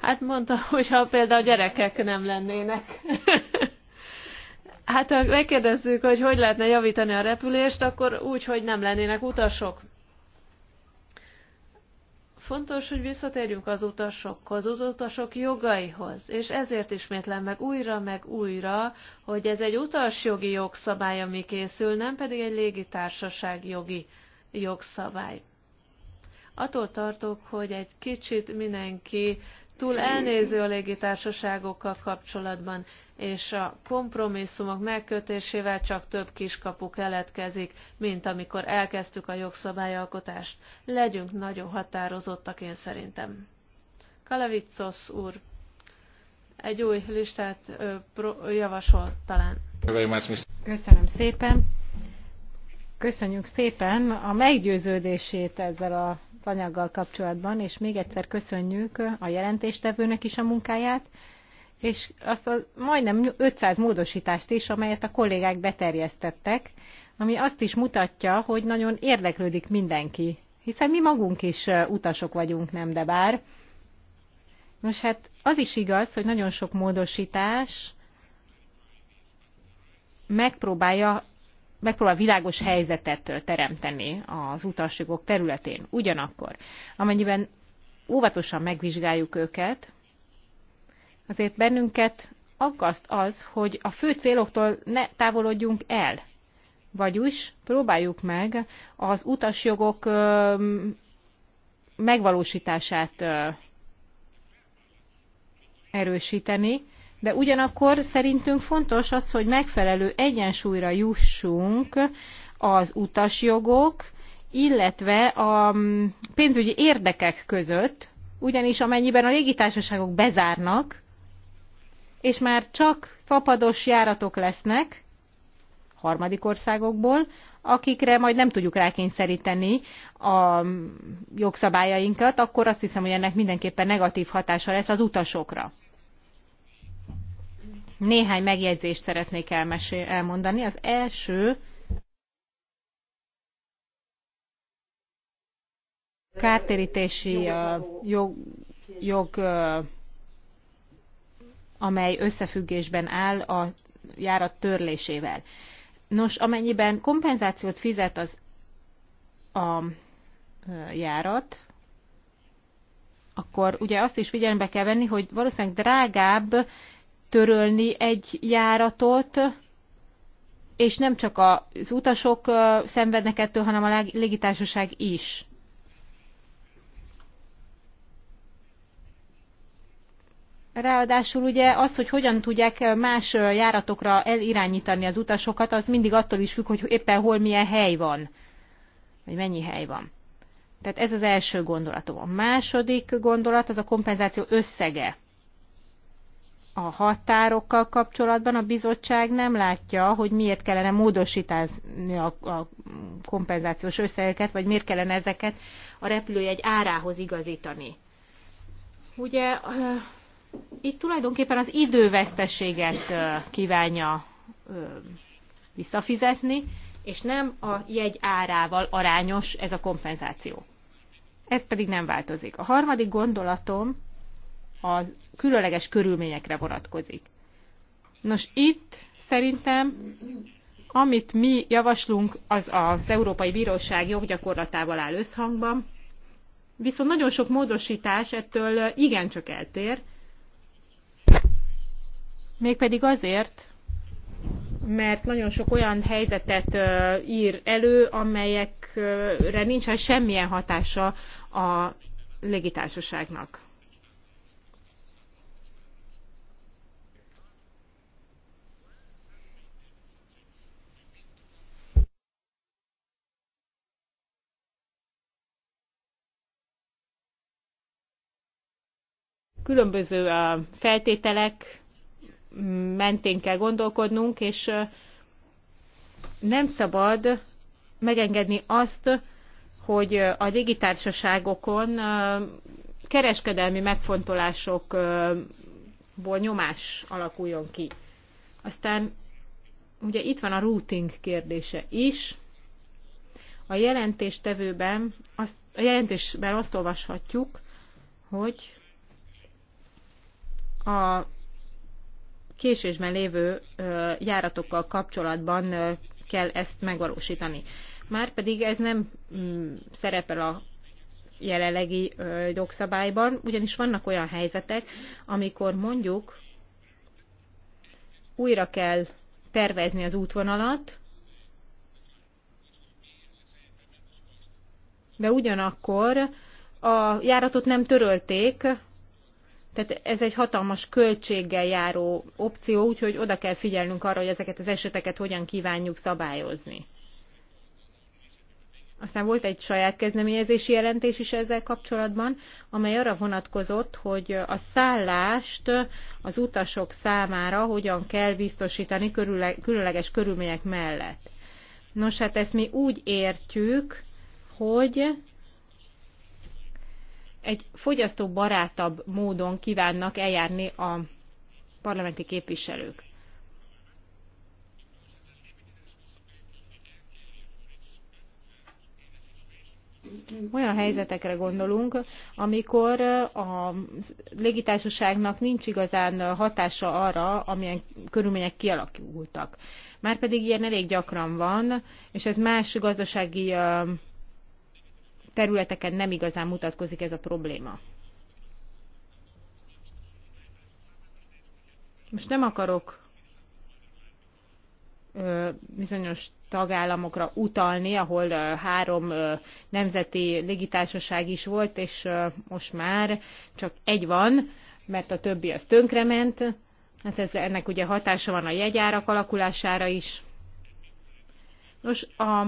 Hát mondta, [laughs] hogyha például a gyerekek nem lennének. [laughs] hát ha megkérdezzük, hogy hogy lehetne javítani a repülést, akkor úgy, hogy nem lennének utasok. Fontos, hogy visszatérjünk az utasokhoz, az utasok jogaihoz, és ezért ismétlem meg újra, meg újra, hogy ez egy utasjogi jogszabály, ami készül, nem pedig egy légitársaság jogi jogszabály. Attól tartok, hogy egy kicsit mindenki túl elnéző a légitársaságokkal kapcsolatban, és a kompromisszumok megkötésével csak több kiskapu keletkezik, mint amikor elkezdtük a jogszabályalkotást. Legyünk nagyon határozottak én szerintem. Kalevicos úr, egy új listát ö, pro, javasol talán. Köszönöm szépen. Köszönjük szépen a meggyőződését ezzel a az anyaggal kapcsolatban, és még egyszer köszönjük a jelentéstevőnek is a munkáját, és azt a majdnem 500 módosítást is, amelyet a kollégák beterjesztettek, ami azt is mutatja, hogy nagyon érdeklődik mindenki, hiszen mi magunk is utasok vagyunk, nem de bár. Nos hát az is igaz, hogy nagyon sok módosítás megpróbálja megpróbál világos helyzetet teremteni az utasjogok területén. Ugyanakkor, amennyiben óvatosan megvizsgáljuk őket, azért bennünket aggaszt az, hogy a fő céloktól ne távolodjunk el. Vagyis próbáljuk meg az utasjogok megvalósítását erősíteni, de ugyanakkor szerintünk fontos az, hogy megfelelő egyensúlyra jussunk az utasjogok, illetve a mm, pénzügyi érdekek között, ugyanis amennyiben a légitársaságok bezárnak, és már csak fapados járatok lesznek harmadik országokból, akikre majd nem tudjuk rákényszeríteni a mm, jogszabályainkat, akkor azt hiszem, hogy ennek mindenképpen negatív hatása lesz az utasokra. Néhány megjegyzést szeretnék elmondani. Az első kártérítési jog, jog, amely összefüggésben áll a járat törlésével. Nos, amennyiben kompenzációt fizet az a járat, akkor ugye azt is figyelembe kell venni, hogy valószínűleg drágább törölni egy járatot, és nem csak az utasok szenvednek ettől, hanem a légitársaság is. Ráadásul ugye az, hogy hogyan tudják más járatokra elirányítani az utasokat, az mindig attól is függ, hogy éppen hol milyen hely van, vagy mennyi hely van. Tehát ez az első gondolatom. A második gondolat az a kompenzáció összege a határokkal kapcsolatban a bizottság nem látja, hogy miért kellene módosítani a, a kompenzációs összegeket, vagy miért kellene ezeket a repülőjegy árához igazítani. Ugye itt tulajdonképpen az időveszteséget kívánja visszafizetni, és nem a jegy árával arányos ez a kompenzáció. Ez pedig nem változik. A harmadik gondolatom a különleges körülményekre vonatkozik. Nos, itt szerintem amit mi javaslunk, az az Európai Bíróság joggyakorlatával áll összhangban, viszont nagyon sok módosítás ettől igencsak eltér, mégpedig azért, mert nagyon sok olyan helyzetet ír elő, amelyekre nincsen semmilyen hatása a légitársaságnak. különböző feltételek mentén kell gondolkodnunk, és nem szabad megengedni azt, hogy a légitársaságokon kereskedelmi megfontolásokból nyomás alakuljon ki. Aztán ugye itt van a routing kérdése is. A jelentéstevőben, azt, a jelentésben azt olvashatjuk, hogy a késésben lévő járatokkal kapcsolatban kell ezt megvalósítani. Márpedig ez nem mm, szerepel a jelenlegi jogszabályban, ugyanis vannak olyan helyzetek, amikor mondjuk újra kell tervezni az útvonalat, de ugyanakkor a járatot nem törölték, tehát ez egy hatalmas költséggel járó opció, úgyhogy oda kell figyelnünk arra, hogy ezeket az eseteket hogyan kívánjuk szabályozni. Aztán volt egy saját kezdeményezési jelentés is ezzel kapcsolatban, amely arra vonatkozott, hogy a szállást az utasok számára hogyan kell biztosítani különleges körülmények mellett. Nos, hát ezt mi úgy értjük, hogy egy fogyasztóbarátabb módon kívánnak eljárni a parlamenti képviselők. olyan helyzetekre gondolunk, amikor a légitársaságnak nincs igazán hatása arra, amilyen körülmények kialakultak. Márpedig ilyen elég gyakran van, és ez más gazdasági területeken nem igazán mutatkozik ez a probléma. Most nem akarok bizonyos tagállamokra utalni, ahol három nemzeti légitársaság is volt, és most már csak egy van, mert a többi az tönkrement. Hát ez, ennek ugye hatása van a jegyárak alakulására is. Nos, a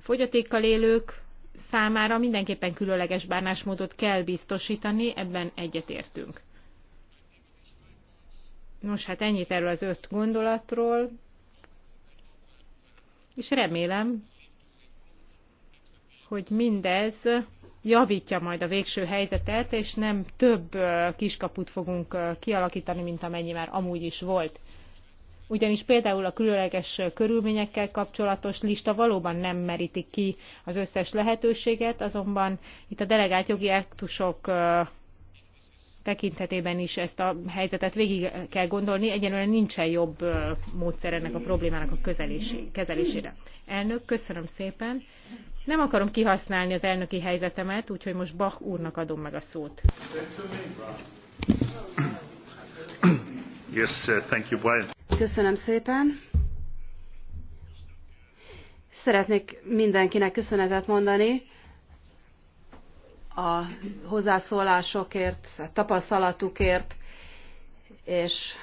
fogyatékkal élők számára mindenképpen különleges bánásmódot kell biztosítani, ebben egyetértünk. Nos, hát ennyit erről az öt gondolatról, és remélem, hogy mindez javítja majd a végső helyzetet, és nem több kiskaput fogunk kialakítani, mint amennyi már amúgy is volt ugyanis például a különleges körülményekkel kapcsolatos lista valóban nem meríti ki az összes lehetőséget, azonban itt a delegált jogi aktusok tekintetében is ezt a helyzetet végig kell gondolni, egyelőre nincsen jobb módszer ennek a problémának a közelési, kezelésére. Elnök, köszönöm szépen. Nem akarom kihasználni az elnöki helyzetemet, úgyhogy most Bach úrnak adom meg a szót. Yes, thank you, Brian. Köszönöm szépen. Szeretnék mindenkinek köszönetet mondani a hozzászólásokért, a tapasztalatukért, és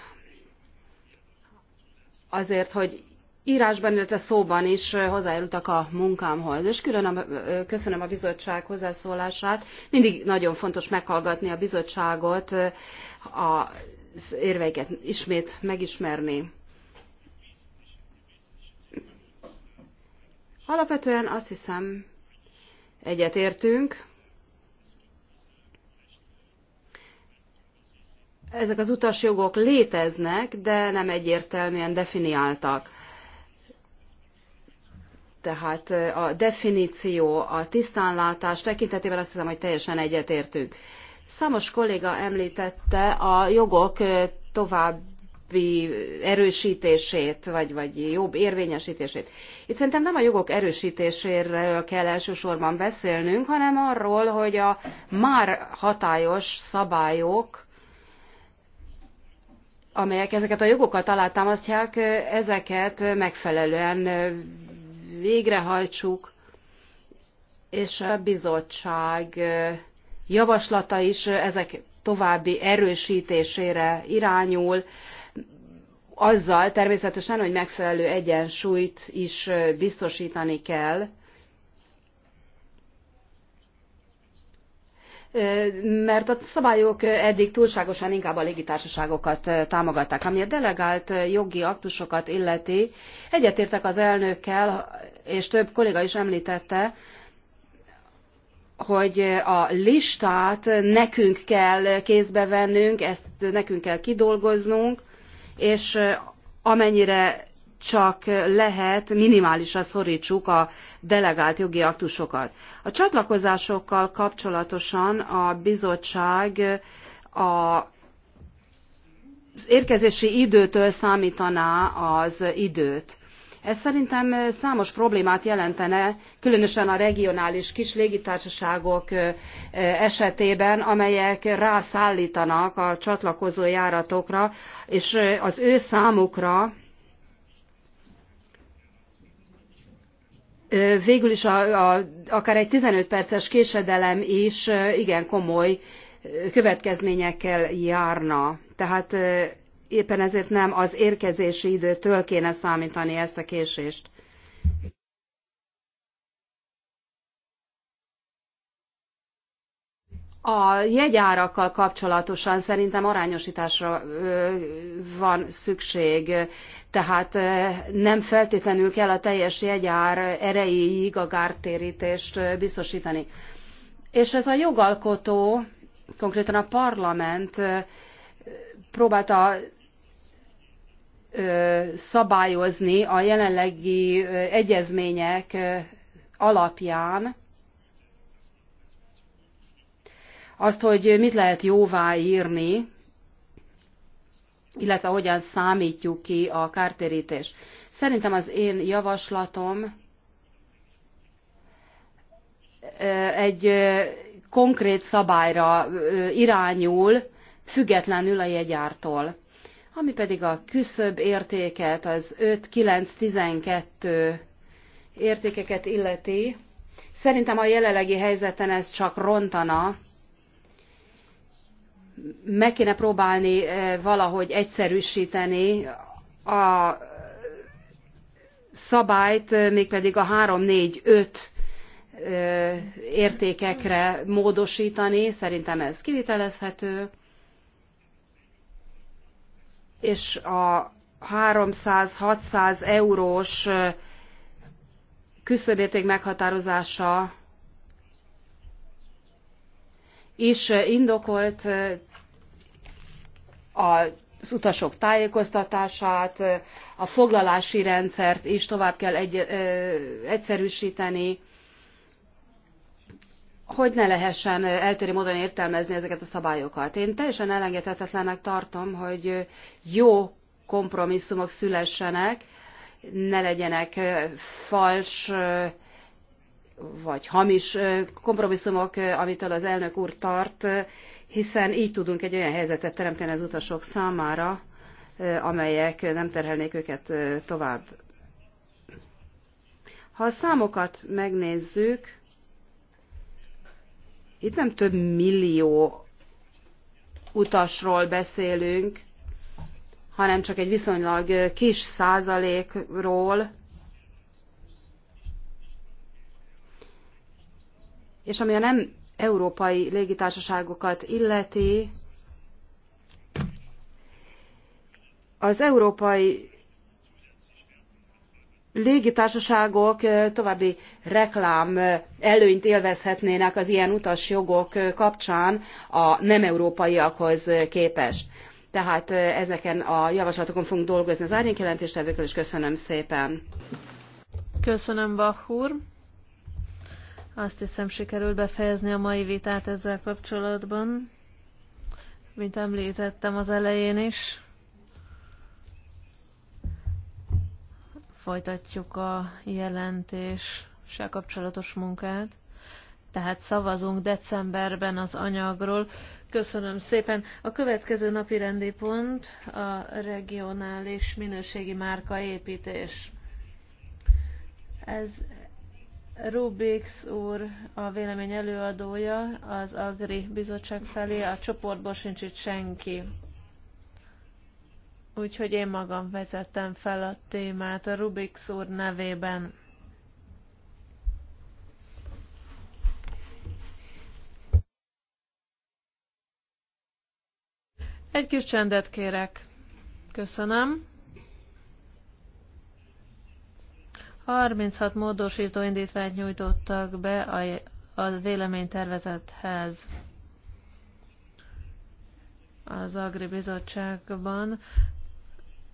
azért, hogy írásban, illetve szóban is hozzájárultak a munkámhoz. És külön a, köszönöm a bizottság hozzászólását. Mindig nagyon fontos meghallgatni a bizottságot a érveiket ismét megismerni. Alapvetően azt hiszem, egyetértünk. Ezek az utasjogok léteznek, de nem egyértelműen definiáltak. Tehát eh, a definíció, a tisztánlátás tekintetében azt hiszem, hogy teljesen egyetértünk. Számos kolléga említette a jogok további erősítését, vagy, vagy jobb érvényesítését. Itt szerintem nem a jogok erősítéséről kell elsősorban beszélnünk, hanem arról, hogy a már hatályos szabályok, amelyek ezeket a jogokat alátámasztják, ezeket megfelelően végrehajtsuk, és a bizottság javaslata is ezek további erősítésére irányul, azzal természetesen, hogy megfelelő egyensúlyt is biztosítani kell, mert a szabályok eddig túlságosan inkább a légitársaságokat támogatták. Ami a delegált jogi aktusokat illeti, egyetértek az elnökkel, és több kolléga is említette, hogy a listát nekünk kell kézbe vennünk, ezt nekünk kell kidolgoznunk, és amennyire csak lehet, minimálisra szorítsuk a delegált jogi aktusokat. A csatlakozásokkal kapcsolatosan a bizottság a az érkezési időtől számítaná az időt. Ez szerintem számos problémát jelentene, különösen a regionális kis légitársaságok esetében, amelyek rászállítanak a csatlakozó járatokra, és az ő számukra végül is a, a, akár egy 15 perces késedelem is igen komoly következményekkel járna. Tehát éppen ezért nem az érkezési időtől kéne számítani ezt a késést. A jegyárakkal kapcsolatosan szerintem arányosításra van szükség, tehát nem feltétlenül kell a teljes jegyár erejéig a gártérítést biztosítani. És ez a jogalkotó, konkrétan a parlament próbálta szabályozni a jelenlegi egyezmények alapján azt, hogy mit lehet jóvá írni, illetve hogyan számítjuk ki a kártérítés. Szerintem az én javaslatom egy konkrét szabályra irányul, függetlenül a jegyártól ami pedig a küszöb értéket, az 5-9-12 értékeket illeti. Szerintem a jelenlegi helyzeten ez csak rontana. Meg kéne próbálni eh, valahogy egyszerűsíteni a szabályt, eh, mégpedig a 3-4-5 eh, értékekre módosítani. Szerintem ez kivitelezhető és a 300-600 eurós küszöbérték meghatározása is indokolt az utasok tájékoztatását, a foglalási rendszert is tovább kell egy, egyszerűsíteni, hogy ne lehessen eltérő módon értelmezni ezeket a szabályokat. Én teljesen elengedhetetlennek tartom, hogy jó kompromisszumok szülessenek, ne legyenek fals vagy hamis kompromisszumok, amitől az elnök úr tart, hiszen így tudunk egy olyan helyzetet teremteni az utasok számára, amelyek nem terhelnék őket tovább. Ha a számokat megnézzük, itt nem több millió utasról beszélünk, hanem csak egy viszonylag kis százalékról, és ami a nem európai légitársaságokat illeti, az európai légitársaságok további reklám előnyt élvezhetnének az ilyen utasjogok kapcsán a nem európaiakhoz képest. Tehát ezeken a javaslatokon fogunk dolgozni az árnyékjelentéstevőkkel, és köszönöm szépen. Köszönöm, Bach úr. Azt hiszem, sikerült befejezni a mai vitát ezzel kapcsolatban, mint említettem az elején is. folytatjuk a jelentéssel kapcsolatos munkát. Tehát szavazunk decemberben az anyagról. Köszönöm szépen. A következő napi rendi pont a regionális minőségi márkaépítés. Ez Rubix úr a vélemény előadója az Agri Bizottság felé, a csoportból sincs itt senki úgyhogy én magam vezettem fel a témát a Rubik úr nevében. Egy kis csendet kérek. Köszönöm. 36 módosító indítványt nyújtottak be a, a véleménytervezethez az Agri Bizottságban.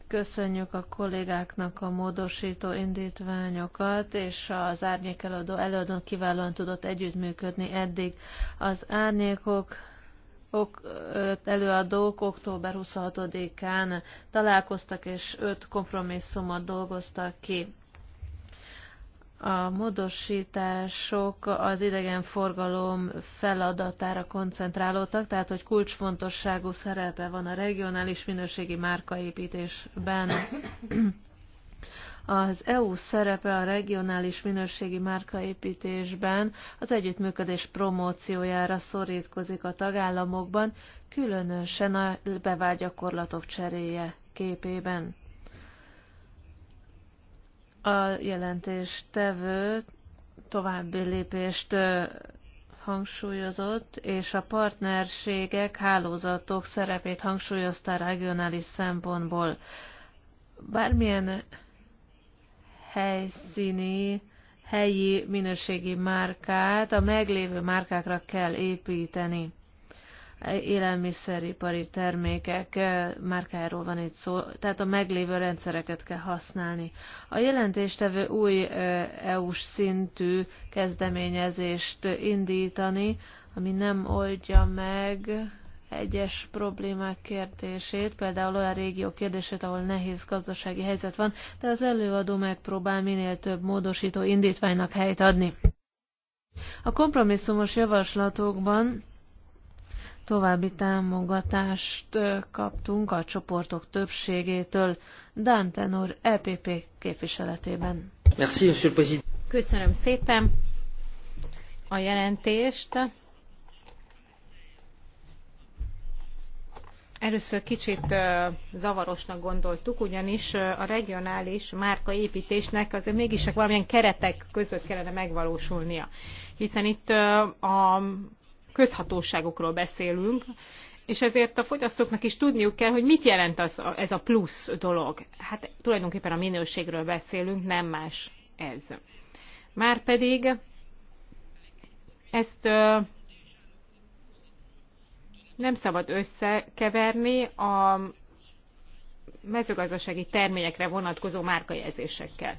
Köszönjük a kollégáknak a módosító indítványokat, és az árnyék előadó előadón kiválóan tudott együttműködni eddig. Az árnyékok ok, előadók október 26-án találkoztak, és öt kompromisszumot dolgoztak ki. A módosítások az idegenforgalom feladatára koncentrálódtak, tehát hogy kulcsfontosságú szerepe van a regionális minőségi márkaépítésben. Az EU szerepe a regionális minőségi márkaépítésben az együttműködés promóciójára szorítkozik a tagállamokban, különösen a bevált gyakorlatok cseréje képében. A jelentéstevő további lépést hangsúlyozott, és a partnerségek, hálózatok szerepét hangsúlyozta regionális szempontból. Bármilyen helyszíni, helyi minőségi márkát a meglévő márkákra kell építeni élelmiszeripari termékek eh, márkájáról van itt szó, tehát a meglévő rendszereket kell használni. A jelentéstevő új eh, EU-s szintű kezdeményezést indítani, ami nem oldja meg egyes problémák kérdését, például olyan régió kérdését, ahol nehéz gazdasági helyzet van, de az előadó megpróbál minél több módosító indítványnak helyt adni. A kompromisszumos javaslatokban További támogatást kaptunk a csoportok többségétől Danten úr EPP képviseletében. Merci, Köszönöm szépen a jelentést. Először kicsit zavarosnak gondoltuk, ugyanis a regionális márkaépítésnek azért mégis valamilyen keretek között kellene megvalósulnia, hiszen itt a közhatóságokról beszélünk, és ezért a fogyasztóknak is tudniuk kell, hogy mit jelent az, ez a plusz dolog. Hát tulajdonképpen a minőségről beszélünk, nem más ez. Márpedig ezt ö, nem szabad összekeverni a mezőgazdasági termékekre vonatkozó márkajelzésekkel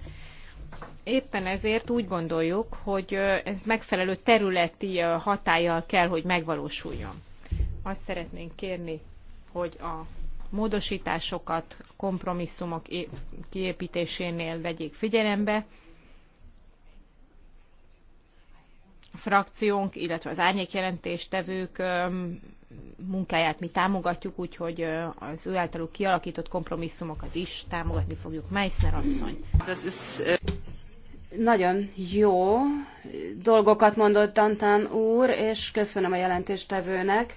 éppen ezért úgy gondoljuk, hogy ez megfelelő területi hatállyal kell, hogy megvalósuljon. Azt szeretnénk kérni, hogy a módosításokat kompromisszumok kiépítésénél vegyék figyelembe. A frakciónk, illetve az árnyékjelentéstevők munkáját mi támogatjuk, úgyhogy az ő általuk kialakított kompromisszumokat is támogatni fogjuk. Meissner asszony. Nagyon jó dolgokat mondott Dantán úr, és köszönöm a jelentéstevőnek.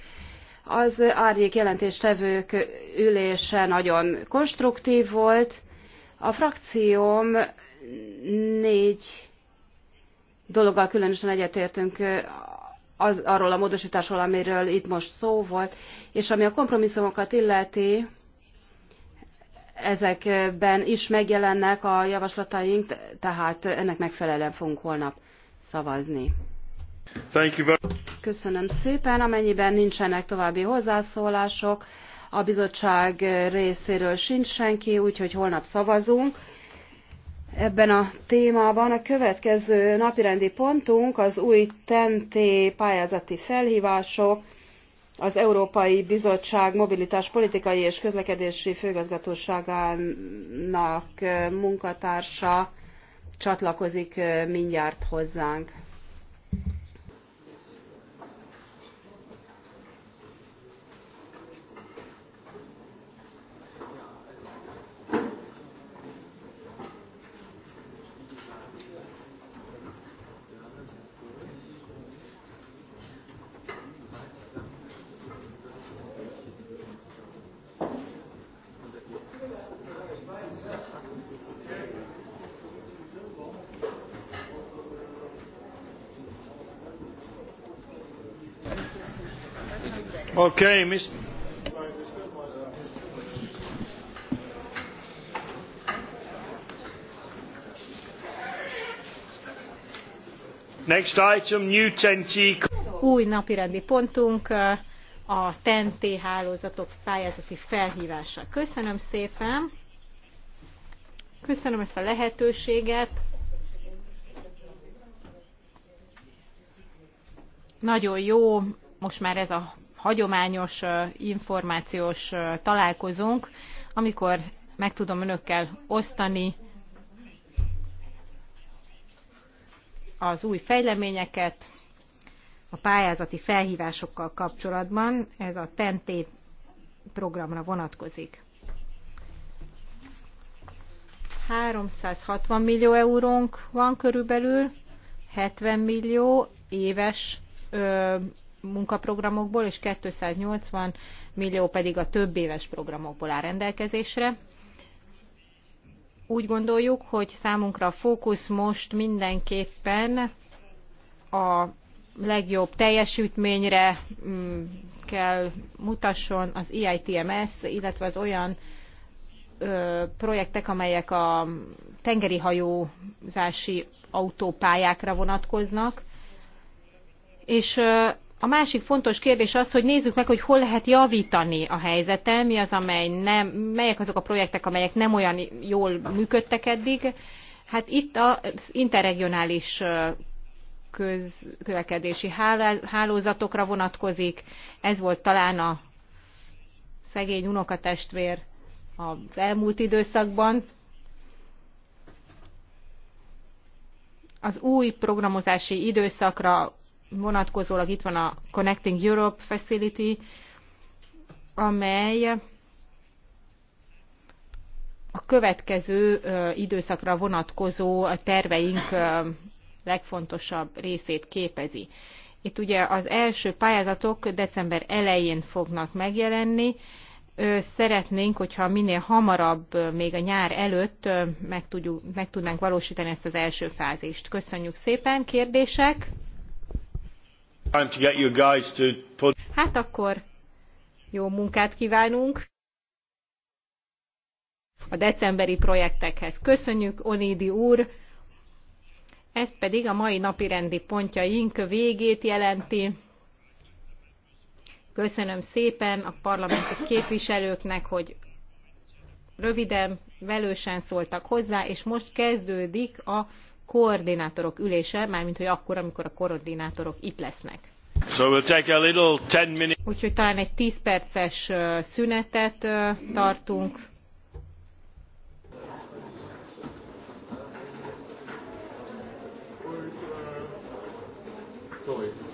Az árnyék jelentéstevők ülése nagyon konstruktív volt. A frakcióm négy dologgal különösen egyetértünk az, arról a módosításról, amiről itt most szó volt, és ami a kompromisszumokat illeti, ezekben is megjelennek a javaslataink, tehát ennek megfelelően fogunk holnap szavazni. Köszönöm szépen, amennyiben nincsenek további hozzászólások, a bizottság részéről sincs senki, úgyhogy holnap szavazunk ebben a témában. A következő napirendi pontunk az új TNT pályázati felhívások, az Európai Bizottság mobilitás politikai és közlekedési főgazgatóságának eh, munkatársa csatlakozik eh, mindjárt hozzánk. Okay, Mr. Next item, new TNT. Új napirendi pontunk a TNT hálózatok pályázati felhívása. Köszönöm szépen. Köszönöm ezt a lehetőséget. Nagyon jó most már ez a hagyományos információs találkozónk, amikor meg tudom önökkel osztani az új fejleményeket a pályázati felhívásokkal kapcsolatban. Ez a TNT e programra vonatkozik. 360 millió eurónk van körülbelül, 70 millió éves ö, munkaprogramokból, és 280 millió pedig a több éves programokból áll rendelkezésre. Úgy gondoljuk, hogy számunkra a fókusz most mindenképpen a legjobb teljesítményre mm, kell mutasson az EITMS, illetve az olyan ö, projektek, amelyek a tengeri hajózási autópályákra vonatkoznak, és a másik fontos kérdés az, hogy nézzük meg, hogy hol lehet javítani a helyzeten, mi az, amely nem, melyek azok a projektek, amelyek nem olyan jól működtek eddig. Hát itt az interregionális közlekedési hálózatokra vonatkozik. Ez volt talán a szegény unokatestvér az elmúlt időszakban. Az új programozási időszakra vonatkozólag itt van a Connecting Europe Facility, amely a következő időszakra vonatkozó terveink legfontosabb részét képezi. Itt ugye az első pályázatok december elején fognak megjelenni. Szeretnénk, hogyha minél hamarabb, még a nyár előtt meg, tudjuk, meg tudnánk valósítani ezt az első fázist. Köszönjük szépen. Kérdések? Hát akkor jó munkát kívánunk a decemberi projektekhez. Köszönjük, Onédi úr! Ez pedig a mai napi rendi pontjaink végét jelenti. Köszönöm szépen a parlamenti képviselőknek, hogy röviden, velősen szóltak hozzá, és most kezdődik a koordinátorok ülése, mármint hogy akkor, amikor a koordinátorok itt lesznek. So we'll take a little ten minute... Úgyhogy talán egy 10 perces szünetet tartunk. Sorry.